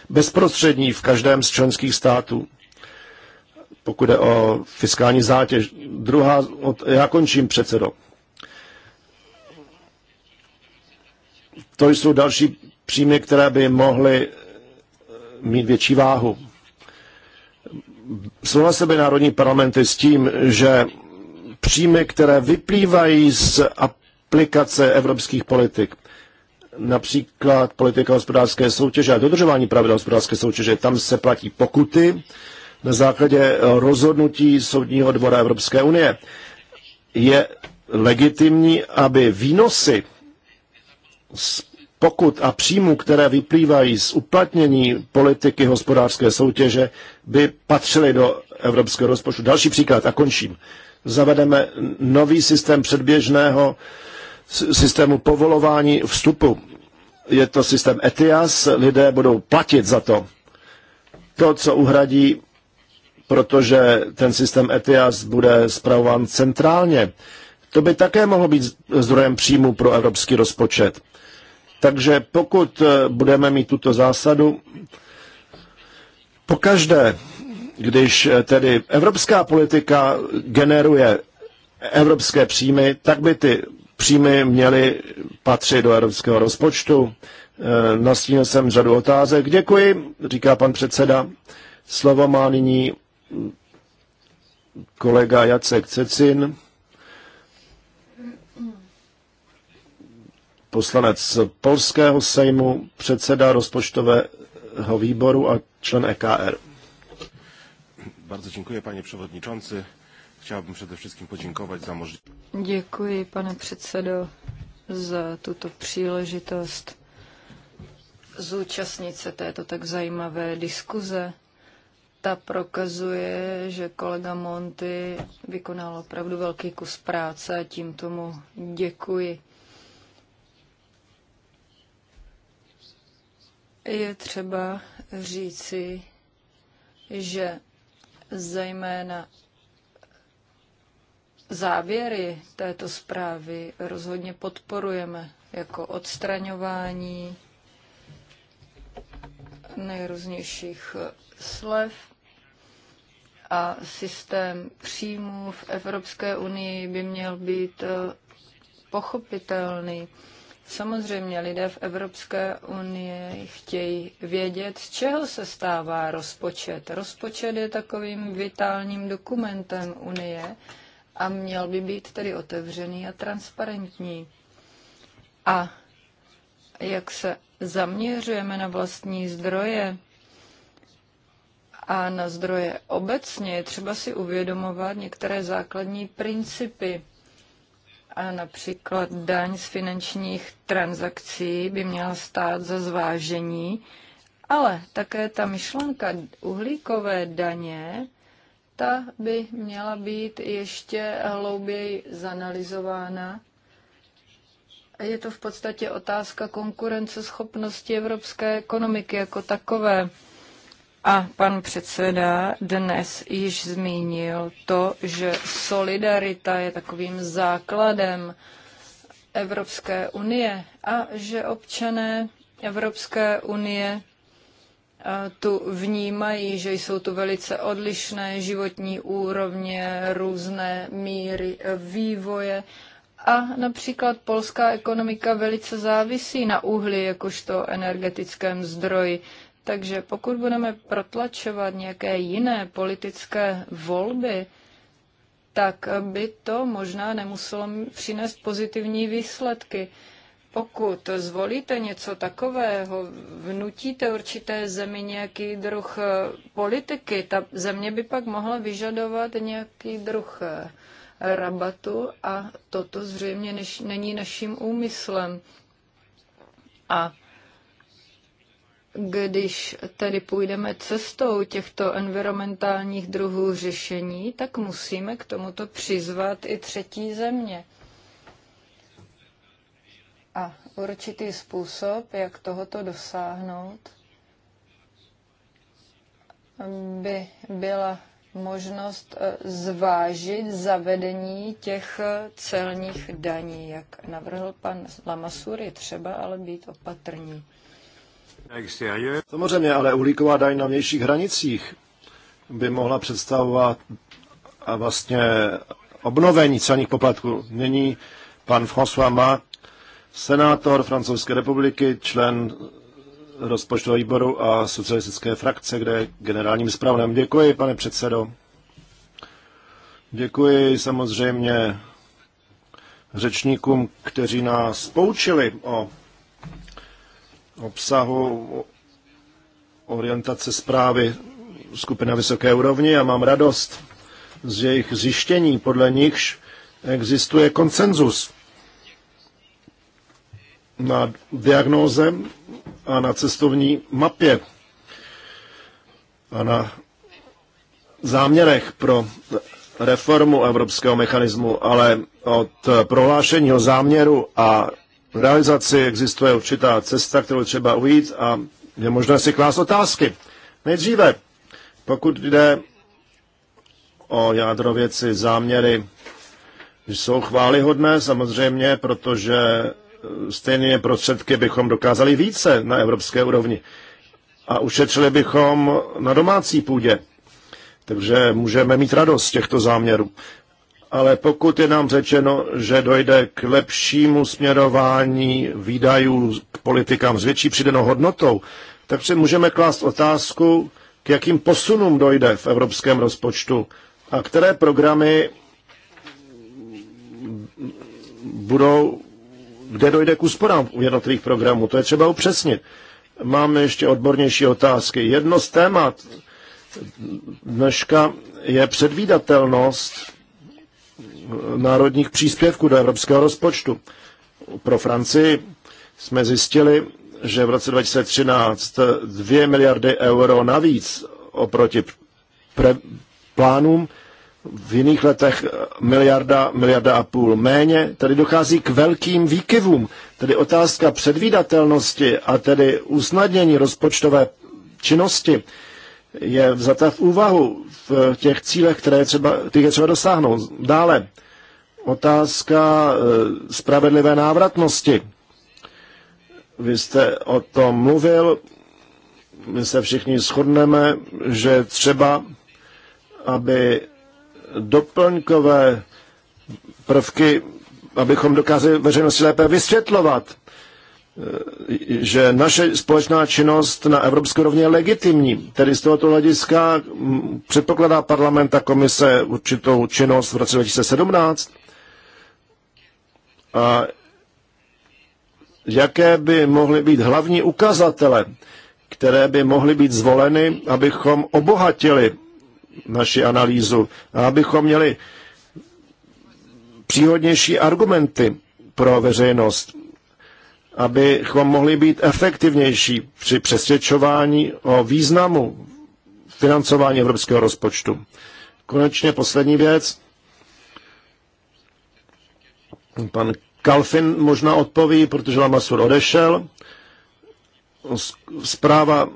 bezprostřední v každém z členských států, pokud je o fiskální zátěž. Druhá, já končím předsedo. To jsou další příjmy, které by mohly mít větší váhu souhlasily by národní parlamenty s tím, že příjmy, které vyplývají z aplikace evropských politik, například politika hospodářské soutěže a dodržování pravidel hospodářské soutěže, tam se platí pokuty na základě rozhodnutí Soudního dvora Evropské unie. Je legitimní, aby výnosy z pokud a příjmů, které vyplývají z uplatnění politiky hospodářské soutěže, by patřily do evropského rozpočtu. Další příklad a končím. Zavedeme nový systém předběžného systému povolování vstupu. Je to systém ETIAS, lidé budou platit za to. To, co uhradí, protože ten systém ETIAS bude zpravován centrálně, to by také mohlo být zdrojem příjmu pro evropský rozpočet. Takže pokud eh, budeme mít tuto zásadu, pokaždé, když eh, tedy evropská politika generuje evropské příjmy, tak by ty příjmy měly patřit do evropského rozpočtu. Eh, nastínil jsem řadu otázek. Děkuji, říká pan předseda. Slovo má nyní kolega Jacek Cecin. poslanec Polského sejmu, předseda rozpočtového výboru a člen EKR. Bardzo dziękuję panie przewodniczący. Chciałbym przede wszystkim podziękować za możliwość. Děkuji pane předsedo za tuto příležitost zúčastnit se této tak zajímavé diskuze. Ta prokazuje, že kolega Monty vykonal opravdu velký kus práce a tím tomu děkuji. Je třeba říci, že zejména závěry této zprávy rozhodně podporujeme jako odstraňování nejrůznějších slev a systém příjmů v Evropské unii by měl být pochopitelný Samozřejmě lidé v Evropské unii chtějí vědět, z čeho se stává rozpočet. Rozpočet je takovým vitálním dokumentem unie a měl by být tedy otevřený a transparentní. A jak se zaměřujeme na vlastní zdroje a na zdroje obecně, je třeba si uvědomovat některé základní principy a například daň z finančních transakcí by měla stát za zvážení, ale také ta myšlenka uhlíkové daně, ta by měla být ještě hlouběji zanalizována. Je to v podstatě otázka konkurenceschopnosti evropské ekonomiky jako takové. A pan předseda dnes již zmínil to, že solidarita je takovým základem Evropské unie a že občané Evropské unie tu vnímají, že jsou tu velice odlišné životní úrovně, různé míry vývoje. A například polská ekonomika velice závisí na uhlí jakožto energetickém zdroji. Takže pokud budeme protlačovat nějaké jiné politické volby, tak by to možná nemuselo přinést pozitivní výsledky. Pokud zvolíte něco takového, vnutíte určité zemi nějaký druh eh, politiky, ta země by pak mohla vyžadovat nějaký druh eh, rabatu a toto zřejmě není naším úmyslem. A když tedy půjdeme cestou těchto environmentálních druhů řešení, tak musíme k tomuto přizvat i třetí země. A určitý způsob, jak tohoto dosáhnout, by byla možnost eh, zvážit zavedení těch celních daní, jak navrhl pan Lamasury, třeba ale být opatrní. Samozřejmě, ale uhlíková daň na vnějších hranicích by mohla představovat a vlastně obnovení celních poplatků. Nyní pan François Ma, senátor Francouzské republiky, člen rozpočtového výboru a socialistické frakce, kde je generálním zpravodajem. Děkuji, pane předsedo. Děkuji samozřejmě řečníkům, kteří nás poučili o obsahu orientace zprávy skupina vysoké úrovni a mám radost z jejich zjištění, podle nichž existuje konsenzus na diagnóze a na cestovní mapě a na záměrech pro reformu evropského mechanismu, ale od prohlášení o záměru a realizaci existuje určitá cesta, kterou třeba ujít a je možné si klást otázky. Nejdříve, pokud jde o jádrověci věci, záměry, jsou chválihodné samozřejmě, protože stejně prostředky bychom dokázali více na evropské úrovni a ušetřili bychom na domácí půdě. Takže můžeme mít radost z těchto záměrů ale pokud je nám řečeno, že dojde k lepšímu směrování výdajů k politikám s větší přidanou hodnotou, tak si můžeme klást otázku, k jakým posunům dojde v evropském rozpočtu a které programy budou, kde dojde k úsporám u jednotlivých programů. To je třeba upřesnit. Máme ještě odbornější otázky. Jedno z témat dneška je předvídatelnost národních příspěvků do evropského rozpočtu. Pro Francii jsme zjistili, že v roce 2013 2 miliardy euro navíc oproti pre- plánům, v jiných letech miliarda, miliarda a půl méně. Tady dochází k velkým výkyvům. Tedy otázka předvídatelnosti a tedy usnadnění rozpočtové činnosti je vzata v úvahu v těch cílech, které třeba, těch je třeba dosáhnout. Dále otázka eh, spravedlivé návratnosti. Vy jste o tom mluvil, my se všichni shodneme, že třeba, aby doplňkové prvky, abychom dokázali veřejnosti lépe vysvětlovat, že naše společná činnost na evropské rovně je legitimní. Tedy z tohoto hlediska mm, předpokládá parlament a komise určitou činnost v roce 2017. A jaké by mohly být hlavní ukazatele, které by mohly být zvoleny, abychom obohatili naši analýzu a abychom měli příhodnější argumenty pro veřejnost abychom mohli být efektivnější při přesvědčování o významu financování evropského rozpočtu. Konečně poslední věc. Pan Kalfin možná odpoví, protože Lamasur odešel. Zpráva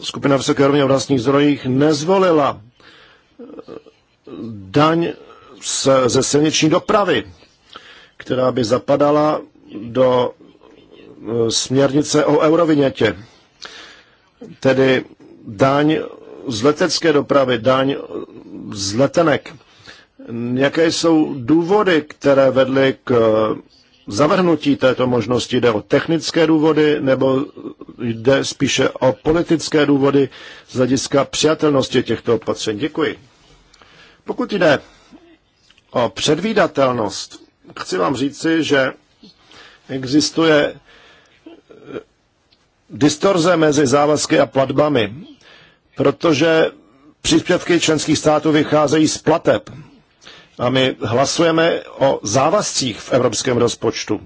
skupina Vysoké rovně o vlastních zdrojích nezvolila daň ze silniční dopravy, která by zapadala do směrnice o eurovinětě, tedy daň z letecké dopravy, daň z letenek. Jaké jsou důvody, které vedly k eh, zavrhnutí této možnosti? Jde o technické důvody nebo jde spíše o politické důvody z hlediska přijatelnosti těchto opatření? Děkuji. Pokud jde o předvídatelnost, chci vám říci, že existuje distorze mezi závazky a platbami, protože příspěvky členských států vycházejí z plateb. A my hlasujeme o závazcích v evropském rozpočtu.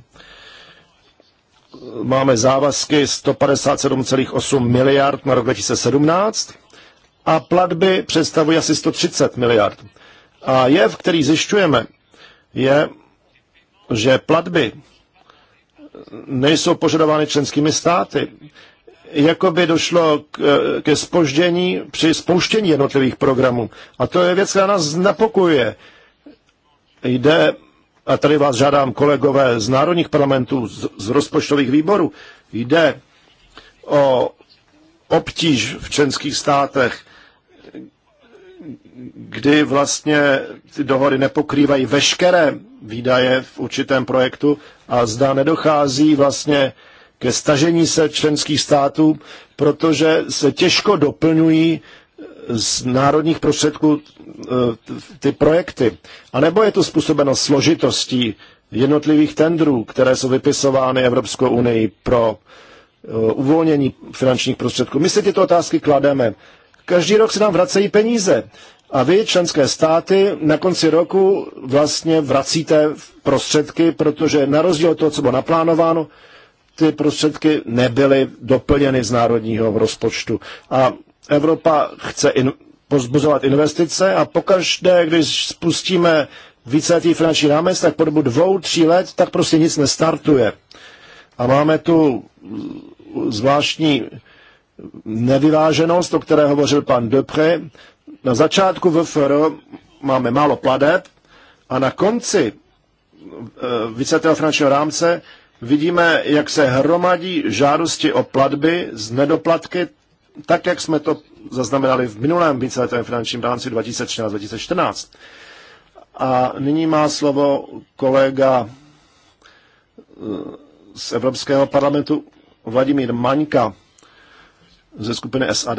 Máme závazky 157,8 miliard na rok 2017 a platby představují asi 130 miliard. A jev, který zjišťujeme, je, že platby nejsou požadovány členskými státy. jako by došlo k, ke spoždění při spouštění jednotlivých programů. A to je věc, která nás napokuje. Jde, a tady vás žádám kolegové z národních parlamentů, z, z rozpočtových výborů, jde o obtíž v členských státech kdy vlastně ty dohody nepokrývají veškeré výdaje v určitém projektu a zda nedochází vlastně ke stažení se členských států, protože se těžko doplňují z národních prostředků e, ty projekty. A nebo je to způsobeno složitostí jednotlivých tendrů, které jsou vypisovány Evropskou unii pro e, uvolnění finančních prostředků. My si tyto otázky klademe Každý rok se nám vracejí peníze. A vy, členské státy, na konci roku vlastně vracíte prostředky, protože na rozdíl od toho, co bylo naplánováno, ty prostředky nebyly doplněny z národního rozpočtu. A Evropa chce in, pozbuzovat investice a pokaždé, když spustíme víceletý finanční rámec, tak po dobu dvou, tří let, tak prostě nic nestartuje. A máme tu zvláštní nevyváženost, o které hovořil pan Dupré. Na začátku VFR máme málo pladeb a na konci eh, vysvětého finančního rámce vidíme, jak se hromadí žádosti o platby z nedoplatky, tak jak jsme to zaznamenali v minulém vysvětém finančním rámci 2013-2014. A nyní má slovo kolega eh, z Evropského parlamentu Vladimír Maňka ze skupiny SAD.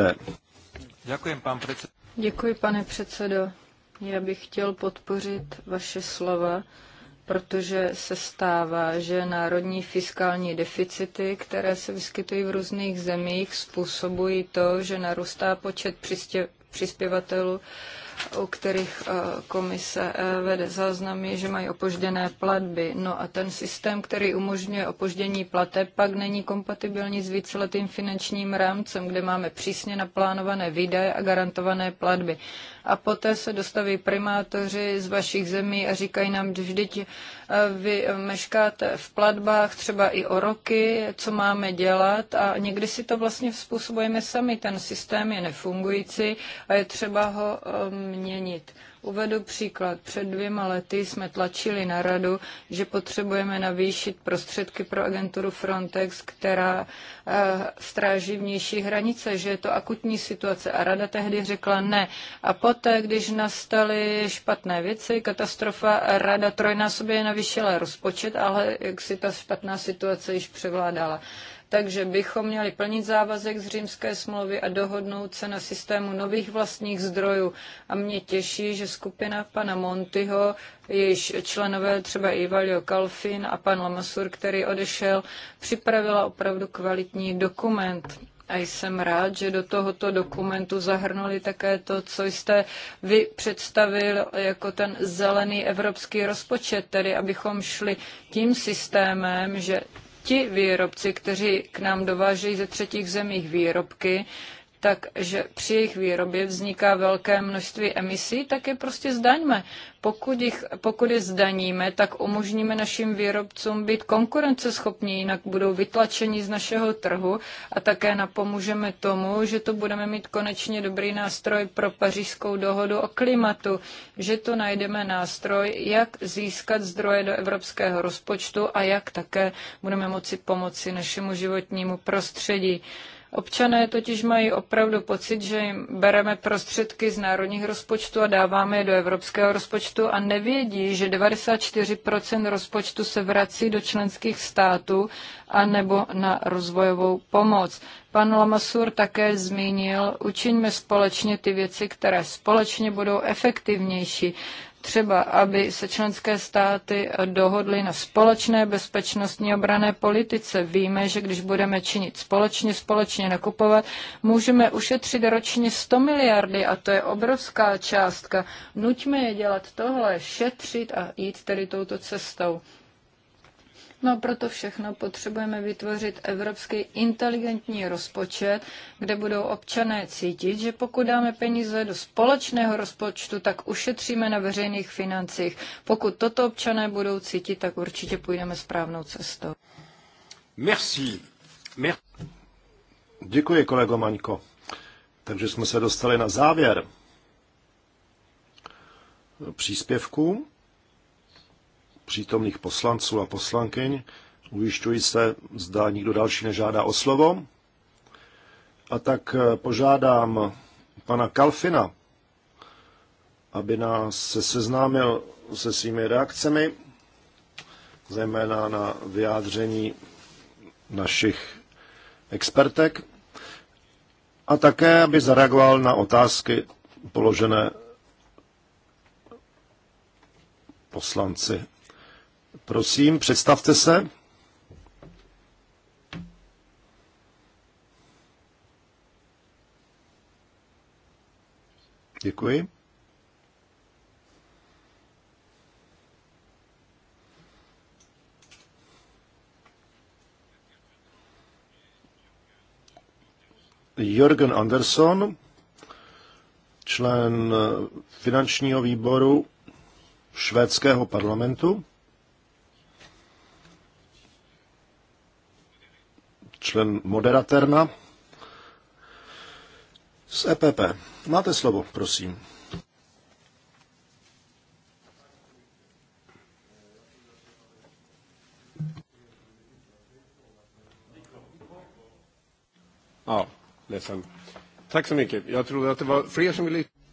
Děkuji, pán předsed. Děkuji, pane předsedo. Já bych chtěl podpořit vaše slova, protože se stává, že národní fiskální deficity, které se vyskytují v různých zemích, způsobují to, že narůstá počet přispěvatelů u kterých eh, komise eh, vede záznamy, že mají opožděné platby. No a ten systém, který umožňuje opoždění plateb, pak není kompatibilní s víceletým finančním rámcem, kde máme přísně naplánované výdaje a garantované platby a poté se dostaví primátoři z vašich zemí a říkají nám, že vždyť eh, vy meškáte v platbách třeba i o roky, co máme dělat a někdy si to vlastně způsobujeme sami. Ten systém je nefungující a je třeba ho eh, měnit. Uvedu příklad. Před dvěma lety jsme tlačili na radu, že potřebujeme navýšit prostředky pro agenturu Frontex, která eh, stráží vnější hranice, že je to akutní situace. A rada tehdy řekla ne. A poté, když nastaly špatné věci, katastrofa, rada trojnásobně navýšila rozpočet, ale jak si ta špatná situace již převládala. Takže bychom měli plnit závazek z římské smlouvy a dohodnout se na systému nových vlastních zdrojů. A mě těší, že skupina pana Montyho, jejíž členové třeba Ivalio Kalfin a pan Lamasur, který odešel, připravila opravdu kvalitní dokument. A jsem rád, že do tohoto dokumentu zahrnuli také to, co jste vy představil jako ten zelený evropský rozpočet, tedy abychom šli tím systémem, že ti výrobci, kteří k nám dovážejí ze třetích zemích výrobky, takže při jejich výrobě vzniká velké množství emisí, tak je prostě zdaňme. Pokud, jich, pokud je zdaníme, tak umožníme našim výrobcům být konkurenceschopní, jinak budou vytlačeni z našeho trhu a také napomůžeme tomu, že to budeme mít konečně dobrý nástroj pro pařížskou dohodu o klimatu, že to najdeme nástroj, jak získat zdroje do evropského rozpočtu a jak také budeme moci pomoci našemu životnímu prostředí. Občané totiž mají opravdu pocit, že jim bereme prostředky z národních rozpočtů a dáváme je do evropského rozpočtu a nevědí, že 94% rozpočtu se vrací do členských států a nebo na rozvojovou pomoc. Pan Lamasur také zmínil, učiňme společně ty věci, které společně budou efektivnější třeba, aby se členské státy dohodly na společné bezpečnostní obrané politice. Víme, že když budeme činit společně, společně nakupovat, můžeme ušetřit ročně 100 miliardy a to je obrovská částka. Nuťme je dělat tohle, šetřit a jít tedy touto cestou. No a proto všechno potřebujeme vytvořit evropský inteligentní rozpočet, kde budou občané cítit, že pokud dáme peníze do společného rozpočtu, tak ušetříme na veřejných financích. Pokud toto občané budou cítit, tak určitě půjdeme správnou cestou. Merci. Merci. Děkuji, kolego Maňko. Takže jsme se dostali na závěr Příspěvku přítomných poslanců a poslankyň. Ujišťuji se, zda nikdo další nežádá o slovo. A tak eh, požádám pana Kalfina, aby nás se seznámil se svými reakcemi, zejména na vyjádření našich expertek, a také, aby zareagoval na otázky položené poslanci Prosím, představte se. Děkuji. Jürgen Anderson, člen finančního výboru švédského parlamentu. člen Moderaterna z EPP. Máte slovo, prosím. Ja, ledsen. Tack så mycket. Jag trodde att det var fler som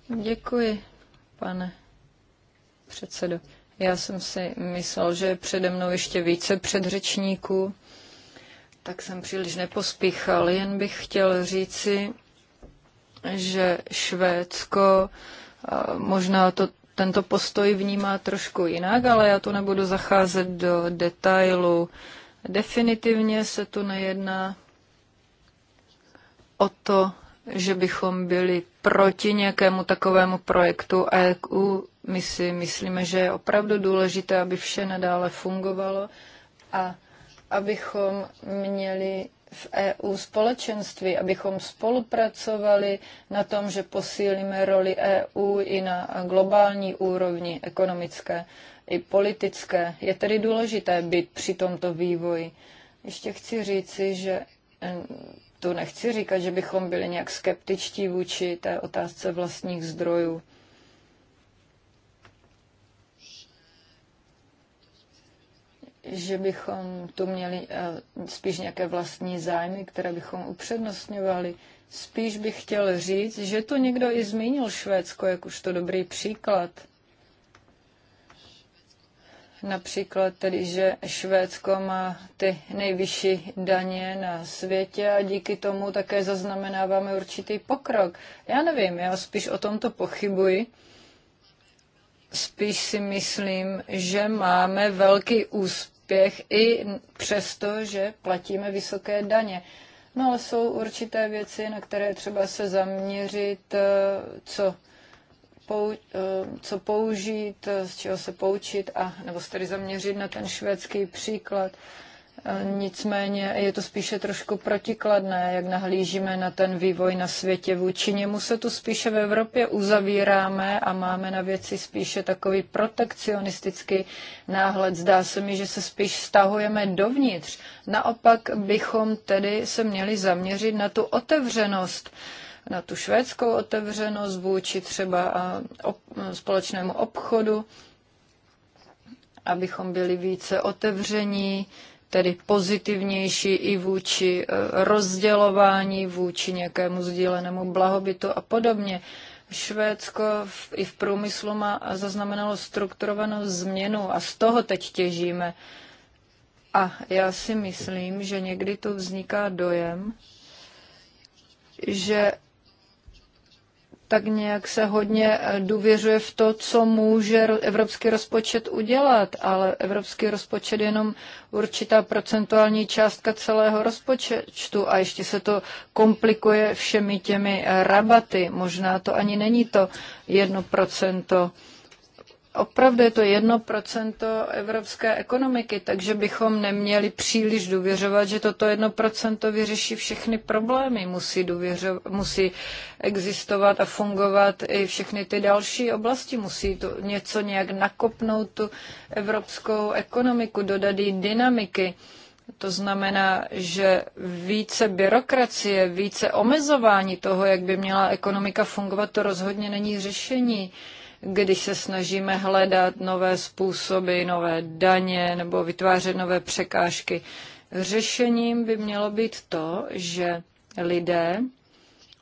Děkuji, pane předsedo. Já jsem si myslel, že je přede mnou ještě více předřečníků tak jsem příliš nepospíchal. Jen bych chtěl říci, že Švédsko možná to, tento postoj vnímá trošku jinak, ale já tu nebudu zacházet do detailu. Definitivně se tu nejedná o to, že bychom byli proti nějakému takovému projektu EU. My si myslíme, že je opravdu důležité, aby vše nadále fungovalo a abychom měli v EU společenství, abychom spolupracovali na tom, že posílíme roli EU i na globální úrovni ekonomické i politické. Je tedy důležité být při tomto vývoji. Ještě chci říci, že eh, tu nechci říkat, že bychom byli nějak skeptičtí vůči té otázce vlastních zdrojů. že bychom tu měli eh, spíš nějaké vlastní zájmy, které bychom upřednostňovali. Spíš bych chtěl říct, že to někdo i zmínil Švédsko jak už to dobrý příklad. Například tedy, že Švédsko má ty nejvyšší daně na světě a díky tomu také zaznamenáváme určitý pokrok. Já nevím, já spíš o tomto pochybuji. Spíš si myslím, že máme velký úspěch prospěch i přesto, že platíme vysoké daně. No ale jsou určité věci, na které třeba se zaměřit, eh, co, pou, eh, co použít, eh, z čeho se poučit, a, nebo se tedy zaměřit na ten švédský příklad. Nicméně je to spíše trošku protikladné, jak nahlížíme na ten vývoj na světě. Vůči němu se tu spíše v Evropě uzavíráme a máme na věci spíše takový protekcionistický náhled. Zdá se mi, že se spíš stahujeme dovnitř. Naopak bychom tedy se měli zaměřit na tu otevřenost na tu švédskou otevřenost vůči třeba společnému obchodu, abychom byli více otevření tedy pozitivnější i vůči eh, rozdělování, vůči nějakému sdílenému blahobytu a podobně. Švédsko v, i v průmyslu má zaznamenalo strukturovanou změnu a z toho teď těžíme. A já si myslím, že někdy tu vzniká dojem, že tak nějak se hodně eh, důvěřuje v to, co může evropský rozpočet udělat, ale evropský rozpočet je jenom určitá procentuální částka celého rozpočtu a ještě se to komplikuje všemi těmi eh, rabaty. Možná to ani není to jedno procento opravdu je to jedno procento evropské ekonomiky, takže bychom neměli příliš důvěřovat, že toto jedno procento vyřeší všechny problémy. Musí, důvěřo, musí existovat a fungovat i všechny ty další oblasti. Musí to něco nějak nakopnout tu evropskou ekonomiku, dodat jí dynamiky. To znamená, že více byrokracie, více omezování toho, jak by měla ekonomika fungovat, to rozhodně není řešení. Uh, když se snažíme hledat nové způsoby, nové daně nebo vytvářet nové překážky. Řešením by mělo být to, že lidé,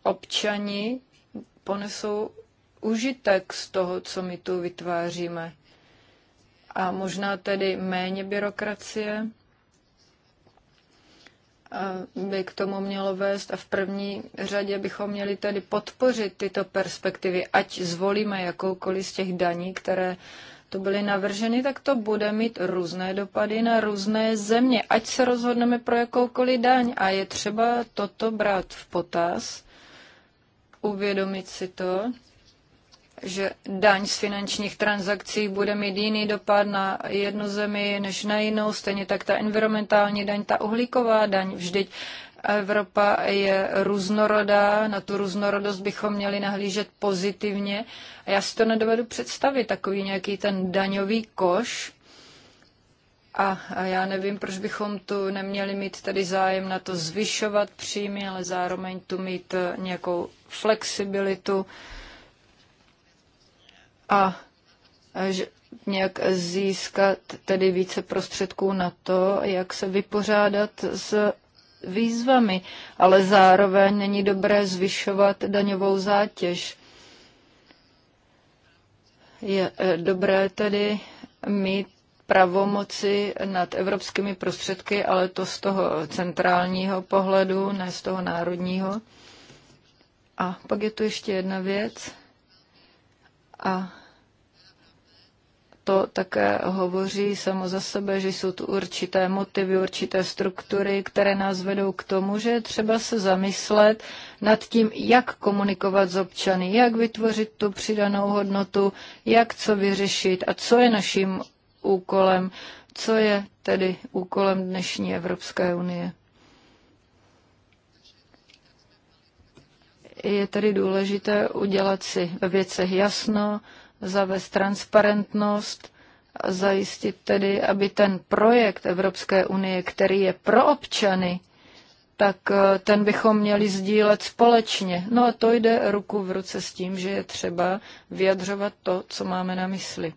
občani ponesou užitek z toho, co my tu vytváříme. A možná tedy méně byrokracie, by k tomu mělo vést a v první řadě bychom měli tedy podpořit tyto perspektivy, ať zvolíme jakoukoliv z těch daní, které to byly navrženy, tak to bude mít různé dopady na různé země, ať se rozhodneme pro jakoukoliv daň. A je třeba toto brát v potaz, uvědomit si to že daň z finančních transakcí bude mít jiný dopad na jednu zemi než na jinou, stejně tak ta environmentální daň, ta uhlíková daň. Vždyť Evropa je různorodá, na tu různorodost bychom měli nahlížet pozitivně. A já si to nedovedu představit, takový nějaký ten daňový koš. A, a já nevím, proč bychom tu neměli mít tedy zájem na to zvyšovat příjmy, ale zároveň tu mít nějakou flexibilitu, a e, že nějak získat tedy více prostředků na to, jak se vypořádat s výzvami, ale zároveň není dobré zvyšovat daňovou zátěž. Je e, dobré tedy mít pravomoci nad evropskými prostředky, ale to z toho centrálního pohledu, ne z toho národního. A pak je tu ještě jedna věc, a to také hovoří samo za sebe, že jsou tu určité motivy, určité struktury, které nás vedou k tomu, že je třeba se zamyslet nad tím, jak komunikovat s občany, jak vytvořit tu přidanou hodnotu, jak co vyřešit a co je naším úkolem, co je tedy úkolem dnešní Evropské unie. Je tedy důležité udělat si ve věcech jasno, zavést transparentnost, a zajistit tedy, aby ten projekt Evropské unie, který je pro občany, tak eh, ten bychom měli sdílet společně. No a to jde ruku v ruce s tím, že je třeba vyjadřovat to, co máme na mysli.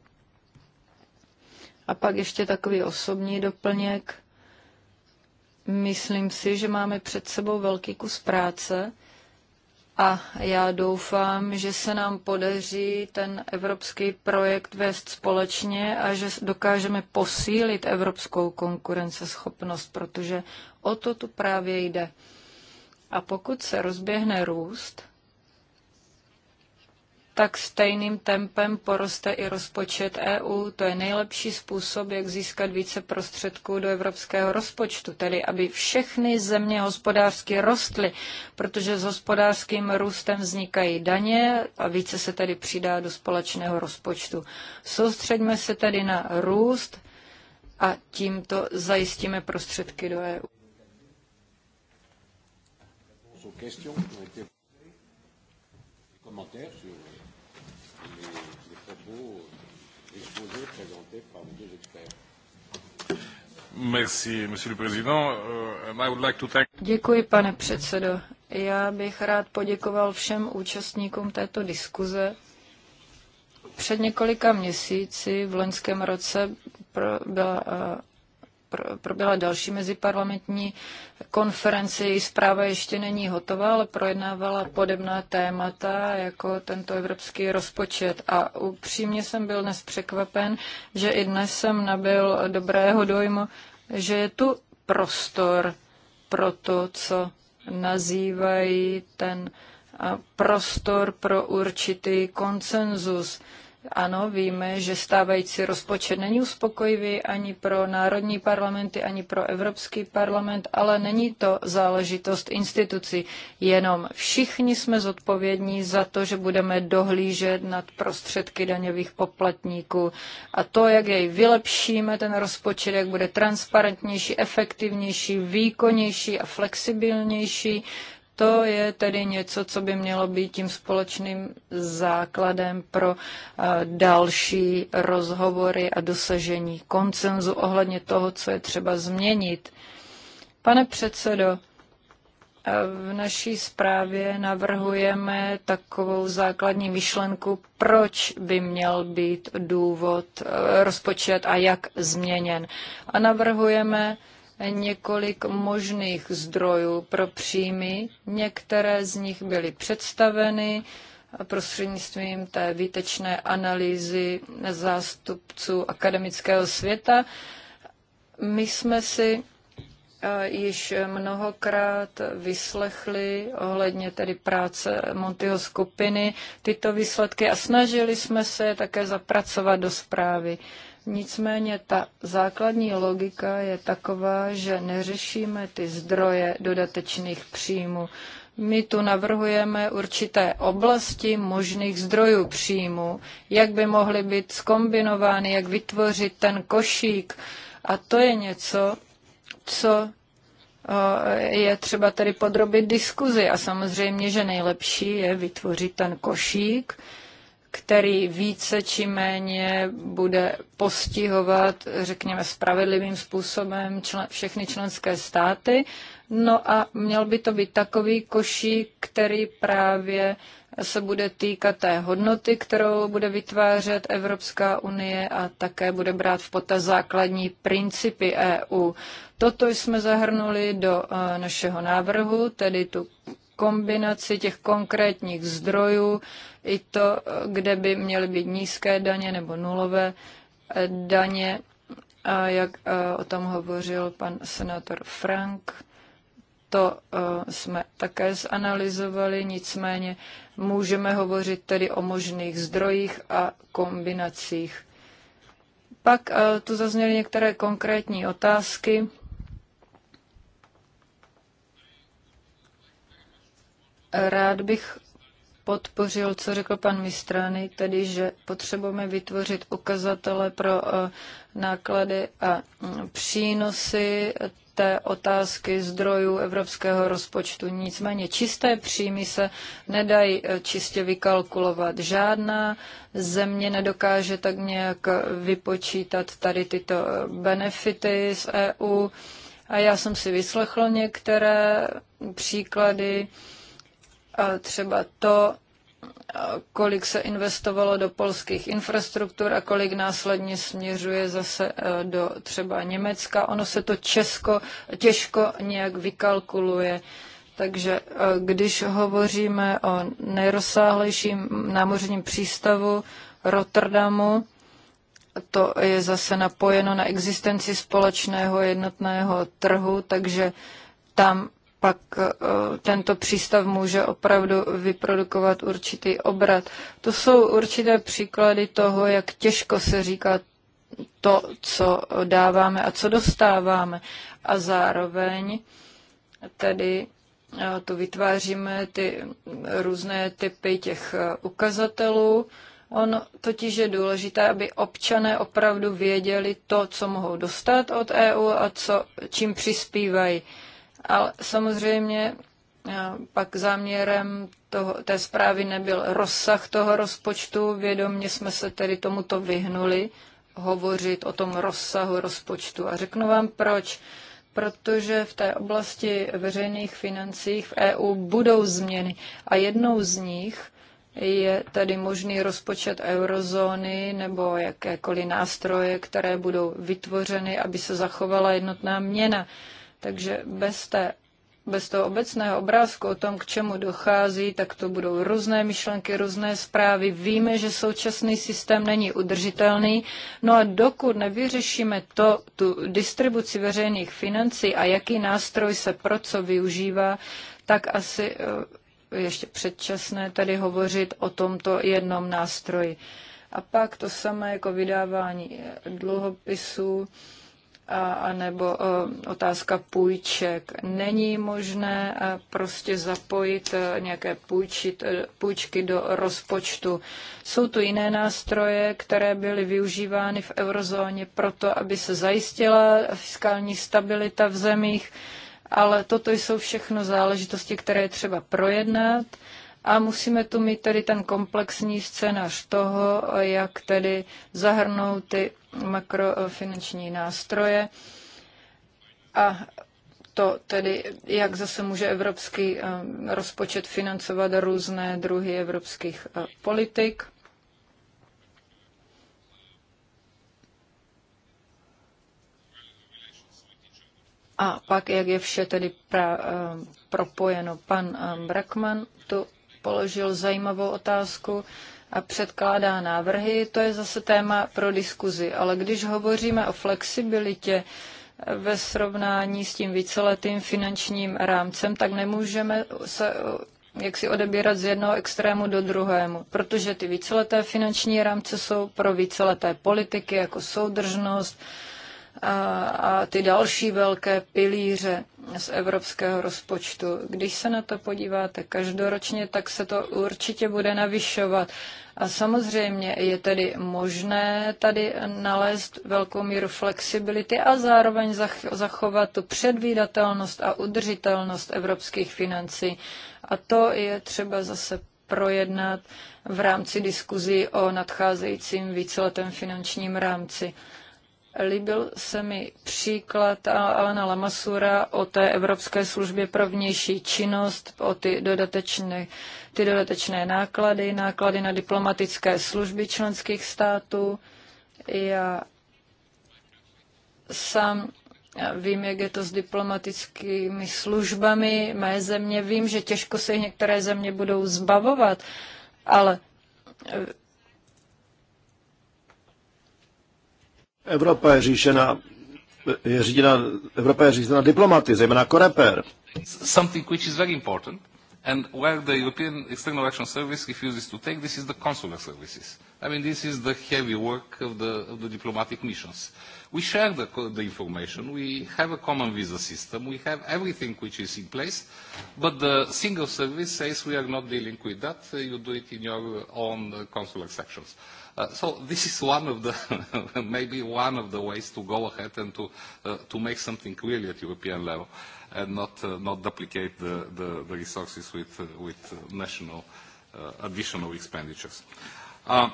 A pak ještě takový osobní doplněk. Myslím si, že máme před sebou velký kus práce a já doufám, že se nám podaří ten evropský projekt vést společně a že dokážeme posílit evropskou konkurenceschopnost, protože o to tu právě jde. A pokud se rozběhne růst, tak stejným tempem poroste i rozpočet EU. To je nejlepší způsob, jak získat více prostředků do evropského rozpočtu, tedy aby všechny země hospodářsky rostly, protože s hospodářským růstem vznikají daně a více se tedy přidá do společného rozpočtu. Soustředíme se tedy na růst a tímto zajistíme prostředky do EU. Questions, commentaire sur exposés, présentés par les deux experts. Merci, monsieur le président. Uh, I would like to thank... Děkuji, pane předsedo. Já bych rád poděkoval všem účastníkům této diskuze. Před několika měsíci v loňském roce byla proběhla další meziparlamentní konferenci. Zpráva ještě není hotová, ale projednávala podobná témata jako tento evropský rozpočet. A upřímně jsem byl dnes překvapen, že i dnes jsem nabil dobrého dojmu, že je tu prostor pro to, co nazývají ten prostor pro určitý konsenzus ano, víme, že stávající rozpočet není uspokojivý ani pro národní parlamenty, ani pro Evropský parlament, ale není to záležitost institucí. Jenom všichni jsme zodpovědní za to, že budeme dohlížet nad prostředky daňových poplatníků. A to, jak jej vylepšíme, ten rozpočet, jak bude transparentnější, efektivnější, výkonnější a flexibilnější, to je tedy něco, co by mělo být tím společným základem pro eh, další rozhovory a dosažení koncenzu ohledně toho, co je třeba změnit. Pane předsedo, eh, v naší zprávě navrhujeme takovou základní myšlenku, proč by měl být důvod eh, rozpočet a jak změněn. A navrhujeme několik možných zdrojů pro příjmy. Některé z nich byly představeny prostřednictvím té výtečné analýzy zástupců akademického světa. My jsme si eh, již mnohokrát vyslechli ohledně tedy práce Montyho skupiny tyto výsledky a snažili jsme se také zapracovat do zprávy. Nicméně ta základní logika je taková, že neřešíme ty zdroje dodatečných příjmů. My tu navrhujeme určité oblasti možných zdrojů příjmu, jak by mohly být skombinovány, jak vytvořit ten košík. A to je něco, co eh, je třeba tedy podrobit diskuzi. A samozřejmě, že nejlepší je vytvořit ten košík, který více či méně bude postihovat, řekněme, spravedlivým způsobem člen, všechny členské státy. No a měl by to být takový košík, který právě se bude týkat té hodnoty, kterou bude vytvářet Evropská unie a také bude brát v potaz základní principy EU. Toto jsme zahrnuli do eh, našeho návrhu, tedy tu kombinaci těch konkrétních zdrojů, i to, kde by měly být nízké daně nebo nulové daně, jak e, o tom hovořil pan senátor Frank. To e, jsme také zanalizovali, nicméně můžeme hovořit tedy o možných zdrojích a kombinacích. Pak e, tu zazněly některé konkrétní otázky. Rád bych podpořil, co řekl pan Mistrany, tedy že potřebujeme vytvořit ukazatele pro eh, náklady a mm, přínosy té otázky zdrojů evropského rozpočtu. Nicméně čisté příjmy se nedají eh, čistě vykalkulovat. Žádná země nedokáže tak nějak eh, vypočítat tady tyto benefity z EU. A já jsem si vyslechl některé příklady, třeba to, kolik se investovalo do polských infrastruktur a kolik následně směřuje zase e, do třeba Německa. Ono se to Česko těžko nějak vykalkuluje. Takže e, když hovoříme o nejrozsáhlejším námořním přístavu Rotterdamu, to je zase napojeno na existenci společného jednotného trhu, takže tam pak eh, tento přístav může opravdu vyprodukovat určitý obrat. To jsou určité příklady toho, jak těžko se říká to, co dáváme a co dostáváme. A zároveň tedy eh, tu vytváříme ty různé typy těch eh, ukazatelů. On totiž je důležité, aby občané opravdu věděli to, co mohou dostat od EU a co, čím přispívají. Ale samozřejmě eh, pak záměrem toho, té zprávy nebyl rozsah toho rozpočtu, vědomně jsme se tedy tomuto vyhnuli, hovořit o tom rozsahu rozpočtu. A řeknu vám proč. Protože v té oblasti veřejných financích v EU budou změny a jednou z nich je tedy možný rozpočet eurozóny nebo jakékoliv nástroje, které budou vytvořeny, aby se zachovala jednotná měna. Takže bez, té, bez toho obecného obrázku o tom, k čemu dochází, tak to budou různé myšlenky, různé zprávy. Víme, že současný systém není udržitelný. No a dokud nevyřešíme to, tu distribuci veřejných financí a jaký nástroj se pro co využívá, tak asi eh, ještě předčasné tady hovořit o tomto jednom nástroji. A pak to samé jako vydávání eh, dluhopisů anebo e, otázka půjček. Není možné e, prostě zapojit e, nějaké půjčit, půjčky do rozpočtu. Jsou tu jiné nástroje, které byly využívány v eurozóně proto, aby se zajistila fiskální stabilita v zemích, ale toto jsou všechno záležitosti, které je třeba projednat. A musíme tu mít tedy ten komplexní scénář toho, jak tedy zahrnout ty makrofinanční nástroje a to tedy, jak zase může evropský eh, rozpočet financovat různé druhy evropských eh, politik. A pak, jak je vše tedy pra, eh, propojeno. Pan Brackman tu položil zajímavou otázku předkládá návrhy, to je zase téma pro diskuzi. Ale když hovoříme o flexibilitě eh, ve srovnání s tím víceletým finančním rámcem, tak nemůžeme se eh, jak si odebírat z jednoho extrému do druhému, protože ty víceleté finanční rámce jsou pro víceleté politiky jako soudržnost, a, ty další velké pilíře z evropského rozpočtu. Když se na to podíváte každoročně, tak se to určitě bude navyšovat. A samozřejmě je tedy možné tady nalézt velkou míru flexibility a zároveň zachovat tu předvídatelnost a udržitelnost evropských financí. A to je třeba zase projednat v rámci diskuzí o nadcházejícím víceletém finančním rámci. Líbil se mi příklad Alana Lamasura o té Evropské službě pro vnější činnost, o ty dodatečné, ty dodatečné náklady, náklady na diplomatické služby členských států. Já sám vím, jak je to s diplomatickými službami mé země. Vím, že těžko se některé země budou zbavovat, ale Evropa je říšena je řízena, Evropa je řízena diplomaty, zejména Koreper. Something which is very important and where the European External Action Service refuses to take this is the consular services. I mean, this is the heavy work of the, of the diplomatic missions. We share the, the information, we have a common visa system, we have everything which is in place, but the single service says we are not dealing with that, you do it in your own uh, consular sections. Uh, so this is one of the (laughs) maybe one of the ways to go ahead and to uh, to make something clearly at European level, and not uh, not duplicate the, the, the resources with uh, with uh, national uh, additional expenditures. Um,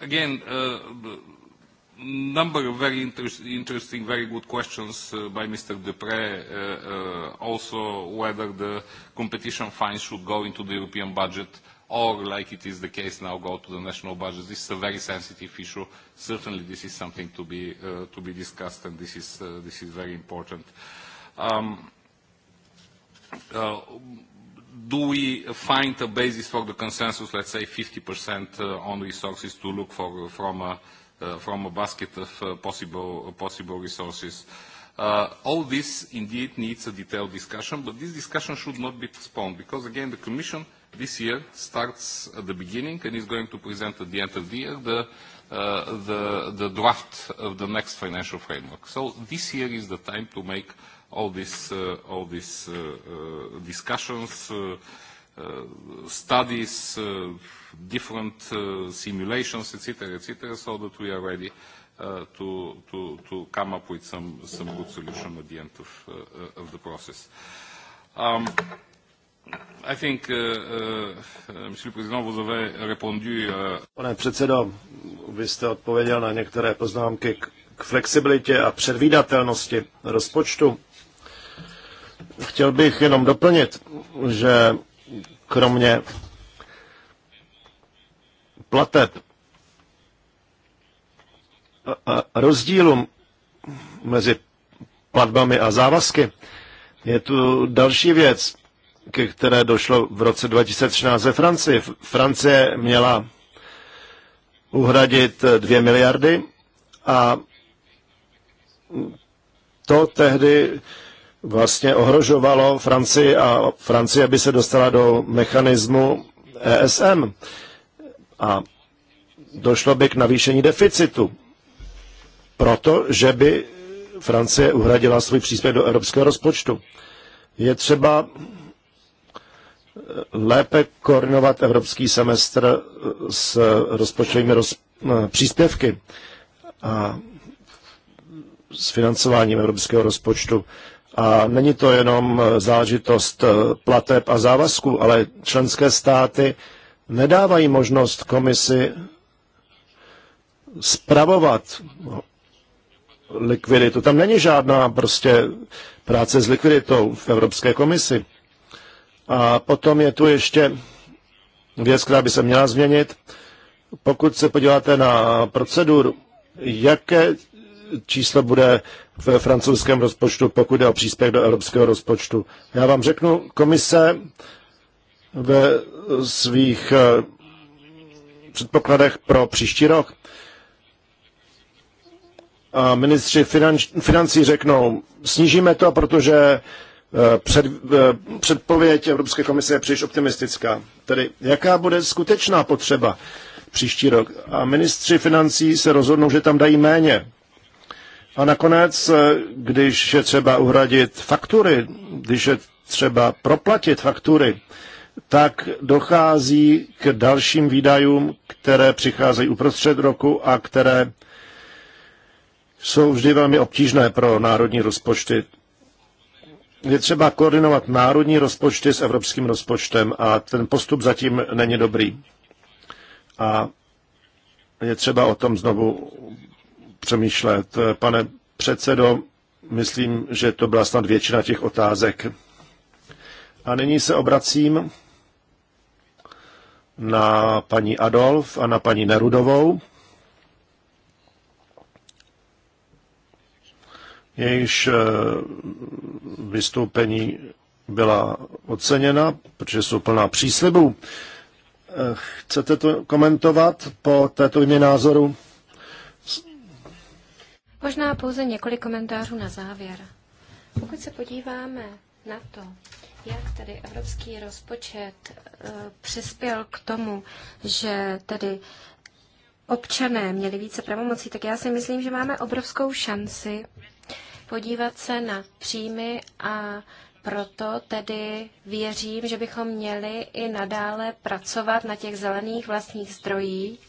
again. Uh, number of very inter interesting, very good questions uh, by Mr. Dupre, uh, uh, also whether the competition fines should go into the European budget. Uh, or like it is the case now, go to the national budget. This is a very sensitive issue. Certainly, this is something to be uh, to be discussed, and this is uh, this is very important. Um, uh, do we find a basis for the consensus, let's say 50% uh, on resources to look for uh, from a, uh, from a basket of uh, possible, uh, possible resources? Uh, all this indeed needs a detailed discussion, but this discussion should not be postponed because again the Commission this year starts at the beginning and is going to present at the end of the year the, uh, the, the draft of the next financial framework. So this year is the time to make all these uh, all these uh, uh, discussions, uh, uh, studies, uh, different uh, simulations, etc., etc., so that we are ready uh, to to to come up with some some good solution at the end of uh, of the process. Um, i think, uh, uh, Président, vous avez répondu, uh... Pane předsedo, vy jste odpověděl na některé poznámky k, k flexibilitě a předvídatelnosti rozpočtu. Chtěl bych jenom doplnit, že kromě plateb a, a rozdílu mezi platbami a závazky je tu další věc, ke které došlo v roce 2013 ve Francii. Francie měla uhradit 2 eh, miliardy a to tehdy vlastně ohrožovalo Francii a Francie by se dostala do mechanismu ESM a došlo by k navýšení deficitu, protože by Francie uhradila svůj příspěvek do evropského rozpočtu. Je třeba lépe koordinovat evropský semestr eh, s rozpočtovými roz, eh, příspěvky a s financováním evropského rozpočtu. A není to jenom eh, záležitost plateb a závazků, ale členské státy nedávají možnost komisi spravovat likviditu. Tam není žádná prostě práce s likviditou v Evropské komisi. A potom je tu ještě věc, která by se měla změnit. Pokud se podíváte na proceduru, jaké číslo bude ve francouzském rozpočtu, pokud jde o příspěch do evropského rozpočtu. Já vám řeknu, komise ve svých eh, předpokladech pro příští rok a ministři financí řeknou, snížíme to, protože Eh, před, eh, předpověď Evropské komise je příliš optimistická. Tedy jaká bude skutečná potřeba příští rok? A ministři financí se rozhodnou, že tam dají méně. A nakonec, eh, když je třeba uhradit faktury, když je třeba proplatit faktury, tak dochází k dalším výdajům, které přicházejí uprostřed roku a které jsou vždy velmi obtížné pro národní rozpočty je třeba koordinovat národní rozpočty s evropským rozpočtem a ten postup zatím není dobrý. A je třeba o tom znovu přemýšlet. Pane předsedo, myslím, že to byla snad většina těch otázek. A nyní se obracím na paní Adolf a na paní Nerudovou. jejíž eh, vystoupení byla oceněna, protože jsou plná příslibů. Eh, chcete to komentovat po této jmě názoru? Možná pouze několik komentářů na závěr. Pokud se podíváme na to, jak tedy evropský rozpočet eh, přispěl k tomu, že tedy občané měli více pravomocí, tak já si myslím, že máme obrovskou šanci podívat se na příjmy a proto tedy věřím, že bychom měli i nadále pracovat na těch zelených vlastních zdrojích.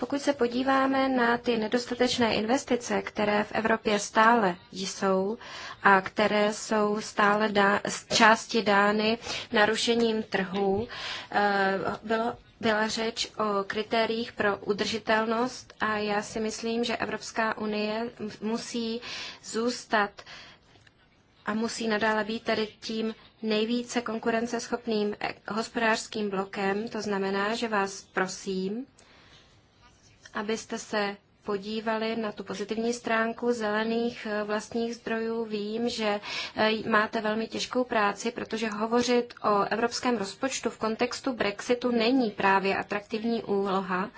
Pokud se podíváme na ty nedostatečné investice, které v Evropě stále jsou a které jsou stále dá, části dány narušením trhu, eh, bylo byla řeč o kritériích pro udržitelnost a já si myslím, že Evropská unie musí zůstat a musí nadále být tedy tím nejvíce konkurenceschopným hospodářským blokem. To znamená, že vás prosím, abyste se podívali na tu pozitivní stránku zelených eh, vlastních zdrojů, vím, že eh, máte velmi těžkou práci, protože hovořit o evropském rozpočtu v kontextu Brexitu není právě atraktivní úloha.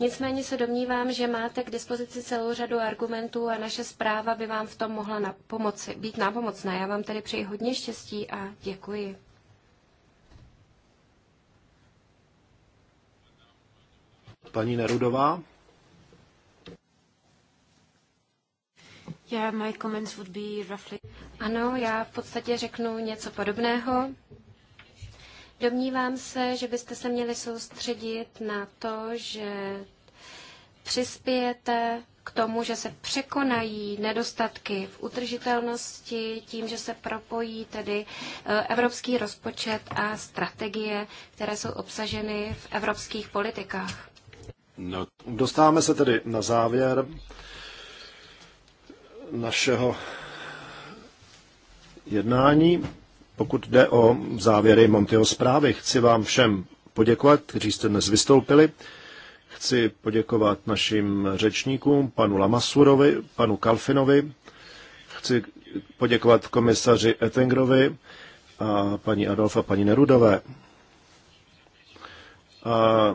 Nicméně se domnívám, že máte k dispozici celou řadu argumentů a naše zpráva by vám v tom mohla na pomoci, být nápomocná. Já vám tedy přeji hodně štěstí a děkuji. Paní Nerudová. Yeah, my comments would be roughly... Ano, já v podstatě řeknu něco podobného. Domnívám se, že byste se měli soustředit na to, že přispějete k tomu, že se překonají nedostatky v utržitelnosti tím, že se propojí tedy e, evropský rozpočet a strategie, které jsou obsaženy v evropských politikách. No, dostáváme se tedy na závěr našeho jednání. Pokud jde o závěry Montyho zprávy, chci vám všem poděkovat, kteří jste dnes vystoupili. Chci poděkovat našim řečníkům, panu Lamasurovi, panu Kalfinovi. Chci poděkovat komisaři Ettingerovi a paní Adolf a paní Nerudové. A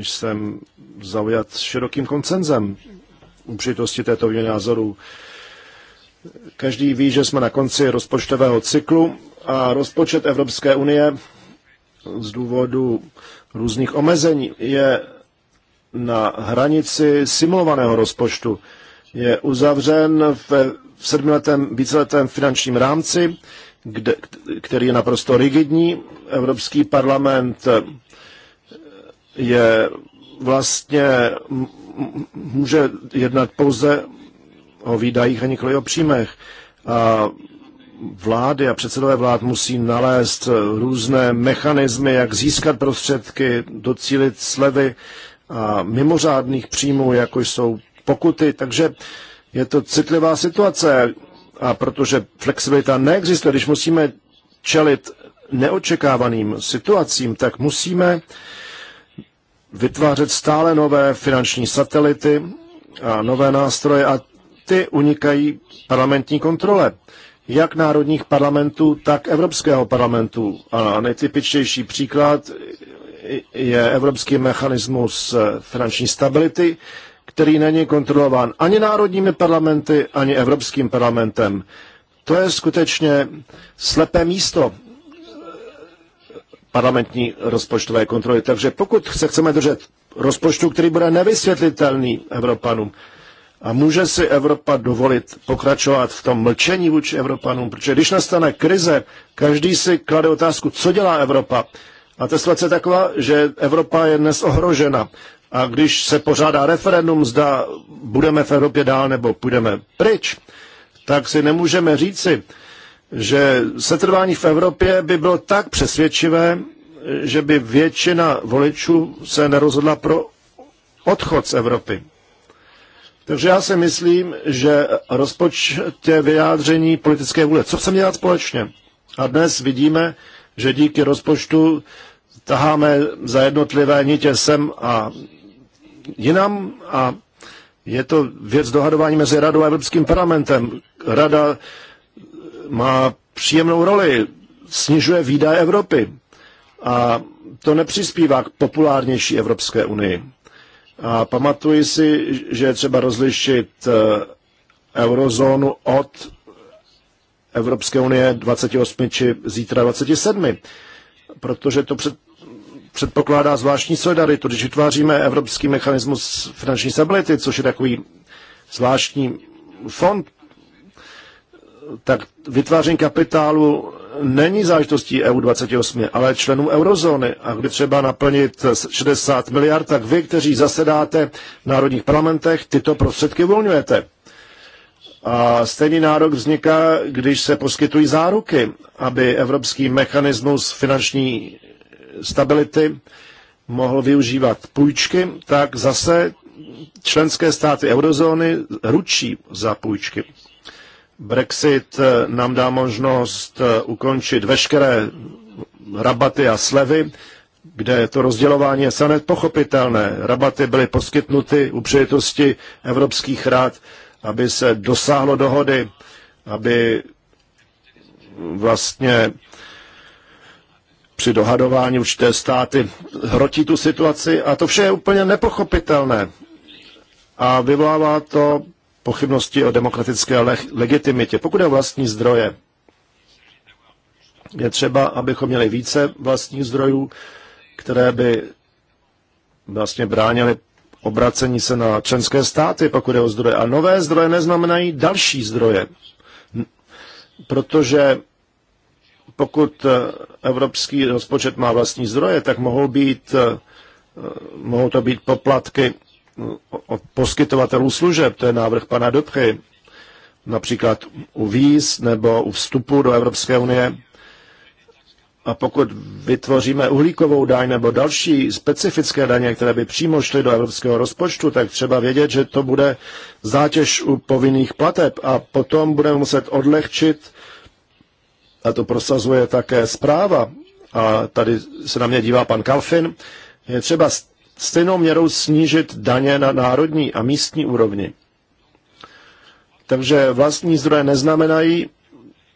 jsem zaujat širokým koncenzem upřitosti této výměny názorů. Každý ví, že jsme na konci rozpočtového cyklu a rozpočet Evropské unie z důvodu různých omezení je na hranici simulovaného rozpočtu. Je uzavřen ve v sedmiletém víceletém finančním rámci, kde, který je naprosto rigidní. Evropský parlament je vlastně může jednat pouze o výdajích a nikoli o příjmech. A vlády a předsedové vlád musí nalézt různé mechanismy, jak získat prostředky, docílit slevy a mimořádných příjmů, jako jsou pokuty. Takže je to citlivá situace a protože flexibilita neexistuje, když musíme čelit neočekávaným situacím, tak musíme vytvářet stále nové finanční satelity a nové nástroje a ty unikají parlamentní kontrole. Jak národních parlamentů, tak Evropského parlamentu. A nejtypičtější příklad je Evropský mechanismus finanční stability, který není kontrolován ani národními parlamenty, ani Evropským parlamentem. To je skutečně slepé místo parlamentní rozpočtové kontroly. Takže pokud se chceme držet rozpočtu, který bude nevysvětlitelný Evropanům, a může si Evropa dovolit pokračovat v tom mlčení vůči Evropanům, protože když nastane krize, každý si klade otázku, co dělá Evropa. A ta situace je taková, že Evropa je dnes ohrožena. A když se pořádá referendum, zda budeme v Evropě dál nebo půjdeme pryč, tak si nemůžeme říci, že setrvání v Evropě by bylo tak přesvědčivé, že by většina voličů se nerozhodla pro odchod z Evropy. Takže já si myslím, že rozpočet je vyjádření politické vůle. Co chceme dělat společně? A dnes vidíme, že díky rozpočtu taháme za jednotlivé nitě sem a jinam a je to věc dohadování mezi Radou a Evropským parlamentem. Rada má příjemnou roli, snižuje výdaje Evropy a to nepřispívá k populárnější Evropské unii. A pamatuji si, že je třeba rozlišit eh, eurozónu od Evropské unie 28 či zítra 27, protože to před, předpokládá zvláštní solidaritu. Když vytváříme evropský mechanismus finanční stability, což je takový zvláštní fond tak vytváření kapitálu není záležitostí EU28, ale členů eurozóny. A kdy třeba naplnit 60 miliard, tak vy, kteří zasedáte v národních parlamentech, tyto prostředky uvolňujete. A stejný nárok vzniká, když se poskytují záruky, aby evropský mechanismus finanční stability mohl využívat půjčky, tak zase členské státy eurozóny ručí za půjčky. Brexit eh, nám dá možnost eh, ukončit veškeré rabaty a slevy, kde to rozdělování je se pochopitelné. Rabaty byly poskytnuty u přijetosti Evropských rad, aby se dosáhlo dohody, aby vlastně při dohadování určité státy hrotí tu situaci a to vše je úplně nepochopitelné. A vyvolává to pochybnosti o demokratické legitimitě. Pokud je o vlastní zdroje, je třeba, abychom měli více vlastních zdrojů, které by vlastně bránily obracení se na členské státy, pokud je o zdroje. A nové zdroje neznamenají další zdroje, protože pokud eh, evropský rozpočet má vlastní zdroje, tak mohou být eh, mohou to být poplatky od poskytovatelů služeb, to je návrh pana Dobry, například u víz nebo u vstupu do Evropské unie. A pokud vytvoříme uhlíkovou daň nebo další specifické daně, které by přímo šly do evropského rozpočtu, tak třeba vědět, že to bude zátěž u povinných plateb a potom budeme muset odlehčit, a to prosazuje také zpráva, a tady se na mě dívá pan Kalfin, je třeba stejnou měrou snížit daně na národní a místní úrovni. Takže vlastní zdroje neznamenají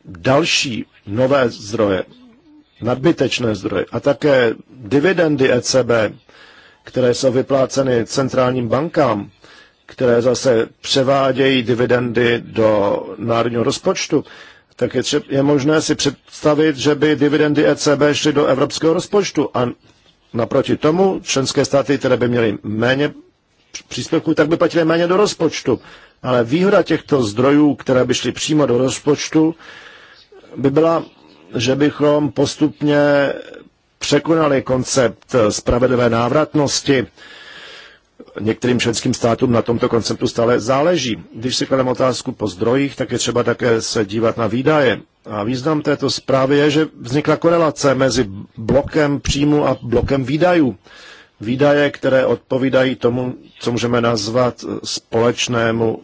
další nové zdroje, nadbytečné zdroje a také dividendy ECB, které jsou vypláceny centrálním bankám, které zase převádějí dividendy do národního rozpočtu, tak je, je možné si představit, že by dividendy ECB šly do evropského rozpočtu a Naproti tomu členské státy, které by měly méně příspěvků, tak by platily méně do rozpočtu. Ale výhoda těchto zdrojů, které by šly přímo do rozpočtu, by byla, že bychom postupně překonali koncept spravedlivé návratnosti některým členským státům na tomto konceptu stále záleží. Když si klademe otázku po zdrojích, tak je třeba také se dívat na výdaje. A význam této zprávy je, že vznikla korelace mezi blokem příjmu a blokem výdajů. Výdaje, které odpovídají tomu, co můžeme nazvat společnému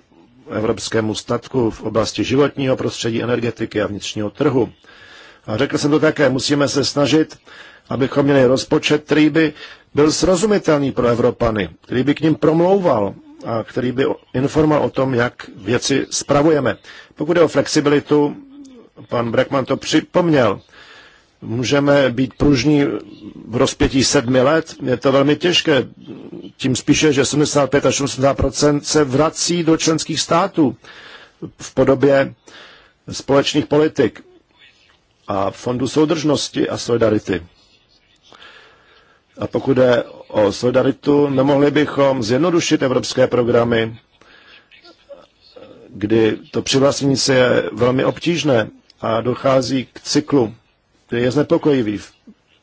evropskému statku v oblasti životního prostředí, energetiky a vnitřního trhu. A řekl jsem to také, musíme se snažit, abychom měli rozpočet, který by byl srozumitelný pro Evropany, který by k ním promlouval a který by informoval o tom, jak věci spravujeme. Pokud je o flexibilitu, pan Brekman to připomněl, můžeme být pružní v rozpětí sedmi let, je to velmi těžké, tím spíše, že 75 až 80 se vrací do členských států v podobě společných politik a fondu soudržnosti a solidarity. A pokud je o solidaritu, nemohli bychom zjednodušit evropské programy, kdy to přivlastnění se je velmi obtížné a dochází k cyklu, který je znepokojivý.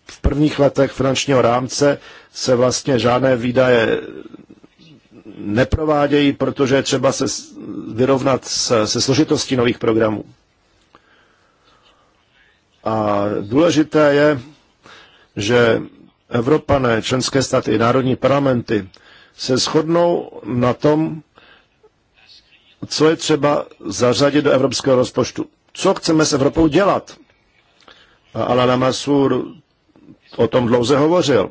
V prvních letech finančního rámce se vlastně žádné výdaje neprovádějí, protože je třeba se vyrovnat se, se složitostí nových programů. A důležité je, že Evropané, členské státy i národní parlamenty se shodnou na tom, co je třeba zařadit do evropského rozpočtu. Co chceme s Evropou dělat? A Alana Masur o tom dlouze hovořil.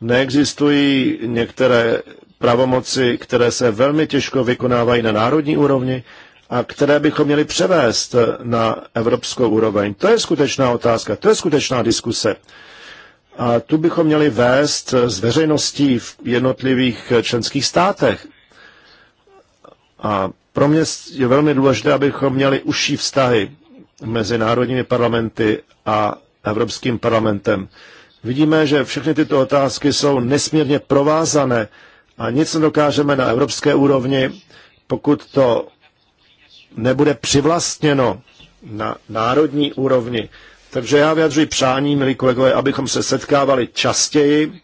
Neexistují některé pravomoci, které se velmi těžko vykonávají na národní úrovni a které bychom měli převést na evropskou úroveň. To je skutečná otázka, to je skutečná diskuse. A tu bychom měli vést eh, s veřejností v jednotlivých eh, členských státech. A pro mě je velmi důležité, abychom měli užší vztahy mezi národními parlamenty a Evropským parlamentem. Vidíme, že všechny tyto otázky jsou nesmírně provázané a nic nedokážeme na evropské úrovni, pokud to nebude přivlastněno na národní úrovni. Takže já vyjadřuji přání, milí kolegové, abychom se setkávali častěji,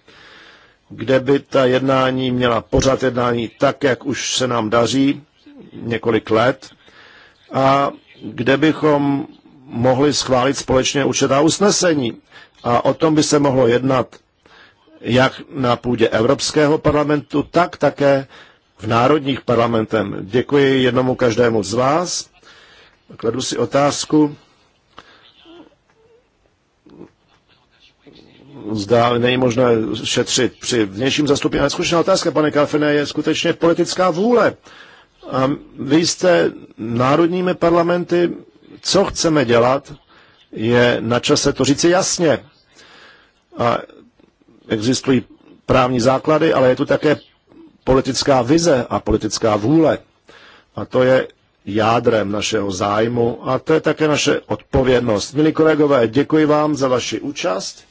kde by ta jednání měla pořád jednání tak, jak už se nám daří několik let a kde bychom mohli schválit společně určitá usnesení. A o tom by se mohlo jednat jak na půdě Evropského parlamentu, tak také v národních parlamentem. Děkuji jednomu každému z vás. Kladu si otázku, zdá není možné šetřit při vnějším zastoupení. Ale skutečná otázka, pane Kalfine, je skutečně politická vůle. A vy jste národními parlamenty, co chceme dělat, je na čase to říci jasně. A existují právní základy, ale je tu také politická vize a politická vůle. A to je jádrem našeho zájmu a to je také naše odpovědnost. Milí kolegové, děkuji vám za vaši účast.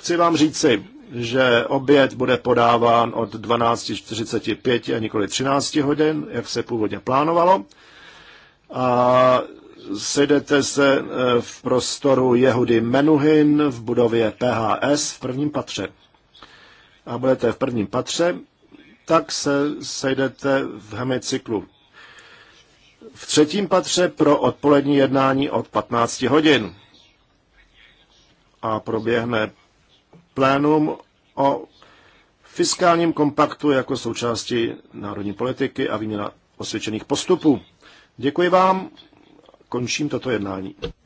Chci vám říci, že oběd bude podáván od 12.45 a nikoli 13 hodin, jak se původně plánovalo. A sejdete se e, v prostoru Jehudy Menuhin v budově PHS v prvním patře. A budete v prvním patře, tak se sejdete v hemicyklu. V třetím patře pro odpolední jednání od 15 hodin. A proběhne plénum o fiskálním kompaktu jako součásti národní politiky a výměna osvědčených postupů. Děkuji vám, končím toto jednání.